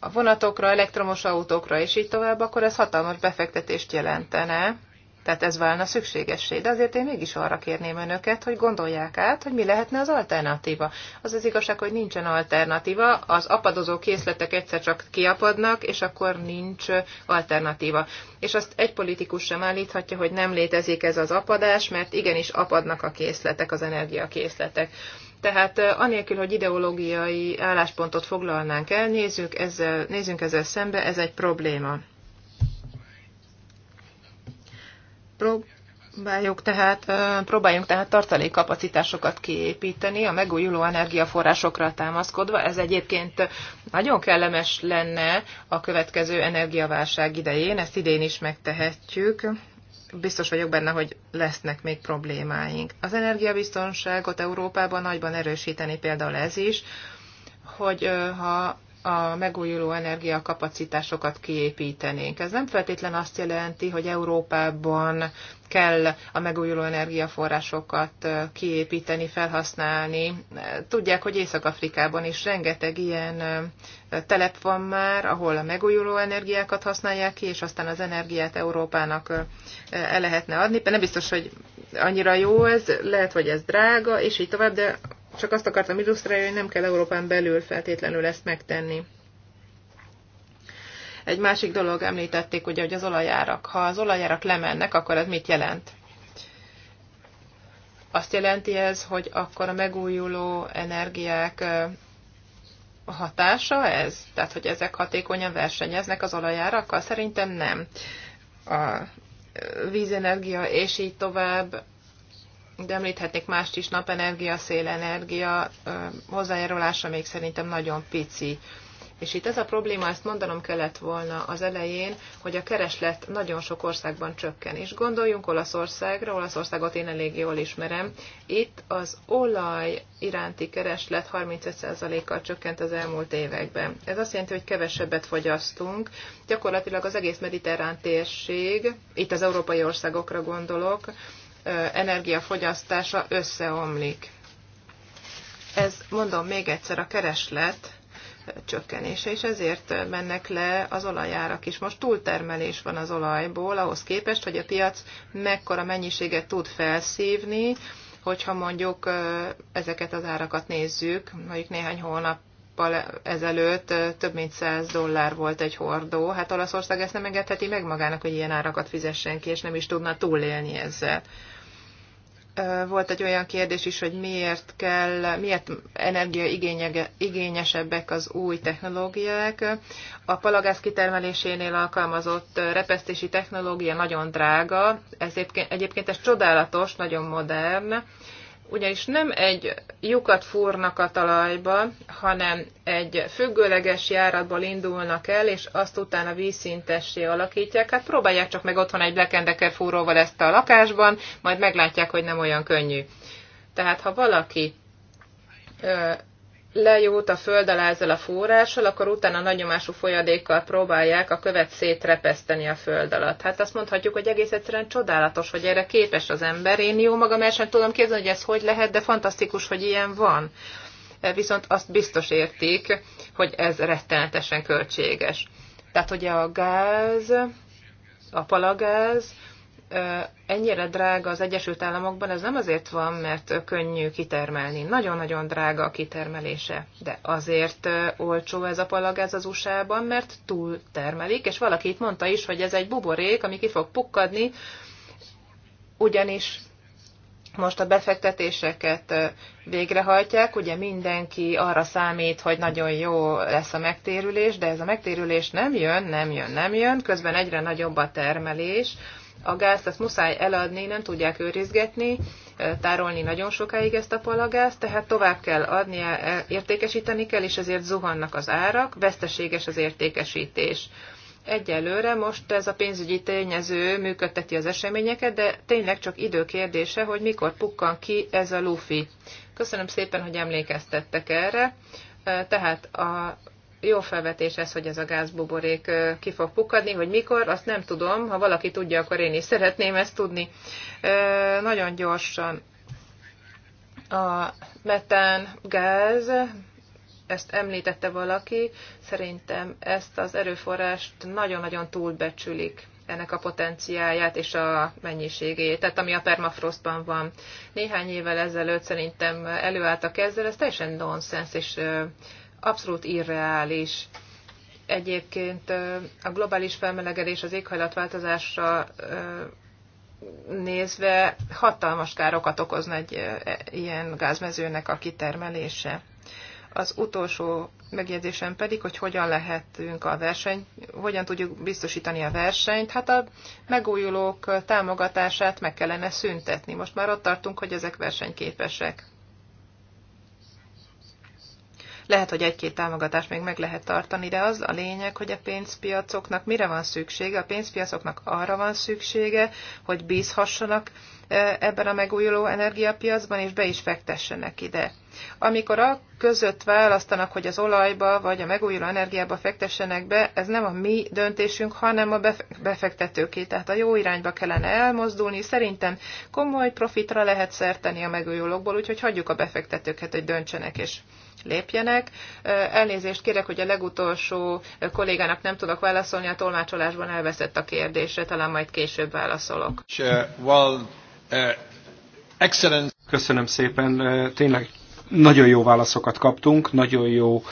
a vonatokra, elektromos autókra és így tovább, akkor ez hatalmas befektetést jelentene, tehát ez válna szükségessé, de azért én mégis arra kérném önöket, hogy gondolják át, hogy mi lehetne az alternatíva. Az az igazság, hogy nincsen alternatíva, az apadozó készletek egyszer csak kiapadnak, és akkor nincs alternatíva. És azt egy politikus sem állíthatja, hogy nem létezik ez az apadás, mert igenis apadnak a készletek, az energiakészletek. Tehát anélkül, hogy ideológiai álláspontot foglalnánk el, nézzük ezzel, nézzünk ezzel szembe, ez egy probléma. Próbáljuk tehát, próbáljunk tehát tartalékkapacitásokat kiépíteni a megújuló energiaforrásokra támaszkodva. Ez egyébként nagyon kellemes lenne a következő energiaválság idején, ezt idén is megtehetjük. Biztos vagyok benne, hogy lesznek még problémáink. Az energiabiztonságot Európában nagyban erősíteni például ez is, hogy ha a megújuló energiakapacitásokat kiépítenénk. Ez nem feltétlen azt jelenti, hogy Európában kell a megújuló energiaforrásokat kiépíteni, felhasználni. Tudják, hogy Észak-Afrikában is rengeteg ilyen telep van már, ahol a megújuló energiákat használják ki, és aztán az energiát Európának el lehetne adni. Nem biztos, hogy annyira jó ez, lehet, hogy ez drága, és így tovább, de csak azt akartam illusztrálni, hogy nem kell Európán belül feltétlenül ezt megtenni. Egy másik dolog említették, ugye, hogy az olajárak. Ha az olajárak lemennek, akkor ez mit jelent? Azt jelenti ez, hogy akkor a megújuló energiák hatása ez? Tehát, hogy ezek hatékonyan versenyeznek az olajárakkal? Szerintem nem. A vízenergia és így tovább de említhetnék mást is, napenergia, szélenergia hozzájárulása még szerintem nagyon pici. És itt ez a probléma, ezt mondanom kellett volna az elején, hogy a kereslet nagyon sok országban csökken. És gondoljunk Olaszországra, Olaszországot én elég jól ismerem. Itt az olaj iránti kereslet 35%-kal csökkent az elmúlt években. Ez azt jelenti, hogy kevesebbet fogyasztunk. Gyakorlatilag az egész mediterrán térség, itt az európai országokra gondolok, energiafogyasztása összeomlik. Ez, mondom még egyszer, a kereslet csökkenése, és ezért mennek le az olajárak is. Most túltermelés van az olajból ahhoz képest, hogy a piac mekkora mennyiséget tud felszívni, hogyha mondjuk ezeket az árakat nézzük, mondjuk néhány hónap hónappal ezelőtt több mint 100 dollár volt egy hordó. Hát Olaszország ezt nem engedheti meg magának, hogy ilyen árakat fizessen ki, és nem is tudna túlélni ezzel. Volt egy olyan kérdés is, hogy miért kell, miért energiaigényesebbek az új technológiák. A palagáz kitermelésénél alkalmazott repesztési technológia nagyon drága, ez egyébként, egyébként ez csodálatos, nagyon modern, ugyanis nem egy lyukat fúrnak a talajba, hanem egy függőleges járatból indulnak el, és azt utána vízszintessé alakítják. Hát próbálják csak meg otthon egy lekendeker fúróval ezt a lakásban, majd meglátják, hogy nem olyan könnyű. Tehát ha valaki lejót a föld alá ezzel a forrással, akkor utána nagyomású folyadékkal próbálják a követ szétrepeszteni a föld alatt. Hát azt mondhatjuk, hogy egész egyszerűen csodálatos, hogy erre képes az ember. Én jó magam el sem tudom képzelni, hogy ez hogy lehet, de fantasztikus, hogy ilyen van. E, viszont azt biztos értik, hogy ez rettenetesen költséges. Tehát ugye a gáz, a palagáz, ennyire drága az Egyesült Államokban, ez nem azért van, mert könnyű kitermelni. Nagyon-nagyon drága a kitermelése. De azért olcsó ez a palagáz az USA-ban, mert túl termelik, és valaki itt mondta is, hogy ez egy buborék, ami ki fog pukkadni, ugyanis most a befektetéseket végrehajtják, ugye mindenki arra számít, hogy nagyon jó lesz a megtérülés, de ez a megtérülés nem jön, nem jön, nem jön, közben egyre nagyobb a termelés, a gázt azt muszáj eladni, nem tudják őrizgetni, tárolni nagyon sokáig ezt a palagázt, tehát tovább kell adni, e, e, értékesíteni kell, és ezért zuhannak az árak, veszteséges az értékesítés. Egyelőre most ez a pénzügyi tényező működteti az eseményeket, de tényleg csak idő kérdése, hogy mikor pukkan ki ez a lufi. Köszönöm szépen, hogy emlékeztettek erre. Tehát a jó felvetés ez, hogy ez a gázbuborék ki fog pukadni, hogy mikor, azt nem tudom. Ha valaki tudja, akkor én is szeretném ezt tudni. Nagyon gyorsan. A metán gáz, ezt említette valaki, szerintem ezt az erőforrást nagyon-nagyon túlbecsülik ennek a potenciáját és a mennyiségét, tehát ami a permafrostban van. Néhány évvel ezelőtt szerintem előálltak ezzel, ez teljesen nonsens, és abszolút irreális. Egyébként a globális felmelegedés az éghajlatváltozásra nézve hatalmas károkat okozna egy e, ilyen gázmezőnek a kitermelése. Az utolsó megjegyzésem pedig, hogy hogyan lehetünk a verseny, hogyan tudjuk biztosítani a versenyt. Hát a megújulók támogatását meg kellene szüntetni. Most már ott tartunk, hogy ezek versenyképesek. Lehet, hogy egy-két támogatást még meg lehet tartani, de az a lényeg, hogy a pénzpiacoknak mire van szüksége. A pénzpiacoknak arra van szüksége, hogy bízhassanak e, ebben a megújuló energiapiacban, és be is fektessenek ide. Amikor a között választanak, hogy az olajba vagy a megújuló energiába fektessenek be, ez nem a mi döntésünk, hanem a befektetőké. Tehát a jó irányba kellene elmozdulni. Szerintem komoly profitra lehet szerteni a megújulókból, úgyhogy hagyjuk a befektetőket, hogy döntsenek, és lépjenek. Elnézést kérek, hogy a legutolsó kollégának nem tudok válaszolni, a tolmácsolásban elveszett a kérdésre, talán majd később válaszolok. Köszönöm szépen, tényleg nagyon jó válaszokat kaptunk, nagyon jó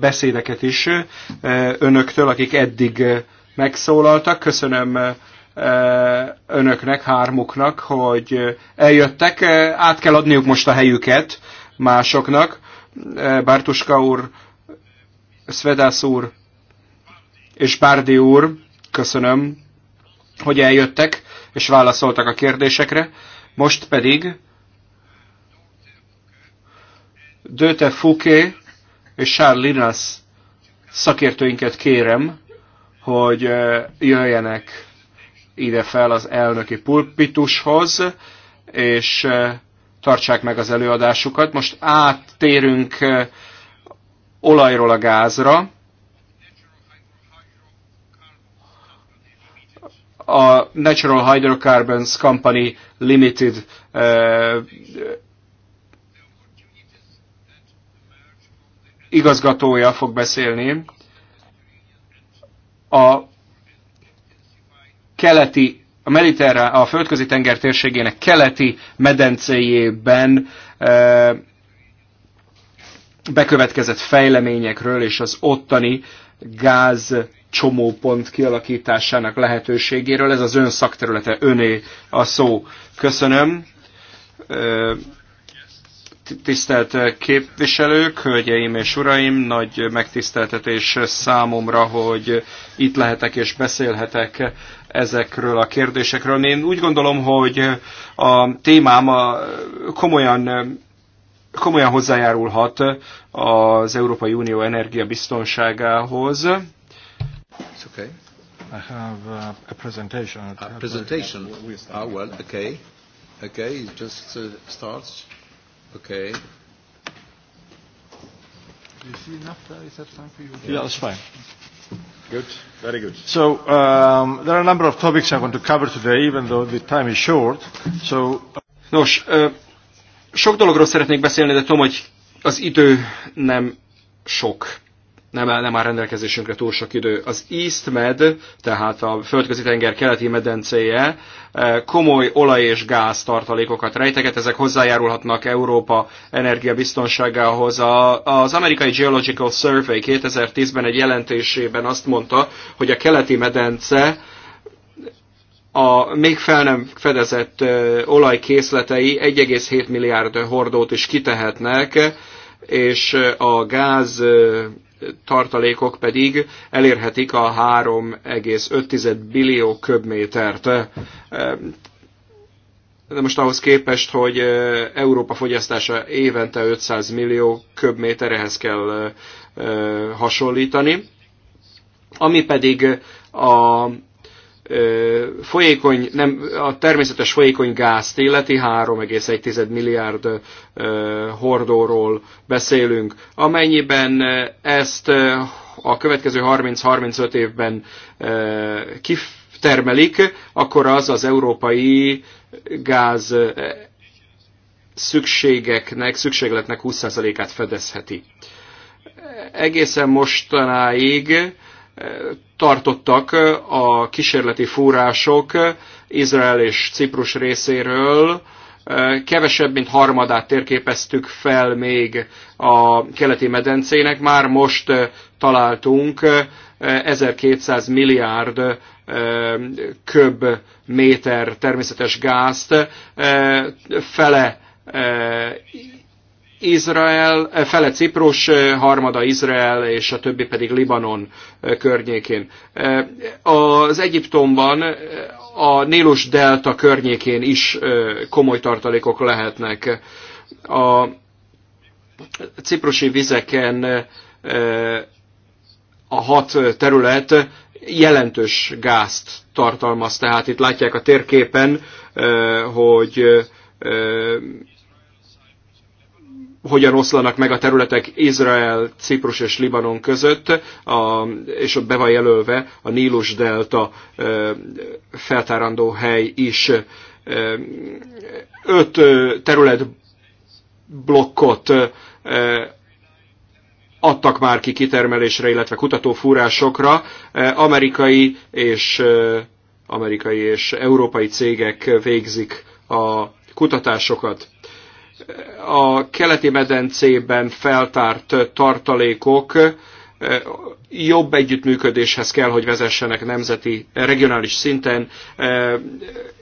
beszédeket is önöktől, akik eddig megszólaltak. Köszönöm önöknek, hármuknak, hogy eljöttek. Át kell adniuk most a helyüket másoknak. E, Bártuska úr, Svedász úr és Bárdi úr, köszönöm, hogy eljöttek és válaszoltak a kérdésekre. Most pedig Döte Fouquet és Charles Linas szakértőinket kérem, hogy e, jöjjenek ide fel az elnöki pulpitushoz, és e, tartsák meg az előadásukat. Most áttérünk olajról a gázra. A Natural Hydrocarbons Company Limited igazgatója fog beszélni. A keleti a, mediterrán, a földközi tenger térségének keleti medencéjében e, bekövetkezett fejleményekről és az ottani gáz csomópont kialakításának lehetőségéről. Ez az ön szakterülete, öné a szó. Köszönöm. Tisztelt képviselők, hölgyeim és uraim, nagy megtiszteltetés számomra, hogy itt lehetek és beszélhetek ezekről a kérdésekről. Én úgy gondolom, hogy a témám a komolyan, komolyan hozzájárulhat az Európai Unió energiabiztonságához. It's okay. I have uh, a presentation. A presentation? Uh, ah, well, okay. Okay, it just uh, starts. Okay. Do you see enough? Is that time for you? Yeah, that's fine. Good, very good. So um, there are a number of topics I want to cover today, even though the time is short. So. Nos, sok dologról szeretnék beszélni, de tudom, hogy az idő nem sok nem, nem áll rendelkezésünkre túl sok idő. Az East Med, tehát a földközi tenger keleti medencéje eh, komoly olaj és gáz tartalékokat rejteget, ezek hozzájárulhatnak Európa energiabiztonságához. A, az amerikai Geological Survey 2010-ben egy jelentésében azt mondta, hogy a keleti medence a még fel nem fedezett eh, olajkészletei 1,7 milliárd hordót is kitehetnek, és eh, a gáz tartalékok pedig elérhetik a 3,5 billió köbmétert. De most ahhoz képest, hogy Európa fogyasztása évente 500 millió köbméter, ehhez kell hasonlítani. Ami pedig a folyékony, nem, a természetes folyékony gáz téleti 3,1 milliárd hordóról beszélünk. Amennyiben ezt a következő 30-35 évben kitermelik, akkor az az európai gáz szükségeknek, szükségletnek 20%-át fedezheti. Egészen mostanáig tartottak a kísérleti fúrások Izrael és Ciprus részéről. Kevesebb, mint harmadát térképeztük fel még a keleti medencének. Már most találtunk 1200 milliárd köb méter természetes gázt, fele Izrael, eh, fele Ciprus, eh, harmada Izrael, és a többi pedig Libanon eh, környékén. Az Egyiptomban a Nílus delta környékén is komoly tartalékok lehetnek. A ciprusi vizeken a hat terület jelentős gázt tartalmaz. Tehát itt látják a térképen, hogy hogyan oszlanak meg a területek Izrael, Ciprus és Libanon között, a, és ott be van jelölve a Nílus Delta feltárandó hely is. Öt terület blokkot adtak már ki kitermelésre, illetve kutatófúrásokra. Amerikai és, amerikai és európai cégek végzik a kutatásokat a keleti medencében feltárt tartalékok eh, jobb együttműködéshez kell, hogy vezessenek nemzeti, regionális szinten, eh,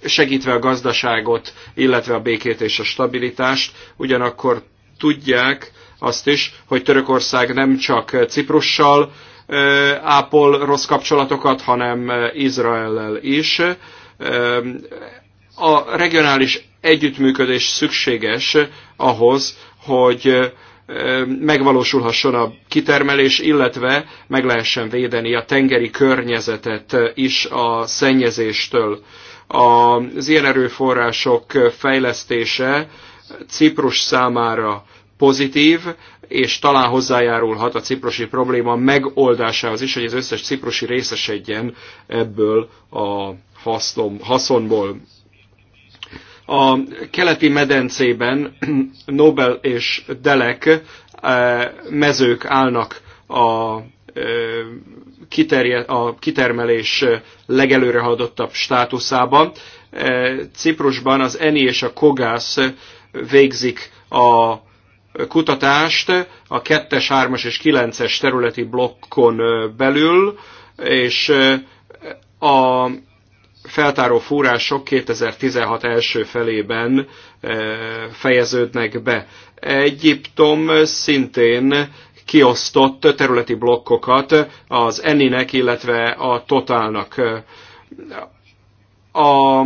segítve a gazdaságot, illetve a békét és a stabilitást. Ugyanakkor tudják azt is, hogy Törökország nem csak Ciprussal eh, ápol rossz kapcsolatokat, hanem Izraellel is. A regionális együttműködés szükséges ahhoz, hogy megvalósulhasson a kitermelés, illetve meg lehessen védeni a tengeri környezetet is a szennyezéstől. Az ilyen erőforrások fejlesztése Ciprus számára pozitív, és talán hozzájárulhat a ciprusi probléma megoldásához is, hogy az összes ciprusi részesedjen ebből a hasznom, haszonból. A keleti medencében <clears throat> Nobel és Delek eh, mezők állnak a eh, a kitermelés legelőre haladottabb státuszában. Eh, Ciprusban az ENI és a Kogász végzik a kutatást a 2-es, 3-as és 9-es területi blokkon belül, és a feltáró fúrások 2016 első felében eh, fejeződnek be. Egyiptom szintén kiosztott területi blokkokat az enninek illetve a Totálnak. A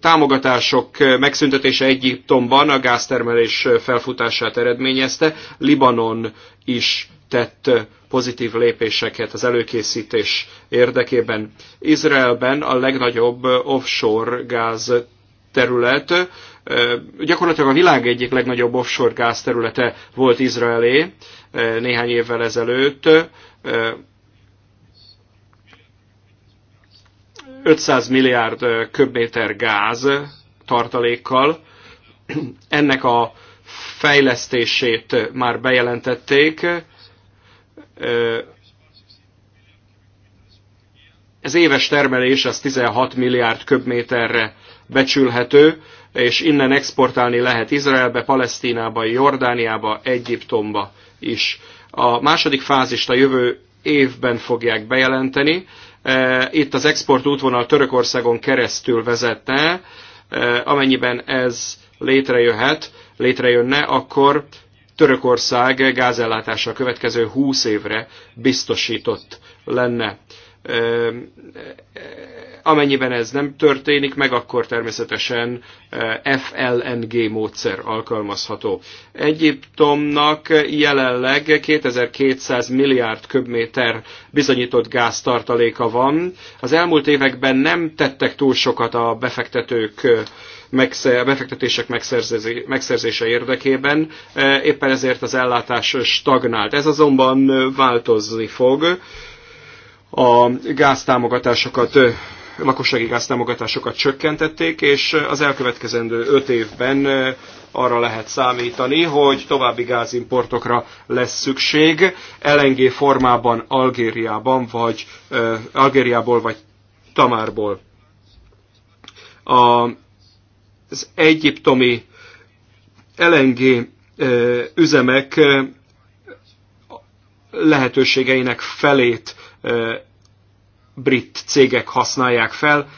támogatások megszüntetése Egyiptomban a gáztermelés felfutását eredményezte, Libanon is tett pozitív lépéseket az előkészítés érdekében. Izraelben a legnagyobb offshore gáz terület, gyakorlatilag a világ egyik legnagyobb offshore gáz területe volt Izraelé néhány évvel ezelőtt. 500 milliárd köbméter gáz tartalékkal. Ennek a fejlesztését már bejelentették, ez éves termelés, az 16 milliárd köbméterre becsülhető, és innen exportálni lehet Izraelbe, Palesztinába, Jordániába, Egyiptomba is. A második fázist a jövő évben fogják bejelenteni. Itt az export útvonal Törökországon keresztül vezetne, amennyiben ez létrejöhet, létrejönne, akkor Törökország gázellátása a következő 20 évre biztosított lenne. Amennyiben ez nem történik meg, akkor természetesen FLNG módszer alkalmazható. Egyiptomnak jelenleg 2200 milliárd köbméter bizonyított gáztartaléka van. Az elmúlt években nem tettek túl sokat a befektetők megszer, befektetések megszerzése érdekében, e, éppen ezért az ellátás stagnált. Ez azonban változni fog. A gáztámogatásokat e, lakossági gáztámogatásokat csökkentették, és az elkövetkezendő öt évben e, arra lehet számítani, hogy további gázimportokra lesz szükség, LNG formában Algériában, vagy Algériából, vagy Tamárból. A az egyiptomi LNG üzemek lehetőségeinek felét brit cégek használják fel,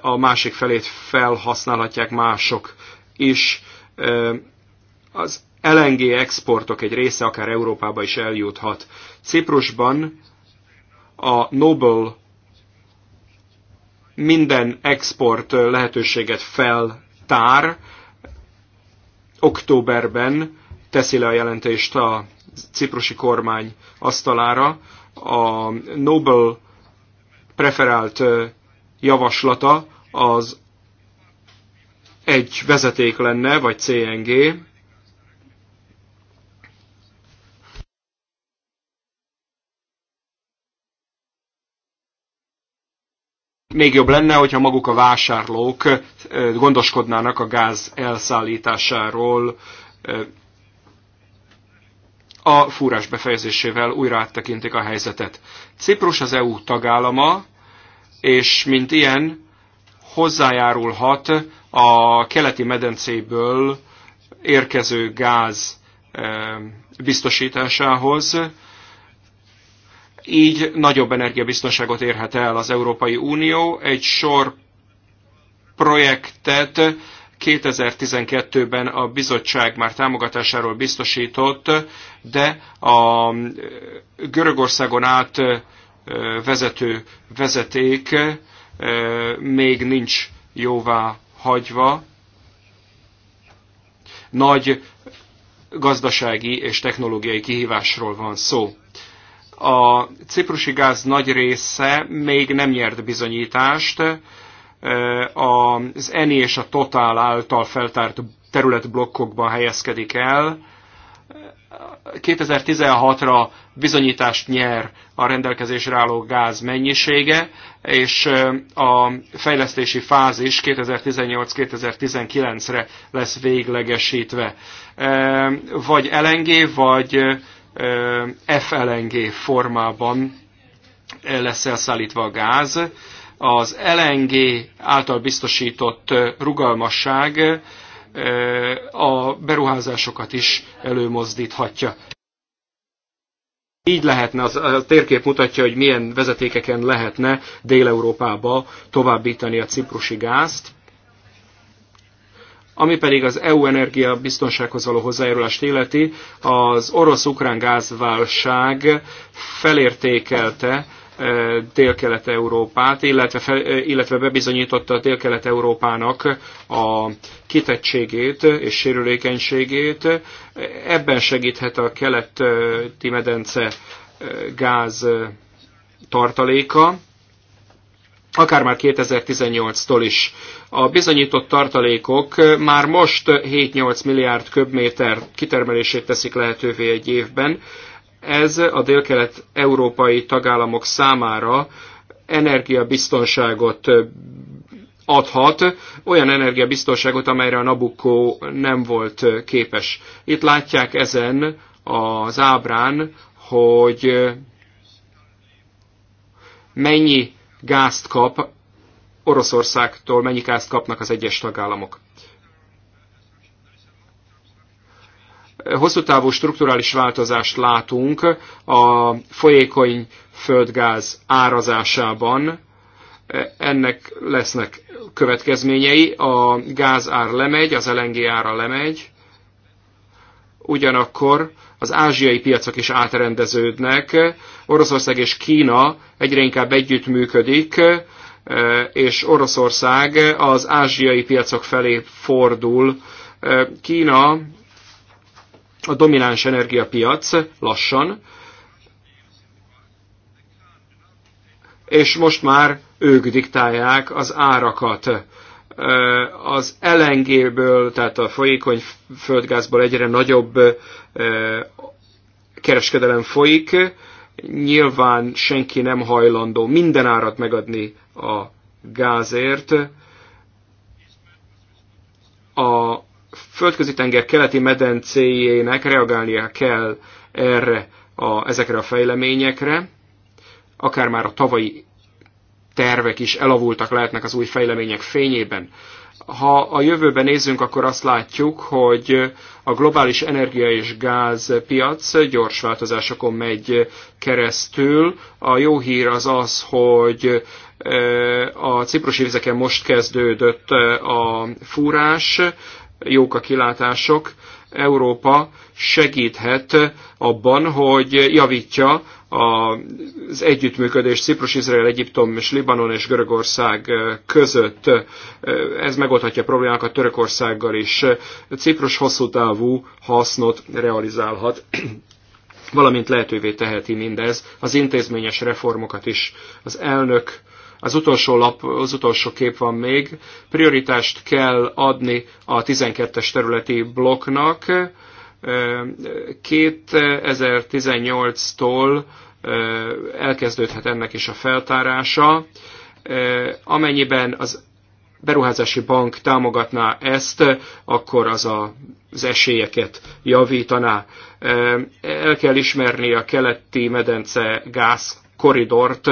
a másik felét felhasználhatják mások is. Az LNG exportok egy része akár Európába is eljuthat. Ciprusban a Nobel minden export lehetőséget fel tár októberben teszi le a jelentést a ciprusi kormány asztalára. A Nobel preferált javaslata az egy vezeték lenne, vagy CNG, még jobb lenne, hogyha maguk a vásárlók gondoskodnának a gáz elszállításáról a fúrás befejezésével újra áttekintik a helyzetet. Ciprus az EU tagállama, és mint ilyen hozzájárulhat a keleti medencéből érkező gáz biztosításához, így nagyobb energiabiztonságot érhet el az Európai Unió. Egy sor projektet 2012-ben a bizottság már támogatásáról biztosított, de a Görögországon át vezető vezeték még nincs jóvá hagyva. Nagy gazdasági és technológiai kihívásról van szó. A ciprusi gáz nagy része még nem nyert bizonyítást, az ENI és a Total által feltárt területblokkokban helyezkedik el. 2016-ra bizonyítást nyer a rendelkezésre álló gáz mennyisége, és a fejlesztési fázis 2018-2019-re lesz véglegesítve. Vagy LNG, vagy FLNG formában lesz elszállítva a gáz. Az LNG által biztosított rugalmasság a beruházásokat is előmozdíthatja. Így lehetne, az, a térkép mutatja, hogy milyen vezetékeken lehetne Dél-Európába továbbítani a ciprusi gázt. Ami pedig az EU energia biztonsághoz való hozzájárulást illeti, az orosz-ukrán gázválság felértékelte e, Dél-Kelet-Európát, illetve, fel, e, illetve bebizonyította Dél-Kelet-Európának a kitettségét és sérülékenységét. Ebben segíthet a keleti medence e, gáz tartaléka akár már 2018-tól is. A bizonyított tartalékok már most 7-8 milliárd köbméter kitermelését teszik lehetővé egy évben. Ez a délkelet európai tagállamok számára energiabiztonságot adhat, olyan energiabiztonságot, amelyre a Nabucco nem volt képes. Itt látják ezen az ábrán, hogy mennyi gázt kap Oroszországtól, mennyi gázt kapnak az egyes tagállamok. Hosszú távú strukturális változást látunk a folyékony földgáz árazásában, ennek lesznek következményei. A gázár lemegy, az LNG ára lemegy, ugyanakkor az ázsiai piacok is átrendeződnek, Oroszország és Kína egyre inkább együttműködik, e, és Oroszország az ázsiai piacok felé fordul. E, Kína a domináns energiapiac lassan, és most már ők diktálják az árakat az LNG-ből, tehát a folyékony földgázból egyre nagyobb kereskedelem folyik. Nyilván senki nem hajlandó minden árat megadni a gázért. A földközi tenger keleti medencéjének reagálnia kell erre a, ezekre a fejleményekre, akár már a tavalyi tervek is elavultak lehetnek az új fejlemények fényében. Ha a jövőben nézzünk, akkor azt látjuk, hogy a globális energia és gáz piac gyors változásokon megy keresztül. A jó hír az az, hogy e, a ciprusi vizeken most kezdődött e, a fúrás, jók a kilátások. Európa segíthet abban, hogy javítja az együttműködés Ciprus, Izrael, Egyiptom és Libanon és Görögország között. Ez megoldhatja problémákat Törökországgal is. Ciprus hosszú távú hasznot realizálhat valamint lehetővé teheti mindez az intézményes reformokat is. Az elnök az utolsó lap, az utolsó kép van még. Prioritást kell adni a 12-es területi blokknak, 2018-tól elkezdődhet ennek is a feltárása. Amennyiben az beruházási bank támogatná ezt, akkor az a, az esélyeket javítaná. El kell ismerni a keleti medence gáz koridort,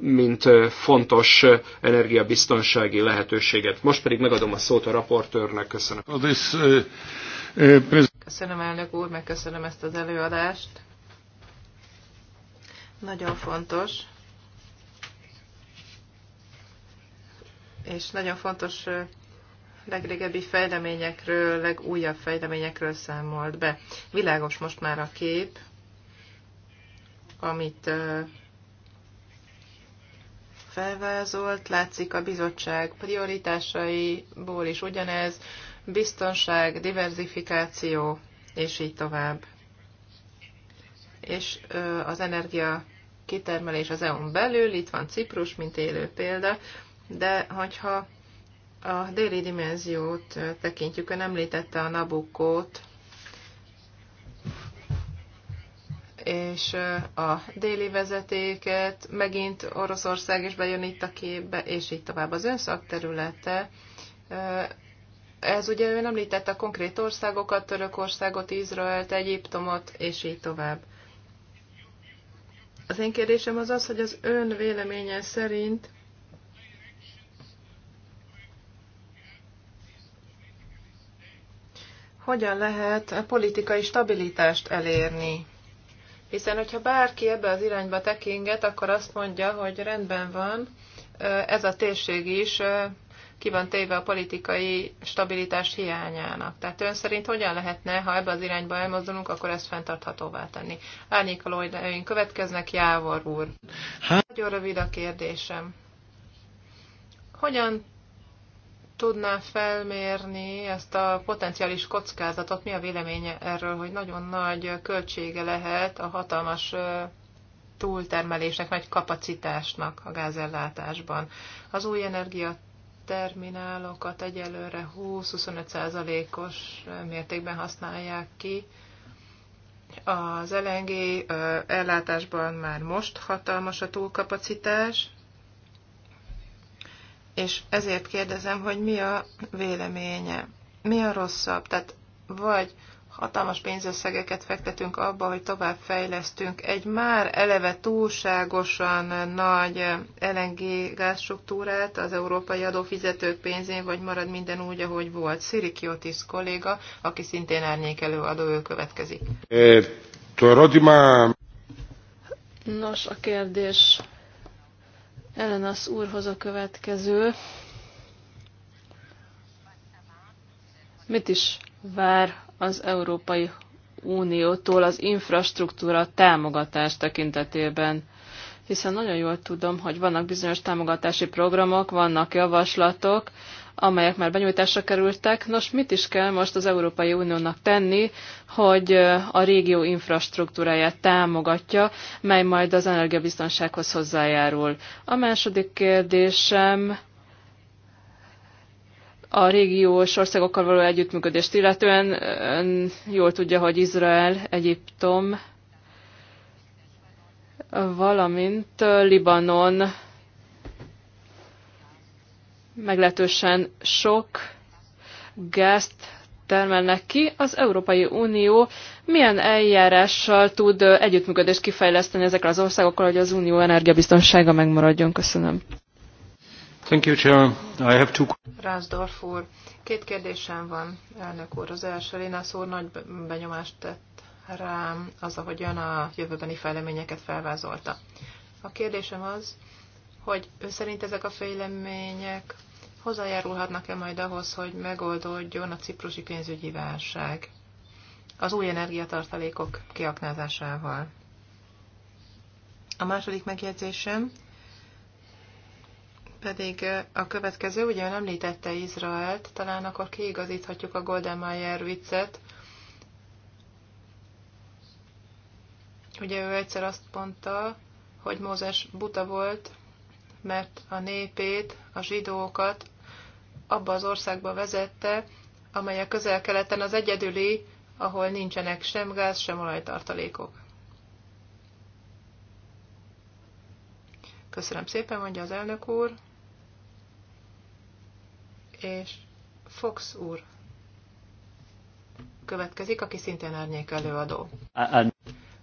mint fontos energiabiztonsági lehetőséget. Most pedig megadom a szót a raportőrnek. Köszönöm. Uh, uh, Köszönöm, elnök úr, megköszönöm ezt az előadást. Nagyon fontos. És nagyon fontos legrégebbi fejleményekről, legújabb fejleményekről számolt be. Világos most már a kép, amit felvázolt, látszik a bizottság prioritásaiból is ugyanez, biztonság, diversifikáció és így tovább. És az energia kitermelés az EU-n belül, itt van Ciprus, mint élő példa, de hogyha a déli dimenziót tekintjük, ön említette a Nabukót, és a déli vezetéket, megint Oroszország is bejön itt a képbe, és így tovább. Az ön szakterülete ez ugye ön említette a konkrét országokat, Törökországot, Izraelt, Egyiptomot, és így tovább. Az én kérdésem az az, hogy az ön véleménye szerint hogyan lehet politikai stabilitást elérni? Hiszen, hogyha bárki ebbe az irányba tekinget, akkor azt mondja, hogy rendben van, ez a térség is ki van téve a politikai stabilitás hiányának. Tehát ön szerint hogyan lehetne, ha ebbe az irányba elmozdulunk, akkor ezt fenntarthatóvá tenni? Árnyékolóidőink következnek, Jávor úr. Hát- nagyon rövid a kérdésem. Hogyan tudná felmérni ezt a potenciális kockázatot? Mi a véleménye erről, hogy nagyon nagy költsége lehet a hatalmas túltermelésnek, nagy kapacitásnak a gázellátásban? Az új energia terminálokat egyelőre 20-25%-os mértékben használják ki. Az LNG ellátásban már most hatalmas a túlkapacitás, és ezért kérdezem, hogy mi a véleménye, mi a rosszabb. Tehát vagy hatalmas pénzösszegeket fektetünk abba, hogy tovább fejlesztünk egy már eleve túlságosan nagy LNG gázstruktúrát az európai adófizetők pénzén, vagy marad minden úgy, ahogy volt. Sziri Kiotis kolléga, aki szintén árnyékelő adó, ő következik. Nos, a kérdés ellen az úrhoz a következő. Mit is vár az Európai Uniótól az infrastruktúra támogatás tekintetében? Hiszen nagyon jól tudom, hogy vannak bizonyos támogatási programok, vannak javaslatok, amelyek már benyújtásra kerültek. Nos, mit is kell most az Európai Uniónak tenni, hogy a régió infrastruktúráját támogatja, mely majd az energiabiztonsághoz hozzájárul? A második kérdésem a régiós országokkal való együttműködést illetően ön jól tudja, hogy Izrael, Egyiptom, valamint Libanon meglehetősen sok gázt termelnek ki. Az Európai Unió milyen eljárással tud együttműködést kifejleszteni ezekre az országokkal, hogy az unió energiabiztonsága megmaradjon? Köszönöm. Thank úr, két kérdésem van, elnök úr. Az első, Lénász úr nagy benyomást tett rám az, ahogyan a jövőbeni fejleményeket felvázolta. A kérdésem az, hogy ő szerint ezek a fejlemények hozzájárulhatnak-e majd ahhoz, hogy megoldódjon a ciprusi pénzügyi válság az új energiatartalékok kiaknázásával. A második megjegyzésem pedig a következő, ugye ön említette Izraelt, talán akkor kiigazíthatjuk a Goldemeyer viccet. Ugye ő egyszer azt mondta, hogy Mózes buta volt, mert a népét, a zsidókat abba az országba vezette, amely a közel-keleten az egyedüli, ahol nincsenek sem gáz, sem olajtartalékok. Köszönöm szépen, mondja az elnök úr és Fox úr következik, aki szintén árnyék előadó.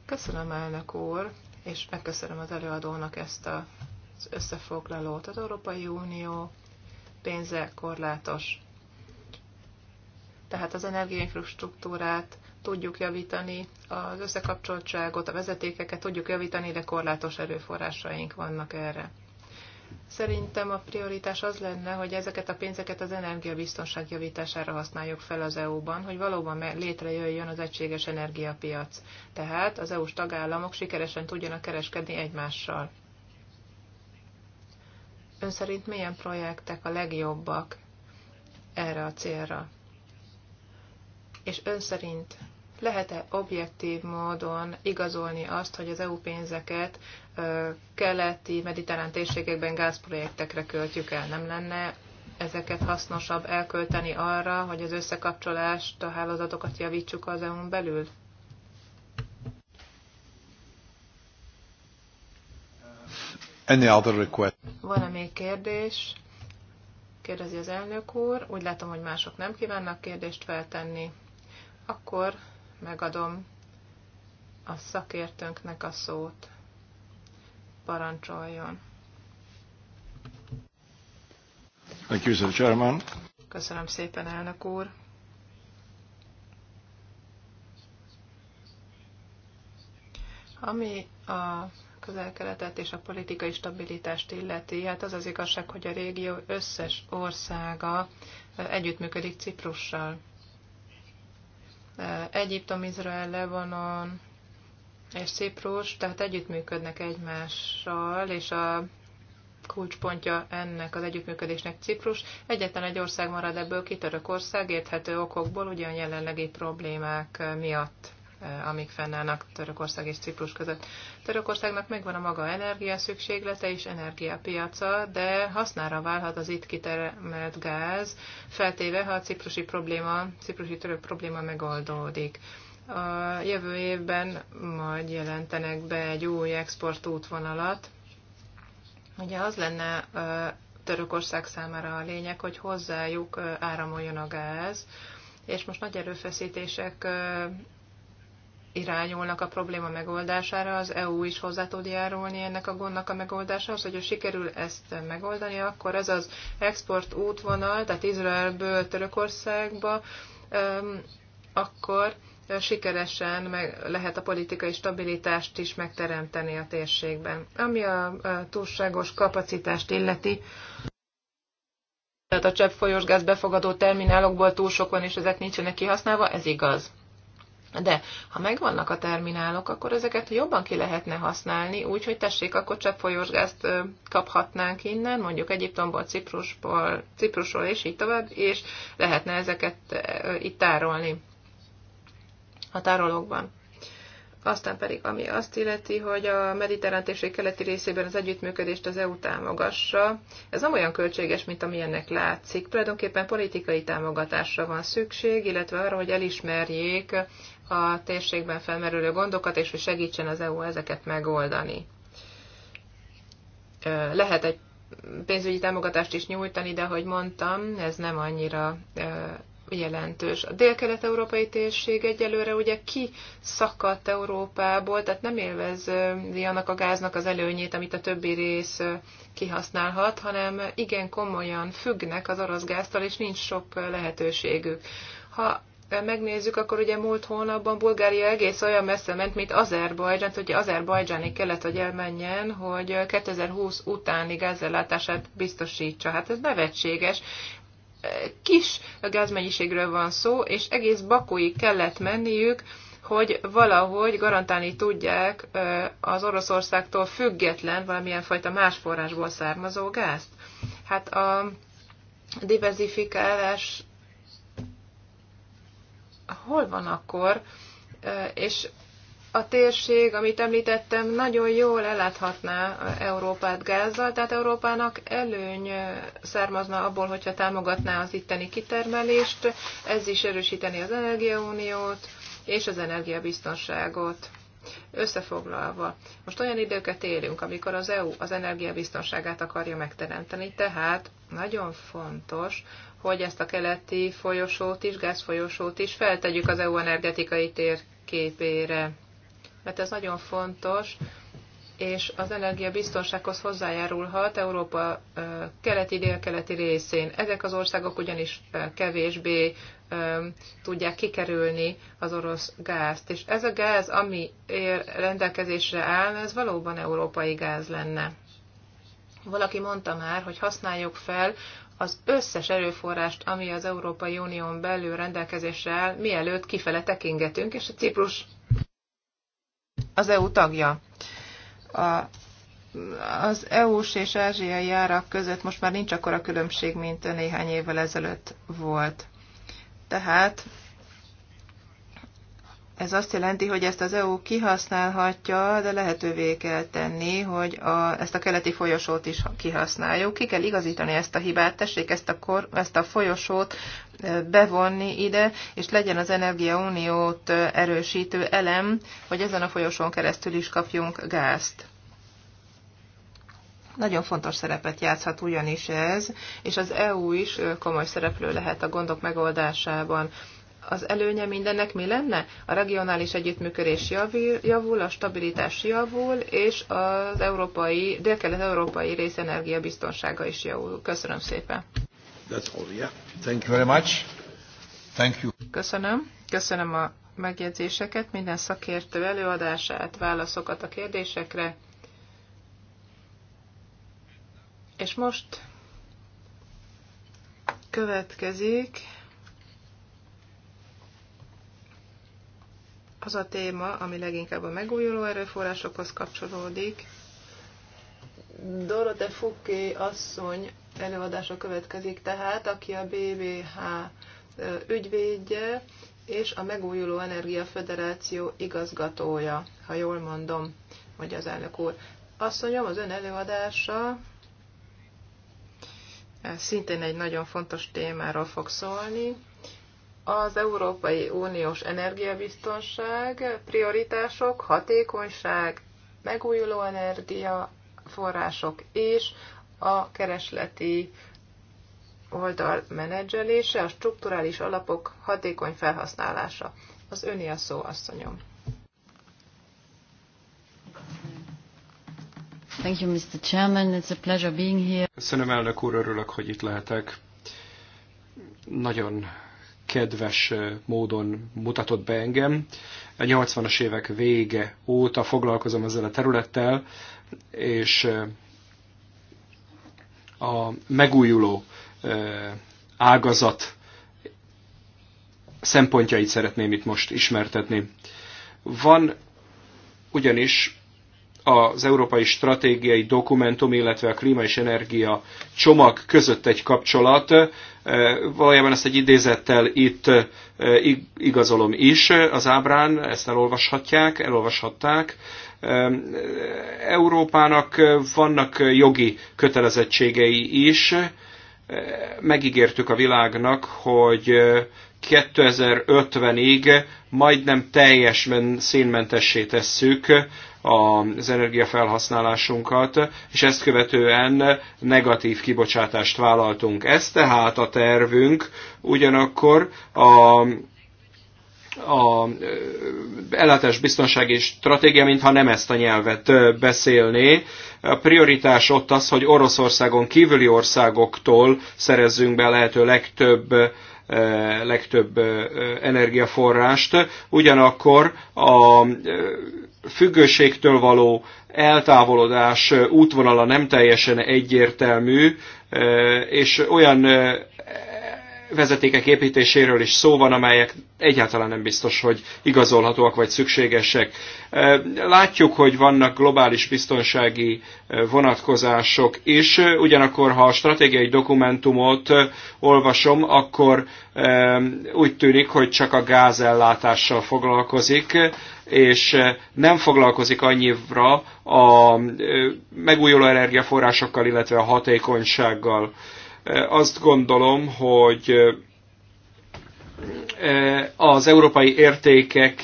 Köszönöm, elnök úr, és megköszönöm az előadónak ezt az összefoglalót. Az Európai Unió pénze korlátos. Tehát az energiainfrastruktúrát tudjuk javítani, az összekapcsoltságot, a vezetékeket tudjuk javítani, de korlátos erőforrásaink vannak erre. Szerintem a prioritás az lenne, hogy ezeket a pénzeket az energiabiztonság javítására használjuk fel az EU-ban, hogy valóban létrejöjjön az egységes energiapiac. Tehát az EU-s tagállamok sikeresen tudjanak kereskedni egymással. Ön szerint milyen projektek a legjobbak erre a célra? És ön szerint lehet-e objektív módon igazolni azt, hogy az EU pénzeket keleti mediterrán térségekben gázprojektekre költjük el? Nem lenne ezeket hasznosabb elkölteni arra, hogy az összekapcsolást, a hálózatokat javítsuk az EU-n belül? Any other request? Van-e még kérdés? Kérdezi az elnök úr. Úgy látom, hogy mások nem kívánnak kérdést feltenni. Akkor megadom a szakértőnknek a szót. Parancsoljon. Köszönöm szépen, elnök úr. Ami a közelkeletet és a politikai stabilitást illeti, hát az az igazság, hogy a régió összes országa együttműködik Ciprussal. Eh, Egyiptom, Izrael, Lebanon és Ciprus, tehát együttműködnek egymással, és a kulcspontja ennek az együttműködésnek Ciprus. Egyetlen egy ország marad ebből ki, Törökország, érthető okokból, ugyan jelenlegi problémák eh, miatt amik fennállnak Törökország és Ciprus között. Törökországnak megvan a maga energia szükséglete és energiapiaca, de hasznára válhat az itt kitermelt gáz, feltéve, ha a ciprusi probléma, ciprusi török probléma megoldódik. A jövő évben majd jelentenek be egy új exportútvonalat. Ugye az lenne Törökország számára a lényeg, hogy hozzájuk áramoljon a gáz, és most nagy erőfeszítések irányulnak a probléma megoldására, az EU is hozzá tud járulni ennek a gondnak a megoldásához, hogyha sikerül ezt megoldani, akkor ez az export útvonal, tehát Izraelből Törökországba, akkor sikeresen meg lehet a politikai stabilitást is megteremteni a térségben. Ami a túlságos kapacitást illeti, tehát a cseppfolyós gáz befogadó terminálokból túl sok van, és ezek nincsenek kihasználva, ez igaz. De ha megvannak a terminálok, akkor ezeket jobban ki lehetne használni, úgyhogy tessék, akkor folyosgázt kaphatnánk innen, mondjuk Egyiptomból, Ciprusból, Ciprusról és így tovább, és lehetne ezeket itt tárolni a tárolókban. Aztán pedig, ami azt illeti, hogy a mediterrán térség keleti részében az együttműködést az EU támogassa, ez nem olyan költséges, mint amilyennek látszik. Tulajdonképpen politikai támogatásra van szükség, illetve arra, hogy elismerjék a térségben felmerülő gondokat, és hogy segítsen az EU ezeket megoldani. Lehet egy pénzügyi támogatást is nyújtani, de ahogy mondtam, ez nem annyira jelentős. A dél-kelet-európai térség egyelőre ugye ki szakadt Európából, tehát nem élvezi annak a gáznak az előnyét, amit a többi rész kihasználhat, hanem igen komolyan függnek az orosz gáztól, és nincs sok lehetőségük. Ha megnézzük, akkor ugye múlt hónapban Bulgária egész olyan messze ment, mint Azerbajdzsán, hogy Azerbajdzsáni kellett, hogy elmenjen, hogy 2020 utáni gázellátását biztosítsa. Hát ez nevetséges kis gázmennyiségről van szó, és egész Bakuig kellett menniük, hogy valahogy garantálni tudják az Oroszországtól független, valamilyen fajta más forrásból származó gázt. Hát a diversifikálás hol van akkor, és a térség, amit említettem, nagyon jól eláthatná Európát gázzal, tehát Európának előny származna abból, hogyha támogatná az itteni kitermelést, ez is erősíteni az energiauniót és az energiabiztonságot. Összefoglalva, most olyan időket élünk, amikor az EU az energiabiztonságát akarja megteremteni, tehát nagyon fontos, hogy ezt a keleti folyosót is, gázfolyosót is feltegyük az EU energetikai térképére. Mert ez nagyon fontos, és az energiabiztonsághoz hozzájárulhat Európa keleti-délkeleti részén. Ezek az országok ugyanis kevésbé tudják kikerülni az orosz gázt. És ez a gáz, ami rendelkezésre áll, ez valóban európai gáz lenne. Valaki mondta már, hogy használjuk fel az összes erőforrást, ami az Európai Unión belül rendelkezésre áll, mielőtt kifele tekingetünk, és a Ciprus az EU tagja. A, az EU-s és ázsiai árak között most már nincs akkora különbség, mint néhány évvel ezelőtt volt. Tehát ez azt jelenti, hogy ezt az EU kihasználhatja, de lehetővé kell tenni, hogy a, ezt a keleti folyosót is kihasználjuk. Ki kell igazítani ezt a hibát, tessék ezt a, kor, ezt a folyosót bevonni ide, és legyen az energiauniót erősítő elem, hogy ezen a folyosón keresztül is kapjunk gázt. Nagyon fontos szerepet játszhat ugyanis ez, és az EU is komoly szereplő lehet a gondok megoldásában az előnye mindennek mi lenne? A regionális együttműködés javul, a stabilitás javul, és az európai, dél-kelet-európai rész energiabiztonsága is javul. Köszönöm szépen. That's all, yeah. Thank you very much. Thank you. Köszönöm. Köszönöm a megjegyzéseket, minden szakértő előadását, válaszokat a kérdésekre. És most következik az a téma, ami leginkább a megújuló erőforrásokhoz kapcsolódik. Dorote Fuki asszony előadása következik tehát, aki a BBH ügyvédje és a Megújuló Energia Föderáció igazgatója, ha jól mondom, mondja az elnök úr. Asszonyom, az ön előadása szintén egy nagyon fontos témáról fog szólni, az Európai Uniós energiabiztonság, prioritások, hatékonyság, megújuló energia, források és a keresleti oldal menedzselése, a strukturális alapok hatékony felhasználása. Az öni a szó, asszonyom. Thank you, Mr. Chairman. It's a pleasure being here. Köszönöm, elnök úr, örülök, hogy itt lehetek. Nagyon kedves eh, módon mutatott be engem. A 80-as évek vége óta foglalkozom ezzel a területtel, és eh, a megújuló eh, ágazat szempontjait szeretném itt most ismertetni. Van ugyanis az európai stratégiai dokumentum, illetve a klíma és energia csomag között egy kapcsolat. Valójában ezt egy idézettel itt igazolom is az ábrán, ezt elolvashatják, elolvashatták. Európának vannak jogi kötelezettségei is. Megígértük a világnak, hogy 2050-ig majdnem teljesen szénmentessé tesszük az energiafelhasználásunkat, és ezt követően negatív kibocsátást vállaltunk. Ez tehát a tervünk, ugyanakkor a a ellátás biztonsági stratégia, mintha nem ezt a nyelvet beszélné. A prioritás ott az, hogy Oroszországon kívüli országoktól szerezzünk be lehető legtöbb legtöbb energiaforrást, ugyanakkor a függőségtől való eltávolodás útvonala nem teljesen egyértelmű, eh, és olyan eh, vezetékek építéséről is szó van, amelyek egyáltalán nem biztos, hogy igazolhatóak vagy szükségesek. Eh, látjuk, hogy vannak globális biztonsági vonatkozások is, ugyanakkor ha a stratégiai dokumentumot olvasom, akkor úgy tűnik, hogy csak a gázellátással foglalkozik, és eh, nem foglalkozik annyira a eh, megújuló energiaforrásokkal, illetve a hatékonysággal. Eh, azt gondolom, hogy az európai értékek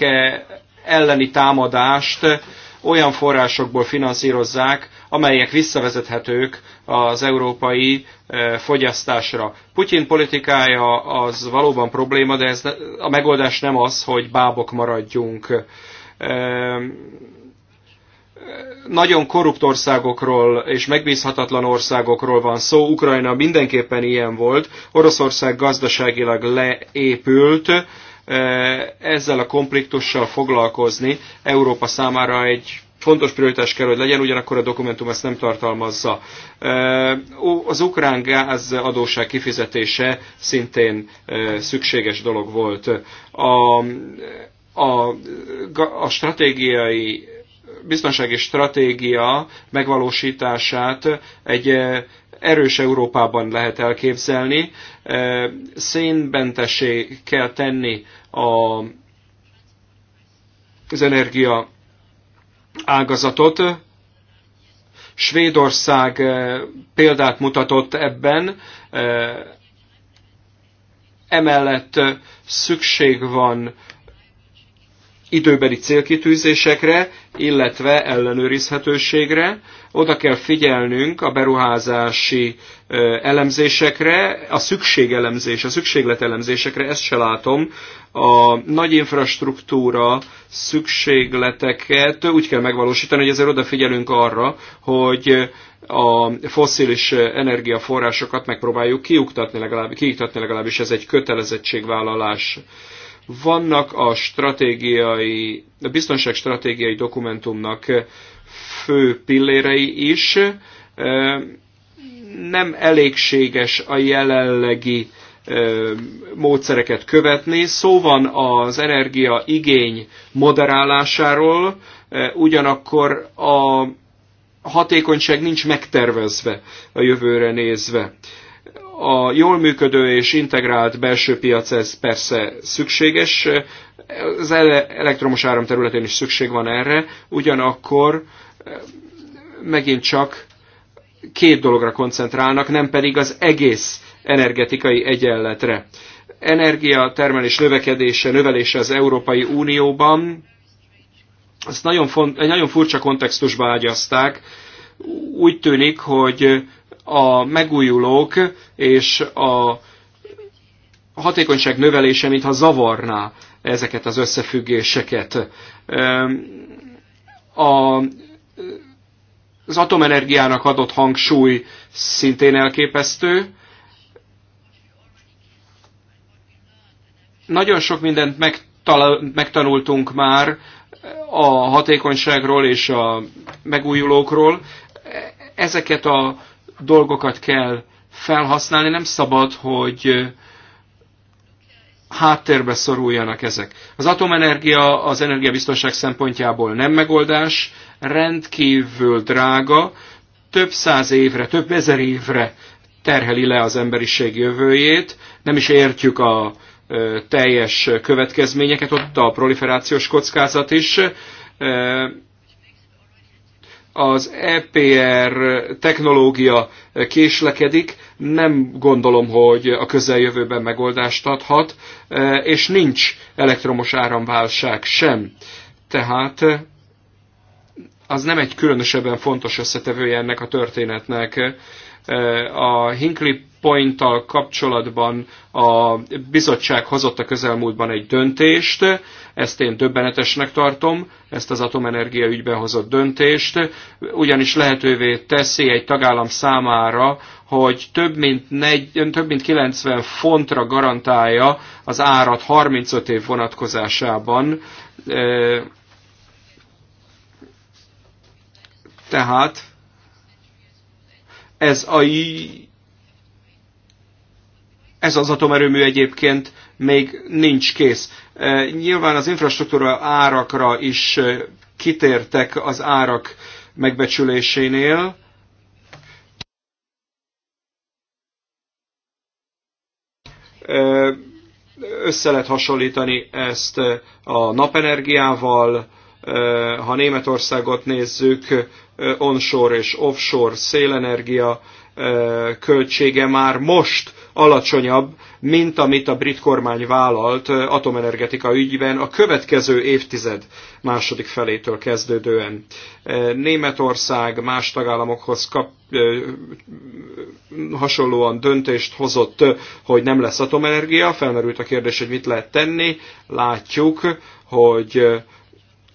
elleni támadást olyan forrásokból finanszírozzák, amelyek visszavezethetők az európai fogyasztásra. Putyin politikája az valóban probléma, de ez a megoldás nem az, hogy bábok maradjunk. Nagyon korrupt országokról és megbízhatatlan országokról van szó. Ukrajna mindenképpen ilyen volt. Oroszország gazdaságilag leépült ezzel a konfliktussal foglalkozni Európa számára egy fontos prioritás kell, hogy legyen, ugyanakkor a dokumentum ezt nem tartalmazza. Az ukrán gáz adóság kifizetése szintén szükséges dolog volt. A, a, a stratégiai biztonsági stratégia megvalósítását egy erős Európában lehet elképzelni. Szénbentessé kell tenni a, az energia ágazatot. Svédország eh, példát mutatott ebben, eh, emellett eh, szükség van időbeli célkitűzésekre, illetve ellenőrizhetőségre. Oda kell figyelnünk a beruházási elemzésekre, a szükségelemzés, a szükségletelemzésekre, ezt se látom. A nagy infrastruktúra szükségleteket úgy kell megvalósítani, hogy ezért odafigyelünk arra, hogy a fosszilis energiaforrásokat megpróbáljuk kiuktatni legalább, kiiktatni legalábbis ez egy kötelezettségvállalás vannak a stratégiai, a biztonság stratégiai dokumentumnak fő pillérei is. Nem elégséges a jelenlegi módszereket követni. Szó van az energia igény moderálásáról, ugyanakkor a hatékonyság nincs megtervezve a jövőre nézve. A jól működő és integrált belső piac ez persze szükséges, az elektromos áram területén is szükség van erre, ugyanakkor eh, megint csak két dologra koncentrálnak, nem pedig az egész energetikai egyenletre. Energia termelés növekedése, növelése az Európai Unióban, ezt nagyon, font, egy nagyon furcsa kontextusba ágyazták. Úgy tűnik, hogy a megújulók és a hatékonyság növelése, mintha zavarná ezeket az összefüggéseket. A az atomenergiának adott hangsúly szintén elképesztő. Nagyon sok mindent megtanultunk már a hatékonyságról és a megújulókról. Ezeket a dolgokat kell felhasználni, nem szabad, hogy háttérbe szoruljanak ezek. Az atomenergia az energiabiztonság szempontjából nem megoldás, rendkívül drága, több száz évre, több ezer évre terheli le az emberiség jövőjét, nem is értjük a teljes következményeket, ott a proliferációs kockázat is, az EPR technológia késlekedik, nem gondolom, hogy a közeljövőben megoldást adhat, eh, és nincs elektromos áramválság sem. Tehát eh, az nem egy különösebben fontos összetevője ennek a történetnek. A Hinkley Pointtal kapcsolatban a bizottság hozott a közelmúltban egy döntést, ezt én döbbenetesnek tartom, ezt az atomenergia ügyben hozott döntést, ugyanis lehetővé teszi egy tagállam számára, hogy több mint, negy, több mint 90 fontra garantálja az árat 35 év vonatkozásában. Tehát ez a ez az atomerőmű egyébként még nincs kész. E, nyilván az infrastruktúra árakra is e, kitértek az árak megbecsülésénél. E, össze lehet hasonlítani ezt a napenergiával, ha Németországot nézzük, onshore és offshore szélenergia költsége már most alacsonyabb, mint amit a brit kormány vállalt atomenergetika ügyben a következő évtized második felétől kezdődően. Németország más tagállamokhoz kap, hasonlóan döntést hozott, hogy nem lesz atomenergia. Felmerült a kérdés, hogy mit lehet tenni. Látjuk, hogy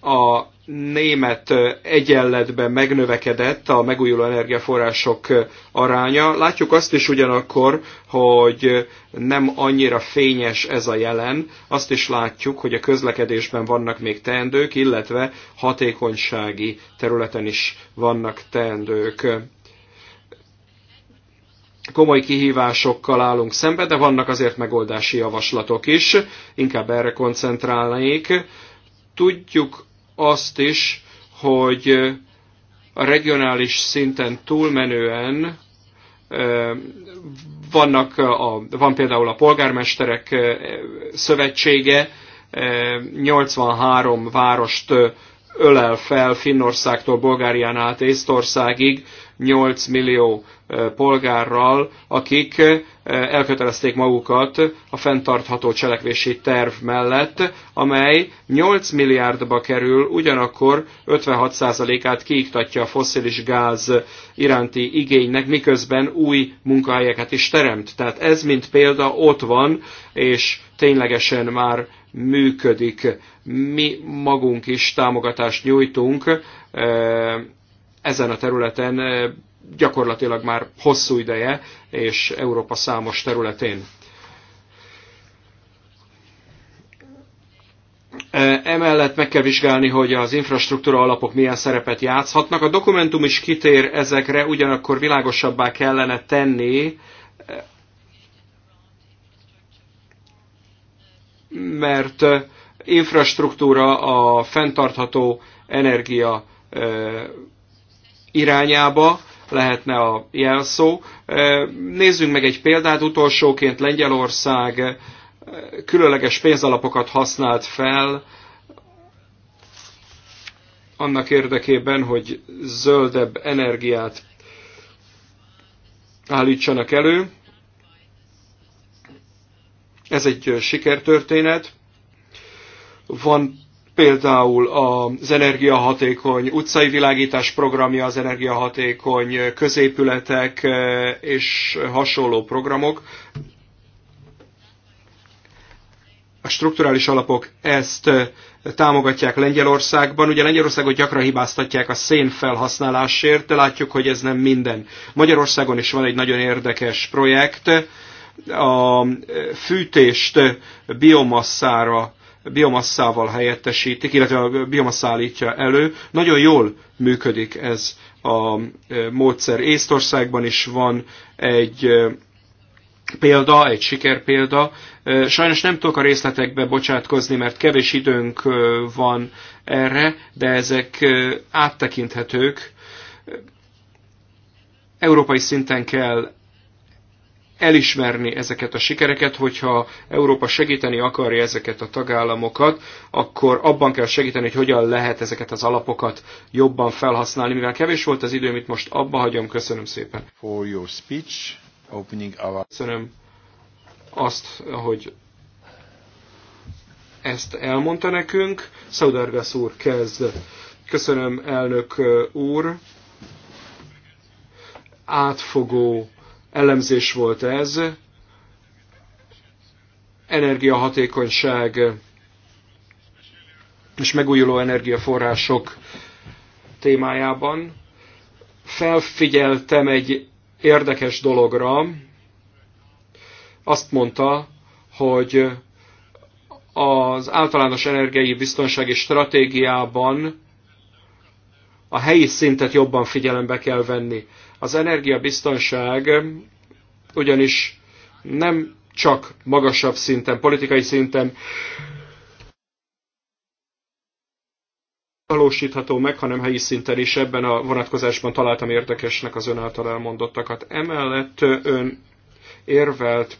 a német egyenletben megnövekedett a megújuló energiaforrások aránya. Látjuk azt is ugyanakkor, hogy nem annyira fényes ez a jelen. Azt is látjuk, hogy a közlekedésben vannak még teendők, illetve hatékonysági területen is vannak teendők komoly kihívásokkal állunk szembe, de vannak azért megoldási javaslatok is, inkább erre koncentrálnék. Tudjuk azt is, hogy a regionális szinten túlmenően vannak a, van például a polgármesterek szövetsége, 83 várost ölel fel Finnországtól Bulgárián át Észtországig, 8 millió polgárral, akik elkötelezték magukat a fenntartható cselekvési terv mellett, amely 8 milliárdba kerül, ugyanakkor 56%-át kiiktatja a fosszilis gáz iránti igénynek, miközben új munkahelyeket is teremt. Tehát ez, mint példa, ott van, és ténylegesen már működik. Mi magunk is támogatást nyújtunk ezen a területen gyakorlatilag már hosszú ideje, és Európa számos területén. Emellett meg kell vizsgálni, hogy az infrastruktúra alapok milyen szerepet játszhatnak. A dokumentum is kitér ezekre, ugyanakkor világosabbá kellene tenni, mert infrastruktúra a fenntartható energia irányába lehetne a jelszó. Nézzünk meg egy példát, utolsóként Lengyelország különleges pénzalapokat használt fel annak érdekében, hogy zöldebb energiát állítsanak elő. Ez egy sikertörténet. Van például az energiahatékony utcai világítás programja, az energiahatékony középületek eh, és hasonló programok. A strukturális alapok ezt eh, támogatják Lengyelországban. Ugye Lengyelországot gyakran hibáztatják a szén felhasználásért, de látjuk, hogy ez nem minden. Magyarországon is van egy nagyon érdekes projekt, a eh, fűtést biomasszára biomasszával helyettesítik, illetve a biomassa állítja elő. Nagyon jól működik ez a e, módszer. Észtországban is van egy e, példa, egy sikerpélda. E, sajnos nem tudok a részletekbe bocsátkozni, mert kevés időnk van erre, de ezek áttekinthetők. Európai szinten kell elismerni ezeket a sikereket, hogyha Európa segíteni akarja ezeket a tagállamokat, akkor abban kell segíteni, hogy hogyan lehet ezeket az alapokat jobban felhasználni. Mivel kevés volt az időm, itt most abba hagyom. Köszönöm szépen. For your speech, opening our... Köszönöm azt, hogy ezt elmondta nekünk. Szaudargasz úr kezd. Köszönöm, elnök úr. Átfogó elemzés volt ez. Energiahatékonyság és megújuló energiaforrások témájában felfigyeltem egy érdekes dologra. Azt mondta, hogy az általános energiai biztonsági stratégiában a helyi szintet jobban figyelembe kell venni. Az energiabiztonság ugyanis nem csak magasabb szinten, politikai szinten valósítható meg, hanem helyi szinten is. Ebben a vonatkozásban találtam érdekesnek az ön által elmondottakat. Emellett ön érvelt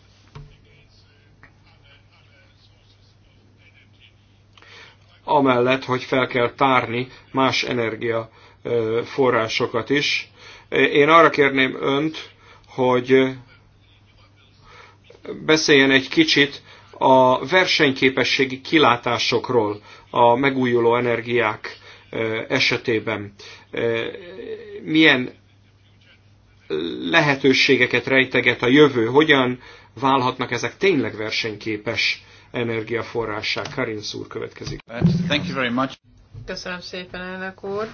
amellett, hogy fel kell tárni más energiaforrásokat is. Én arra kérném önt, hogy beszéljen egy kicsit a versenyképességi kilátásokról a megújuló energiák esetében. Milyen lehetőségeket rejteget a jövő, hogyan válhatnak ezek tényleg versenyképes energiaforrássá. Karin szúr következik. Thank you very much. Köszönöm szépen, elnök úr.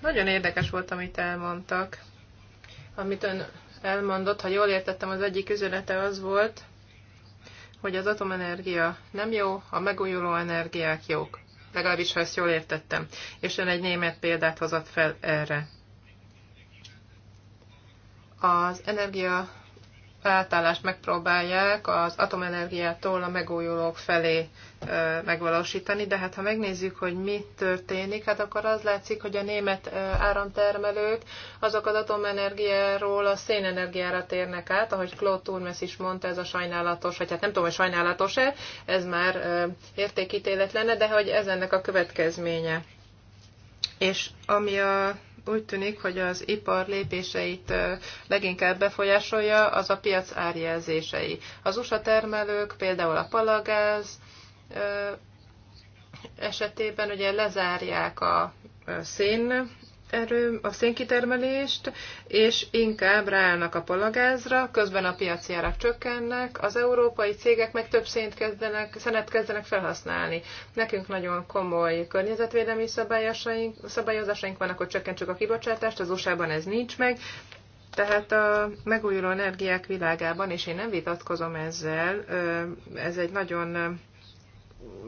Nagyon érdekes volt, amit elmondtak. Amit ön elmondott, ha jól értettem, az egyik üzenete az volt, hogy az atomenergia nem jó, a megújuló energiák jók. Legalábbis, ha ezt jól értettem. És ön egy német példát hozott fel erre. Az energia átállást megpróbálják az atomenergiától a megújulók felé megvalósítani, de hát ha megnézzük, hogy mi történik, hát akkor az látszik, hogy a német áramtermelők azok az atomenergiáról a szénenergiára térnek át, ahogy Claude Turmes is mondta, ez a sajnálatos, vagy hát nem tudom, hogy sajnálatos-e, ez már értékítélet lenne, de hogy ez ennek a következménye. És ami a úgy tűnik, hogy az ipar lépéseit leginkább befolyásolja az a piac árjelzései. Az USA termelők, például a palagáz esetében ugye lezárják a szén erő, a szénkitermelést, és inkább ráállnak a palagázra, közben a piaci árak csökkennek, az európai cégek meg több szént kezdenek, szenet kezdenek felhasználni. Nekünk nagyon komoly környezetvédelmi szabályosaink, szabályozásaink vannak, hogy csökkentsük a kibocsátást, az USA-ban ez nincs meg, tehát a megújuló energiák világában, és én nem vitatkozom ezzel, ez egy nagyon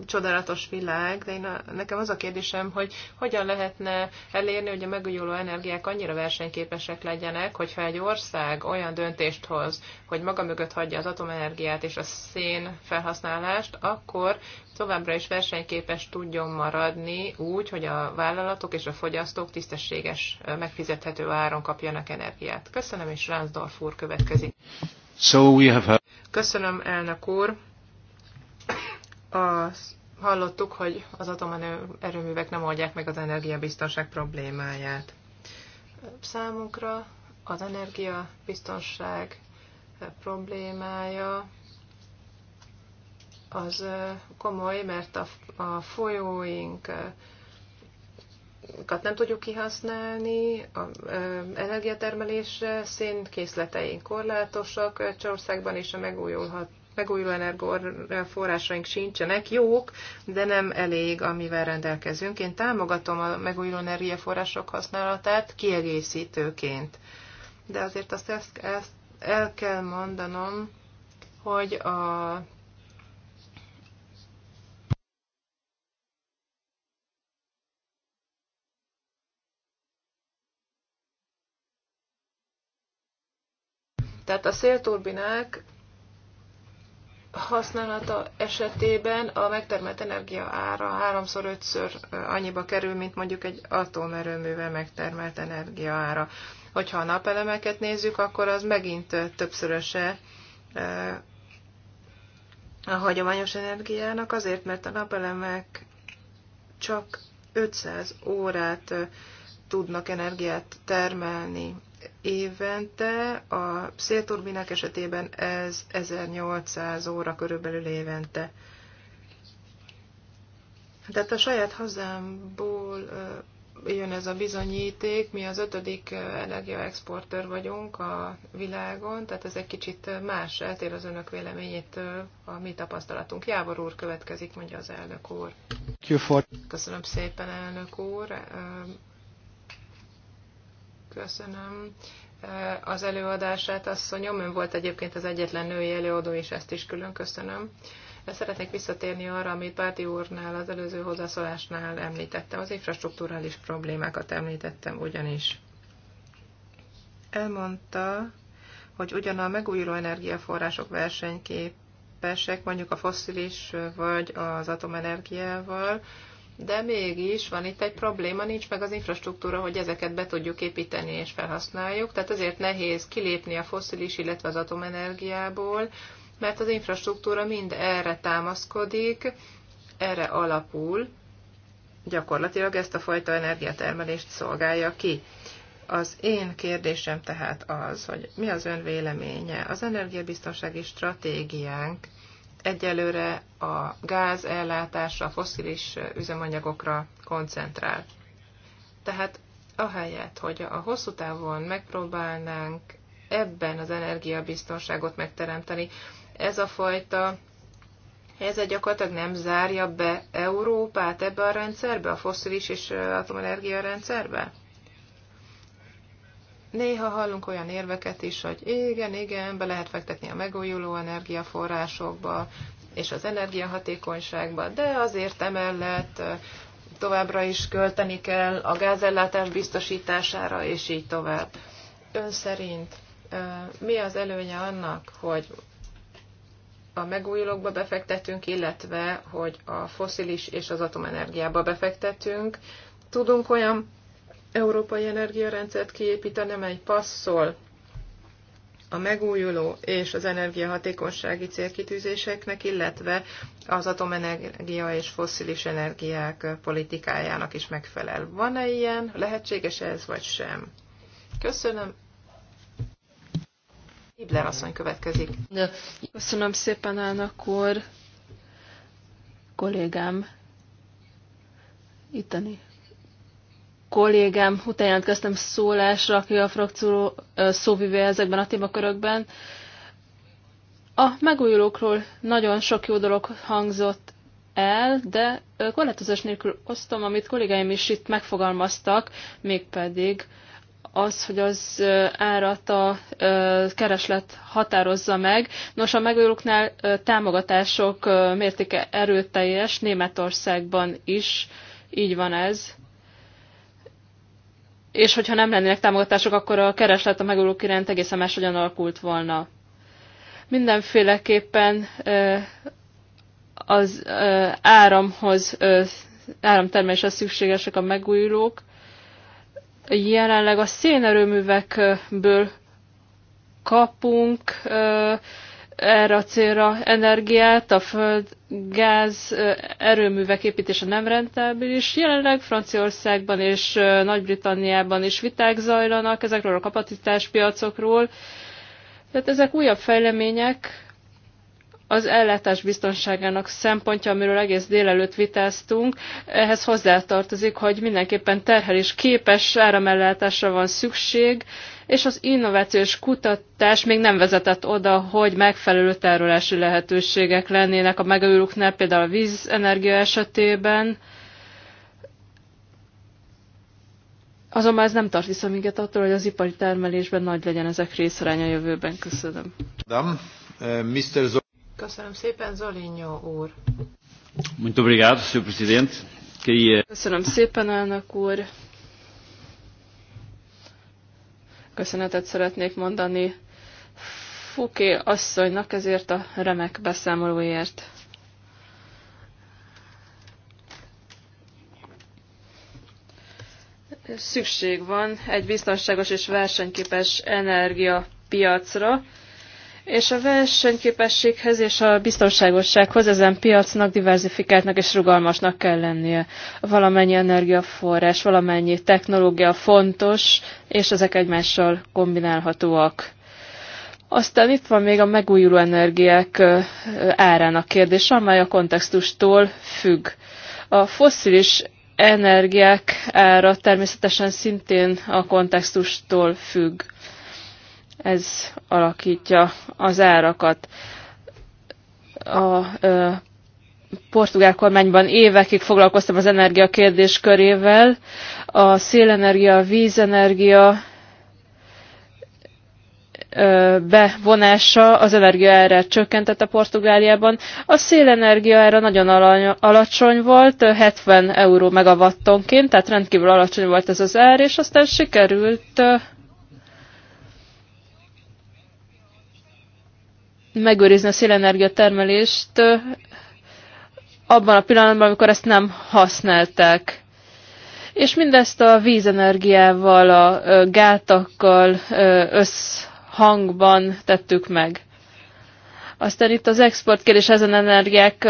csodálatos világ, de én a, nekem az a kérdésem, hogy hogyan lehetne elérni, hogy a megújuló energiák annyira versenyképesek legyenek, hogyha egy ország olyan döntést hoz, hogy maga mögött hagyja az atomenergiát és a szén felhasználást, akkor továbbra is versenyképes tudjon maradni úgy, hogy a vállalatok és a fogyasztók tisztességes, megfizethető áron kapjanak energiát. Köszönöm, és Ránsdorf úr következik. So we have a... Köszönöm, elnök úr az, hallottuk, hogy az atomerőművek nem oldják meg az energiabiztonság problémáját. Számunkra az energiabiztonság problémája az komoly, mert a, a folyóink nem tudjuk kihasználni, a energiatermelésre készleteink korlátosak Csországban, és a megújulhat megújuló energiaforrásaink sincsenek, jók, de nem elég, amivel rendelkezünk. Én támogatom a megújuló energiaforrások használatát kiegészítőként. De azért azt el kell mondanom, hogy a Tehát a szélturbinák használata esetében a megtermelt energia ára háromszor, ötször annyiba kerül, mint mondjuk egy atomerőművel megtermelt energia ára. Hogyha a napelemeket nézzük, akkor az megint többszöröse a hagyományos energiának, azért, mert a napelemek csak 500 órát tudnak energiát termelni évente, a szélturbinák esetében ez 1800 óra körülbelül évente. Tehát a saját hazámból jön ez a bizonyíték, mi az ötödik energiaexportőr vagyunk a világon, tehát ez egy kicsit más, eltér az önök véleményétől a mi tapasztalatunk. Jávor úr következik, mondja az elnök úr. Köszönöm szépen, elnök úr. Köszönöm eh, az előadását, asszonyom. Ön volt egyébként az egyetlen női előadó, és ezt is külön köszönöm. De eh, szeretnék visszatérni arra, amit Páti úrnál, az előző hozzászólásnál említettem. Az infrastruktúrális problémákat említettem ugyanis. Elmondta, hogy ugyan a megújuló energiaforrások versenyképesek, mondjuk a fosszilis vagy az atomenergiával, de mégis van itt egy probléma, nincs meg az infrastruktúra, hogy ezeket be tudjuk építeni és felhasználjuk, tehát ezért nehéz kilépni a foszilis, illetve az atomenergiából, mert az infrastruktúra mind erre támaszkodik, erre alapul, gyakorlatilag ezt a fajta energiatermelést szolgálja ki. Az én kérdésem tehát az, hogy mi az ön véleménye? Az energiabiztonsági stratégiánk egyelőre a gáz ellátásra, a foszilis üzemanyagokra koncentrál. Tehát ahelyett, hogy a hosszú távon megpróbálnánk ebben az energiabiztonságot megteremteni, ez a fajta ez egy gyakorlatilag nem zárja be Európát ebbe a rendszerbe, a foszilis és atomenergia rendszerbe? Néha hallunk olyan érveket is, hogy igen, igen, be lehet fektetni a megújuló energiaforrásokba és az energiahatékonyságba, de azért emellett továbbra is költeni kell a gázellátás biztosítására, és így tovább. Ön szerint mi az előnye annak, hogy a megújulókba befektetünk, illetve hogy a foszilis és az atomenergiába befektetünk? Tudunk olyan európai energiarendszert kiépíteni, amely passzol a megújuló és az energiahatékonysági célkitűzéseknek, illetve az atomenergia és fosszilis energiák politikájának is megfelel. Van-e ilyen? Lehetséges -e ez, vagy sem? Köszönöm. Ibler asszony következik. Köszönöm szépen, Ának úr. Kollégám itteni kollégám után jelentkeztem szólásra, aki a frakció szóvivő ezekben a témakörökben. A megújulókról nagyon sok jó dolog hangzott el, de korlátozás nélkül osztom, amit kollégáim is itt megfogalmaztak, mégpedig az, hogy az árat a kereslet határozza meg. Nos, a megújulóknál támogatások mértéke erőteljes, Németországban is így van ez és hogyha nem lennének támogatások, akkor a kereslet a megújulók iránt egészen máshogyan alakult volna. Mindenféleképpen az áramhoz, áramtermésre szükségesek a megújulók. Jelenleg a szénerőművekből kapunk erre a célra energiát, a gáz erőművek építése nem rentábilis. Jelenleg Franciaországban és Nagy-Britanniában is viták zajlanak ezekről a kapacitáspiacokról. Tehát ezek újabb fejlemények az ellátás biztonságának szempontja, amiről egész délelőtt vitáztunk, ehhez hozzátartozik, hogy mindenképpen terhelés képes áramellátásra van szükség, és az innovációs kutatás még nem vezetett oda, hogy megfelelő tárolási lehetőségek lennének a megújulóknál, például a vízenergia esetében. Azonban ez nem tart vissza minket attól, hogy az ipari termelésben nagy legyen ezek részaránya a jövőben. Köszönöm. Eh, Köszönöm szépen, Zolinyó úr. Muito obrigado, Sr. Presidente. Köszönöm szépen, elnök úr köszönetet szeretnék mondani Fuké asszonynak ezért a remek beszámolóért. Szükség van egy biztonságos és versenyképes energiapiacra, és a versenyképességhez és a biztonságossághoz ezen piacnak diversifikáltnak és rugalmasnak kell lennie. Valamennyi energiaforrás, valamennyi technológia fontos, és ezek egymással kombinálhatóak. Aztán itt van még a megújuló energiák árának kérdés, amely a kontextustól függ. A fosszilis energiák ára természetesen szintén a kontextustól függ ez alakítja az árakat. A ö, portugál kormányban évekig foglalkoztam az energia kérdéskörével. A szélenergia, a vízenergia bevonása az energiaára csökkentett a Portugáliában. A szélenergiaára nagyon alacsony volt, 70 euró megavattonként, tehát rendkívül alacsony volt ez az ár, és aztán sikerült megőrizni a szélenergia termelést abban a pillanatban, amikor ezt nem használták. És mindezt a vízenergiával, a gátakkal összhangban tettük meg. Aztán itt az export kérdés ezen energiák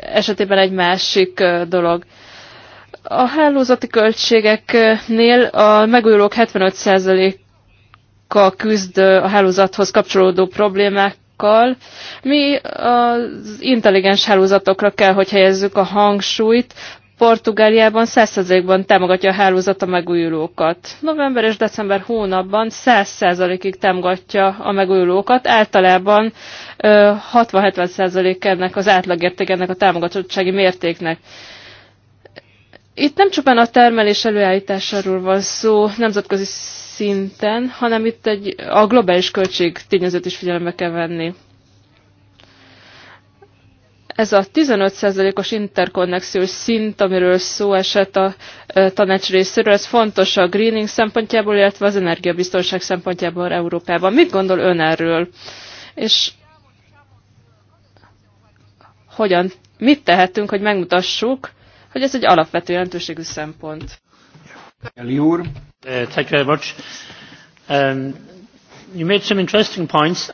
esetében egy másik dolog. A hálózati költségeknél a megújulók 75%-a küzd a hálózathoz kapcsolódó problémák hálózatokkal. Mi az intelligens hálózatokra kell, hogy helyezzük a hangsúlyt. Portugáliában 100%-ban támogatja a hálózat a megújulókat. November és december hónapban 100%-ig támogatja a megújulókat, általában 60-70% ennek az átlagérték ennek a támogatottsági mértéknek. Itt nem csupán a termelés előállításáról van szó nemzetközi szinten, hanem itt egy, a globális költség tényezőt is figyelembe kell venni. Ez a 15%-os interkonnexiós szint, amiről szó esett a tanács részéről, ez fontos a greening szempontjából, illetve az energiabiztonság szempontjából Európában. Mit gondol ön erről? És hogyan, mit tehetünk, hogy megmutassuk, hogy ez egy alapvető jelentőségű szempont? Eli úr.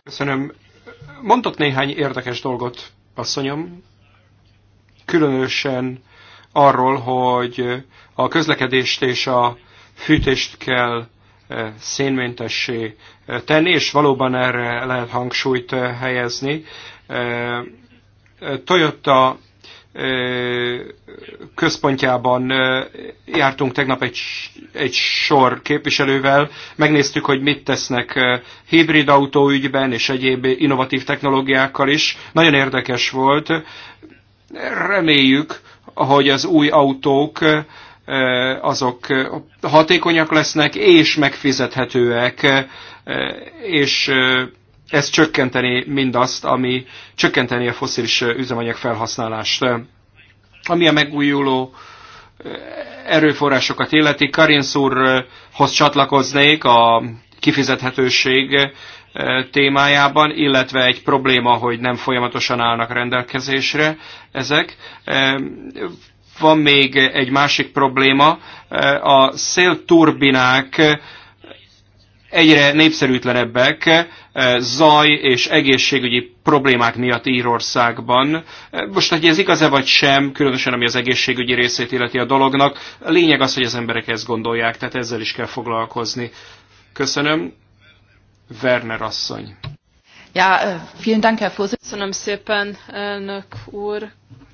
Köszönöm. Mondott néhány érdekes dolgot, asszonyom. Különösen arról, hogy a közlekedést és a fűtést kell uh, szénmentessé uh, tenni, és valóban erre lehet hangsúlyt uh, helyezni. Toyota központjában jártunk tegnap egy, egy sor képviselővel, megnéztük, hogy mit tesznek hibrid autóügyben és egyéb innovatív technológiákkal is. Nagyon érdekes volt. Reméljük, hogy az új autók azok hatékonyak lesznek és megfizethetőek, és ez csökkenteni mindazt, ami csökkenteni a foszilis üzemanyag felhasználást. Ami a megújuló eh, erőforrásokat illeti, Karin szúrhoz csatlakoznék a kifizethetőség eh, témájában, illetve egy probléma, hogy nem folyamatosan állnak rendelkezésre ezek. Eh, van még egy másik probléma, a szélturbinák egyre népszerűtlenebbek eh, zaj és egészségügyi problémák miatt Írországban. Eh, most, hogy ez igaz-e vagy sem, különösen ami az egészségügyi részét illeti a dolognak, a lényeg az, hogy az emberek ezt gondolják, tehát ezzel is kell foglalkozni. Köszönöm. Werner asszony. Ja, eh, vielen Dank, Herr Köszönöm szépen, elnök úr.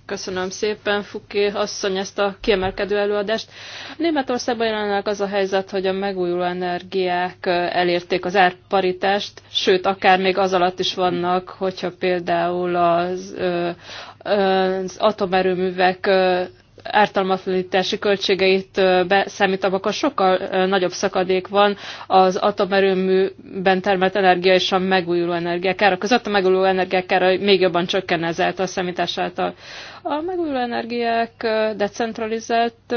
Köszönöm szépen, Fuki asszony, ezt a kiemelkedő előadást. Németországban jelenleg az a helyzet, hogy a megújuló energiák elérték az árparitást, sőt, akár még az alatt is vannak, hogyha például az, az atomerőművek ártalmatlanítási költségeit beszámítom, akkor sokkal nagyobb szakadék van az atomerőműben termelt energia és a megújuló energiák ára között. A megújuló energiák ára még jobban csökken ezáltal a számítás által. A megújuló energiák decentralizált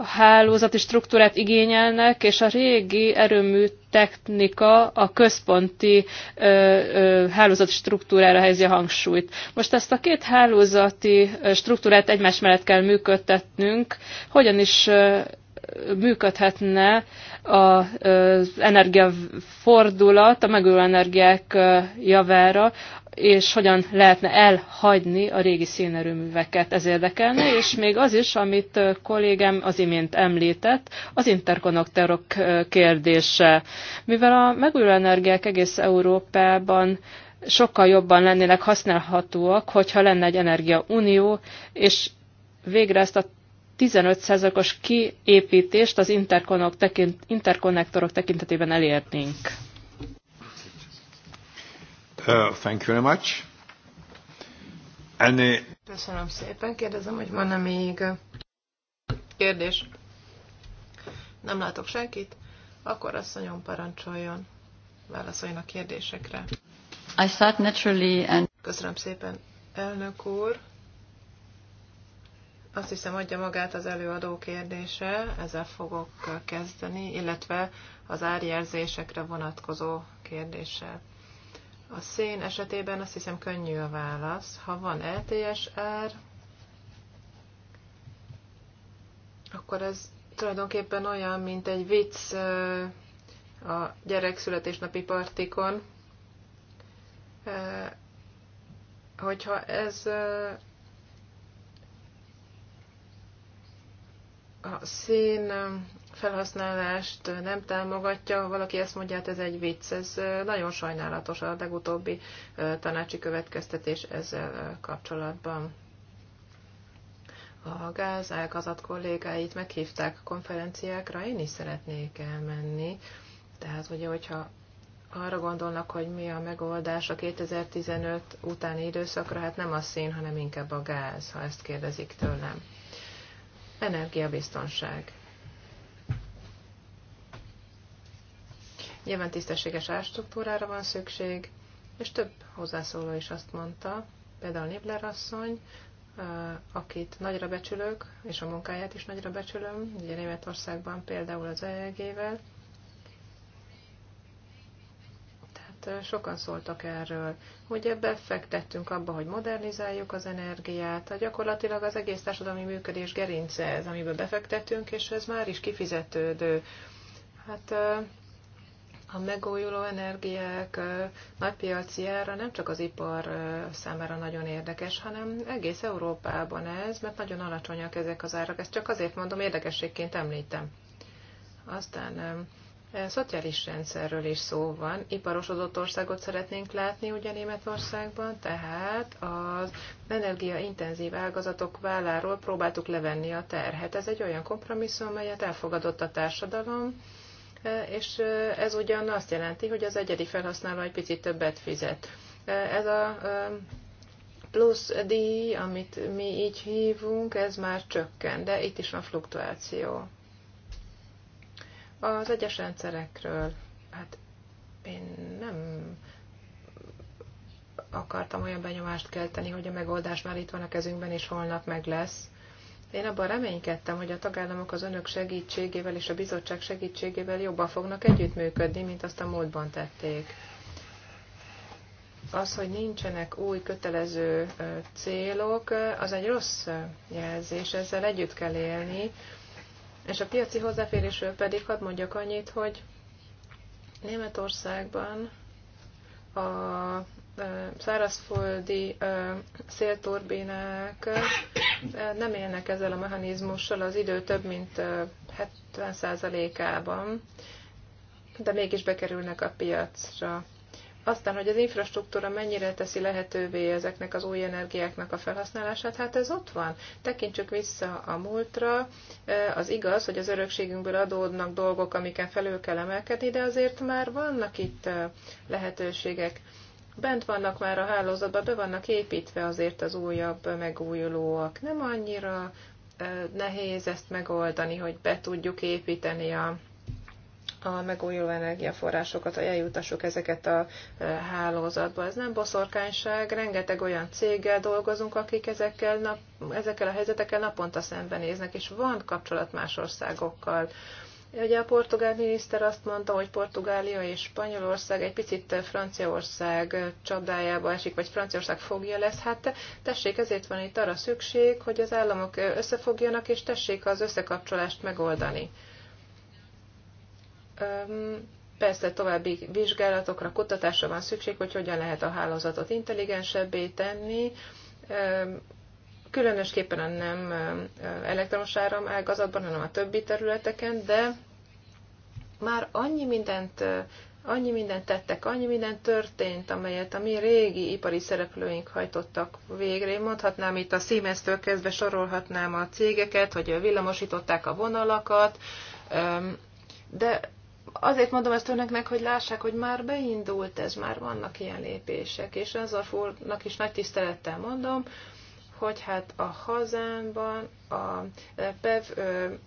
a hálózati struktúrát igényelnek, és a régi erőmű technika a központi ö, ö, hálózati struktúrára helyezi a hangsúlyt. Most ezt a két hálózati struktúrát egymás mellett kell működtetnünk, hogyan is ö, működhetne az energiafordulat a megújuló energiák javára és hogyan lehetne elhagyni a régi szénerőműveket. Ez érdekelne, és még az is, amit kollégám az imént említett, az interkonnektorok kérdése. Mivel a megújuló energiák egész Európában sokkal jobban lennének használhatóak, hogyha lenne egy energiaunió, és végre ezt a 15%-os kiépítést az interkonnektorok tekintetében elérnénk. Uh, thank you very much. Any... Köszönöm szépen. Kérdezem, hogy van-e még kérdés? Nem látok senkit? Akkor asszonyom parancsoljon. Válaszoljon a kérdésekre. I start naturally and... Köszönöm szépen, elnök úr. Azt hiszem, adja magát az előadó kérdése, ezzel fogok kezdeni, illetve az árjelzésekre vonatkozó kérdéssel. A szén esetében azt hiszem könnyű a válasz. Ha van LTS e ár, akkor ez tulajdonképpen olyan, mint egy vicc a gyerek születésnapi partikon, hogyha ez a szén felhasználást nem támogatja, valaki ezt mondja, hát ez egy vicc, ez nagyon sajnálatos a legutóbbi tanácsi következtetés ezzel kapcsolatban. A gáz elgazat kollégáit meghívták konferenciákra, én is szeretnék elmenni. Tehát ugye, hogyha arra gondolnak, hogy mi a megoldás a 2015 utáni időszakra, hát nem a szén, hanem inkább a gáz, ha ezt kérdezik tőlem. Energiabiztonság. Nyilván tisztességes árstruktúrára van szükség, és több hozzászóló is azt mondta, például Nibler asszony, akit nagyra becsülök, és a munkáját is nagyra becsülöm, ugye Németországban például az EEG-vel. Tehát sokan szóltak erről, hogy ebbe fektettünk abba, hogy modernizáljuk az energiát, A gyakorlatilag az egész társadalmi működés gerince ez, amiben befektettünk, és ez már is kifizetődő. Hát a megújuló energiák nagypiaci ára nem csak az ipar számára nagyon érdekes, hanem egész Európában ez, mert nagyon alacsonyak ezek az árak. Ezt csak azért mondom, érdekességként említem. Aztán e, szociális rendszerről is szó van. Iparosodott országot szeretnénk látni ugye Németországban, tehát az energiaintenzív ágazatok válláról próbáltuk levenni a terhet. Ez egy olyan kompromisszum, amelyet elfogadott a társadalom, E, és e, ez ugyan azt jelenti, hogy az egyedi felhasználó egy picit többet fizet. E, ez a plusz díj, amit mi így hívunk, ez már csökken, de itt is van fluktuáció. Az egyes rendszerekről, hát én nem akartam olyan benyomást kelteni, hogy a megoldás már itt van a kezünkben, és holnap meg lesz. Én abban reménykedtem, hogy a tagállamok az önök segítségével és a bizottság segítségével jobban fognak együttműködni, mint azt a módban tették. Az, hogy nincsenek új kötelező célok, az egy rossz jelzés, ezzel együtt kell élni. És a piaci hozzáférésről pedig hadd mondjak annyit, hogy Németországban a szárazföldi szélturbinák nem élnek ezzel a mechanizmussal az idő több mint 70%-ában, de mégis bekerülnek a piacra. Aztán, hogy az infrastruktúra mennyire teszi lehetővé ezeknek az új energiáknak a felhasználását, hát ez ott van. Tekintsük vissza a múltra. Az igaz, hogy az örökségünkből adódnak dolgok, amiken felül kell emelkedni, de azért már vannak itt lehetőségek bent vannak már a hálózatban, be vannak építve azért az újabb megújulóak. Nem annyira nehéz ezt megoldani, hogy be tudjuk építeni a, a megújuló energiaforrásokat, hogy eljutassuk ezeket a hálózatba. Ez nem boszorkányság, rengeteg olyan céggel dolgozunk, akik ezekkel, nap, ezekkel a helyzetekkel naponta szembenéznek, és van kapcsolat más országokkal. Ugye a portugál miniszter azt mondta, hogy Portugália és Spanyolország egy picit Franciaország csapdájába esik, vagy Franciaország fogja lesz. Hát tessék, ezért van itt arra szükség, hogy az államok összefogjanak, és tessék az összekapcsolást megoldani. Persze további vizsgálatokra, kutatásra van szükség, hogy hogyan lehet a hálózatot intelligensebbé tenni, különösképpen a nem elektromos áram ágazatban, hanem a többi területeken, de már annyi mindent annyi mindent tettek, annyi mindent történt, amelyet a mi régi ipari szereplőink hajtottak végre. Én mondhatnám itt a siemens kezdve sorolhatnám a cégeket, hogy villamosították a vonalakat, de azért mondom ezt önöknek, hogy lássák, hogy már beindult ez, már vannak ilyen lépések, és a fúrnak is nagy tisztelettel mondom, hogy hát a hazámban a PEV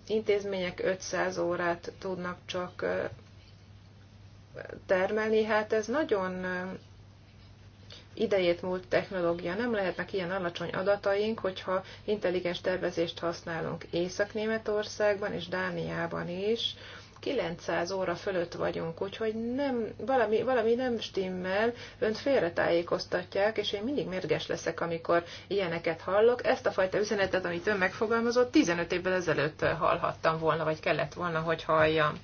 intézmények 500 órát tudnak csak termelni, hát ez nagyon idejét múlt technológia. Nem lehetnek ilyen alacsony adataink, hogyha intelligens tervezést használunk Észak-Németországban és Dániában is. 900 óra fölött vagyunk, úgyhogy nem, valami, valami nem stimmel, önt félretájékoztatják, és én mindig mérges leszek, amikor ilyeneket hallok. Ezt a fajta üzenetet, amit ön megfogalmazott, 15 évvel ezelőtt hallhattam volna, vagy kellett volna, hogy halljam.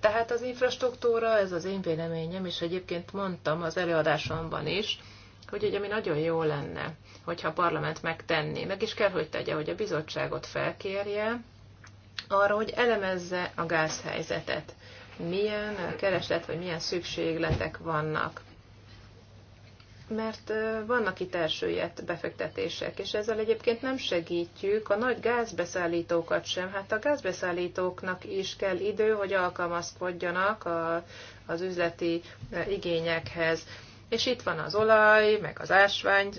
Tehát az infrastruktúra, ez az én véleményem, és egyébként mondtam az előadásomban is, hogy ugye mi nagyon jó lenne, hogyha a parlament megtenné, meg is kell, hogy tegye, hogy a bizottságot felkérje, arra, hogy elemezze a gázhelyzetet. Milyen kereslet vagy milyen szükségletek vannak. Mert vannak itt elsőjett befektetések, és ezzel egyébként nem segítjük a nagy gázbeszállítókat sem. Hát a gázbeszállítóknak is kell idő, hogy alkalmazkodjanak a, az üzleti igényekhez és itt van az olaj, meg az ásvány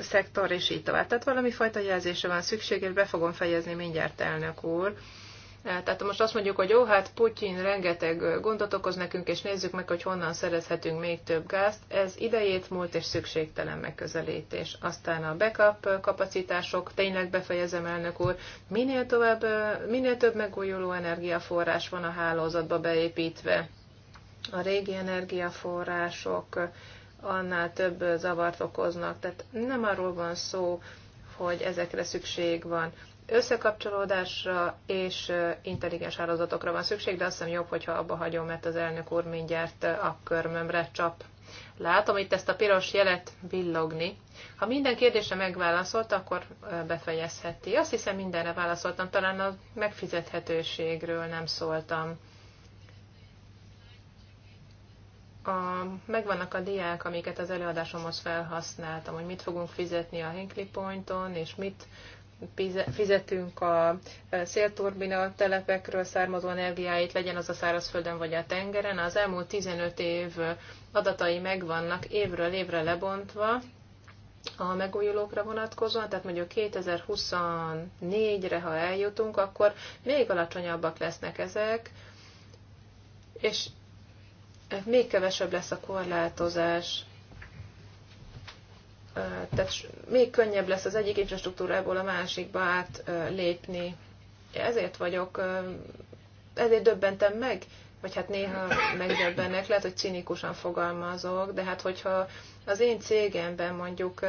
szektor, és így tovább. Tehát valami fajta jelzése van szüksége, be fogom fejezni mindjárt, elnök úr. Tehát most azt mondjuk, hogy jó, hát Putyin rengeteg gondot okoz nekünk, és nézzük meg, hogy honnan szerezhetünk még több gázt. Ez idejét múlt és szükségtelen megközelítés. Aztán a backup kapacitások, tényleg befejezem, elnök úr, minél, tovább, minél több megújuló energiaforrás van a hálózatba beépítve. A régi energiaforrások annál több zavart okoznak. Tehát nem arról van szó, hogy ezekre szükség van összekapcsolódásra és intelligens hálózatokra van szükség, de azt hiszem jobb, hogyha abba hagyom, mert az elnök úr mindjárt a körmömre csap. Látom itt ezt a piros jelet villogni. Ha minden kérdésre megválaszolt, akkor befejezheti. Azt hiszem mindenre válaszoltam, talán a megfizethetőségről nem szóltam. a, megvannak a diák, amiket az előadásomhoz felhasználtam, hogy mit fogunk fizetni a Hinkley Pointon, és mit fizetünk a szélturbina telepekről származó energiáit, legyen az a szárazföldön vagy a tengeren. Az elmúlt 15 év adatai megvannak évről évre lebontva a megújulókra vonatkozóan, tehát mondjuk 2024-re, ha eljutunk, akkor még alacsonyabbak lesznek ezek, és még kevesebb lesz a korlátozás tehát még könnyebb lesz az egyik infrastruktúrából a másikba átlépni. Ezért vagyok, ezért döbbentem meg vagy hát néha megdöbbennek, lehet, hogy cinikusan fogalmazok, de hát hogyha az én cégemben mondjuk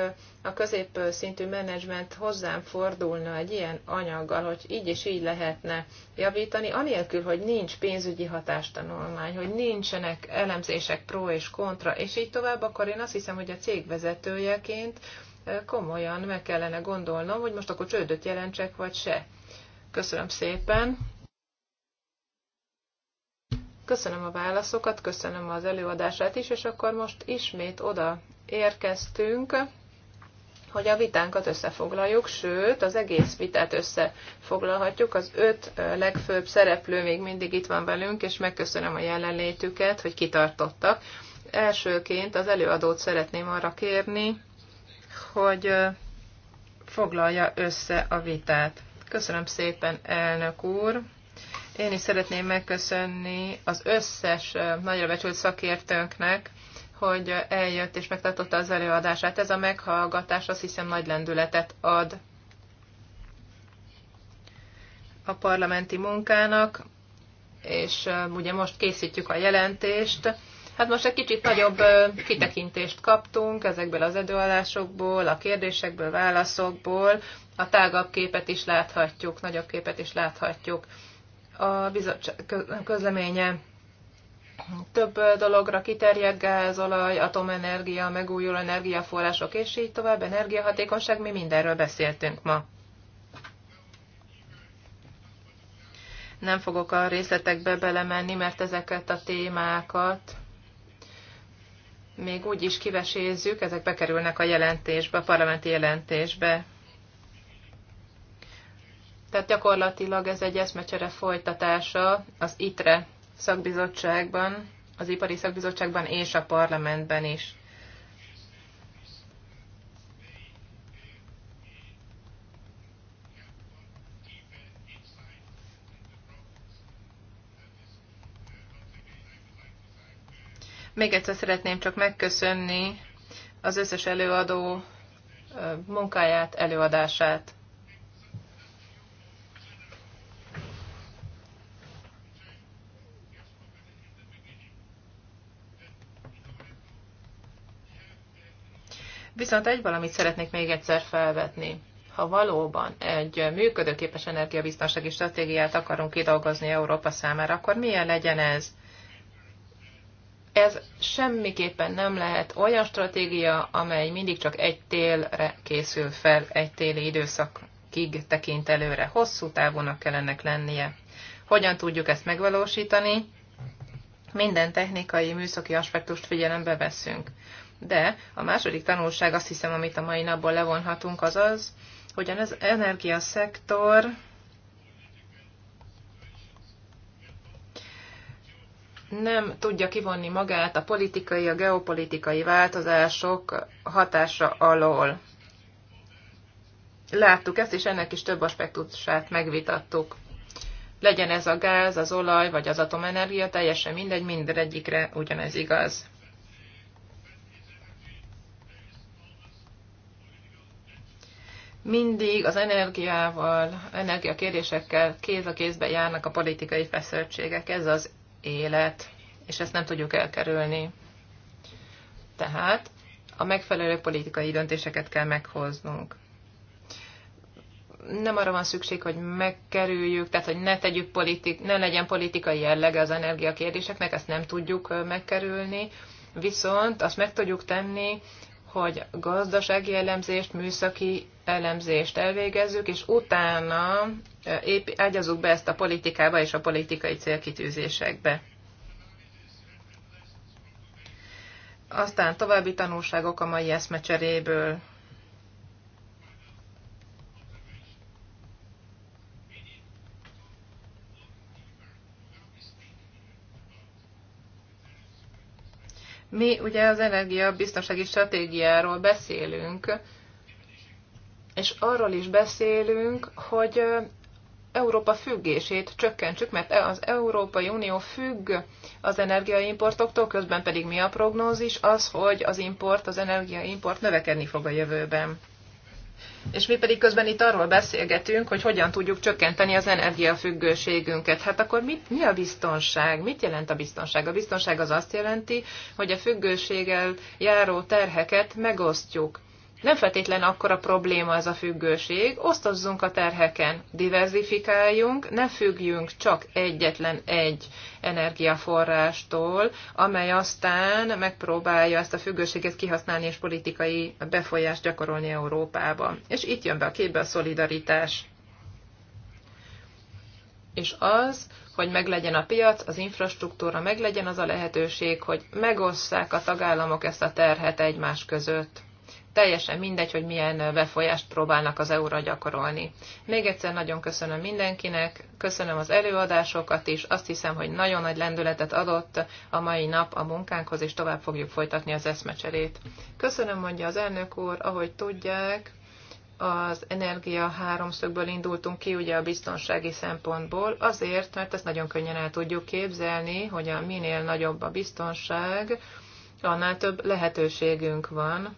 a középszintű menedzsment hozzám fordulna egy ilyen anyaggal, hogy így és így lehetne javítani, anélkül, hogy nincs pénzügyi hatástanulmány, hogy nincsenek elemzések pro és kontra, és így tovább, akkor én azt hiszem, hogy a cég vezetőjeként komolyan meg kellene gondolnom, hogy most akkor csődöt jelentsek, vagy se. Köszönöm szépen! Köszönöm a válaszokat, köszönöm az előadását is, és akkor most ismét oda érkeztünk, hogy a vitánkat összefoglaljuk, sőt, az egész vitát összefoglalhatjuk. Az öt legfőbb szereplő még mindig itt van velünk, és megköszönöm a jelenlétüket, hogy kitartottak. Elsőként az előadót szeretném arra kérni, hogy foglalja össze a vitát. Köszönöm szépen, elnök úr! Én is szeretném megköszönni az összes nagyra becsült szakértőnknek, hogy eljött és megtartotta az előadását. Ez a meghallgatás azt hiszem nagy lendületet ad a parlamenti munkának, és ugye most készítjük a jelentést. Hát most egy kicsit nagyobb kitekintést kaptunk ezekből az előadásokból, a kérdésekből, válaszokból, a tágabb képet is láthatjuk, nagyobb képet is láthatjuk a bizottság közleménye több dologra kiterjed olaj, atomenergia, megújuló energiaforrások, és így tovább, energiahatékonyság, mi mindenről beszéltünk ma. Nem fogok a részletekbe belemenni, mert ezeket a témákat még úgy is kivesézzük, ezek bekerülnek a jelentésbe, a parlamenti jelentésbe. Tehát gyakorlatilag ez egy eszmecsere folytatása az ITRE szakbizottságban, az ipari szakbizottságban és a parlamentben is. Még egyszer szeretném csak megköszönni az összes előadó munkáját, előadását. Viszont egy valamit szeretnék még egyszer felvetni. Ha valóban egy működőképes energiabiztonsági stratégiát akarunk kidolgozni Európa számára, akkor milyen legyen ez? Ez semmiképpen nem lehet olyan stratégia, amely mindig csak egy télre készül fel, egy téli időszakig tekint előre. Hosszú távúnak kell ennek lennie. Hogyan tudjuk ezt megvalósítani? Minden technikai, műszaki aspektust figyelembe veszünk. De a második tanulság, azt hiszem, amit a mai napból levonhatunk, az az, hogy az energiaszektor nem tudja kivonni magát a politikai, a geopolitikai változások hatása alól. Láttuk ezt, és ennek is több aspektusát megvitattuk. Legyen ez a gáz, az olaj, vagy az atomenergia, teljesen mindegy, mindegyikre ugyanez igaz. mindig az energiával, energiakérdésekkel kéz a kézbe járnak a politikai feszültségek. Ez az élet, és ezt nem tudjuk elkerülni. Tehát a megfelelő politikai döntéseket kell meghoznunk. Nem arra van szükség, hogy megkerüljük, tehát hogy ne, tegyük politik, ne legyen politikai jellege az energiakérdéseknek, ezt nem tudjuk megkerülni, viszont azt meg tudjuk tenni, hogy gazdasági elemzést, műszaki elemzést elvégezzük, és utána épp ágyazzuk be ezt a politikába és a politikai célkitűzésekbe. Aztán további tanulságok a mai eszmecseréből. Mi ugye az energiabiztonsági stratégiáról beszélünk, és arról is beszélünk, hogy Európa függését csökkentsük, mert e az Európai Unió függ az energiaimportoktól, közben pedig mi a prognózis? Az, hogy az import, az energiaimport növekedni fog a jövőben és mi pedig közben itt arról beszélgetünk, hogy hogyan tudjuk csökkenteni az energiafüggőségünket. Hát akkor mit, mi a biztonság? Mit jelent a biztonság? A biztonság az azt jelenti, hogy a függőséggel járó terheket megosztjuk nem feltétlen akkora probléma ez a függőség, osztozzunk a terheken, diversifikáljunk, ne függjünk csak egyetlen egy energiaforrástól, amely aztán megpróbálja ezt a függőséget kihasználni és politikai befolyást gyakorolni Európában. És itt jön be a képbe a szolidaritás. És az, hogy meglegyen a piac, az infrastruktúra, meglegyen az a lehetőség, hogy megosszák a tagállamok ezt a terhet egymás között teljesen mindegy, hogy milyen befolyást próbálnak az EU-ra gyakorolni. Még egyszer nagyon köszönöm mindenkinek, köszönöm az előadásokat is, azt hiszem, hogy nagyon nagy lendületet adott a mai nap a munkánkhoz, és tovább fogjuk folytatni az eszmecserét. Köszönöm, mondja az elnök úr, ahogy tudják, az energia háromszögből indultunk ki, ugye a biztonsági szempontból, azért, mert ezt nagyon könnyen el tudjuk képzelni, hogy a minél nagyobb a biztonság, annál több lehetőségünk van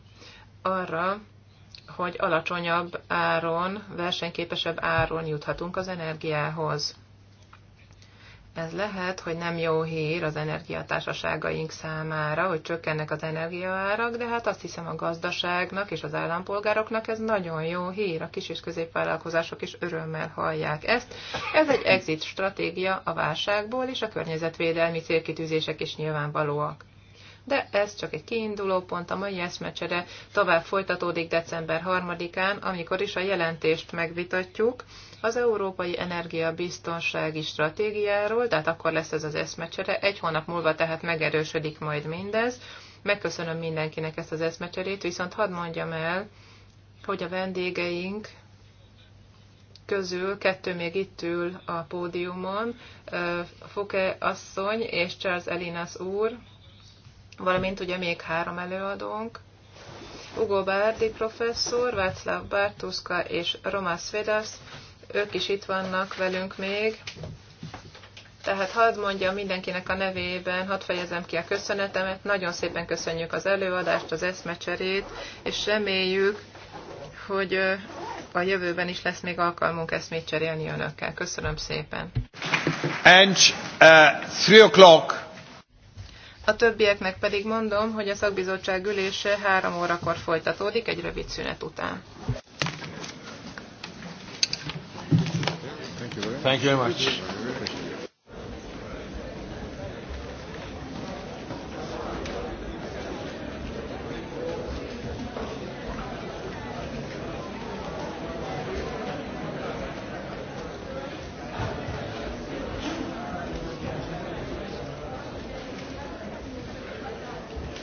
arra, hogy alacsonyabb áron, versenyképesebb áron juthatunk az energiához. Ez lehet, hogy nem jó hír az energiatársaságaink számára, hogy csökkennek az energiaárak, de hát azt hiszem a gazdaságnak és az állampolgároknak ez nagyon jó hír. A kis és középvállalkozások is örömmel hallják ezt. Ez egy exit stratégia a válságból, és a környezetvédelmi célkitűzések is nyilvánvalóak de ez csak egy kiinduló pont, a mai eszmecsere tovább folytatódik december 3-án, amikor is a jelentést megvitatjuk az Európai energia biztonsági Stratégiáról, tehát akkor lesz ez az eszmecsere, egy hónap múlva tehát megerősödik majd mindez. Megköszönöm mindenkinek ezt az eszmecserét, viszont hadd mondjam el, hogy a vendégeink közül kettő még itt ül a pódiumon, Foke asszony és Charles Elinas úr, valamint ugye még három előadónk, Ugo Bárdi professzor, Václav Bártuszka és Romász Vedasz, ők is itt vannak velünk még. Tehát hadd mondjam mindenkinek a nevében, hadd fejezem ki a köszönetemet, nagyon szépen köszönjük az előadást, az eszmecserét, és reméljük, hogy a jövőben is lesz még alkalmunk eszmét cserélni önökkel. Köszönöm szépen. And uh, three o'clock a többieknek pedig mondom, hogy a szakbizottság ülése három órakor folytatódik egy rövid szünet után. Thank you very much.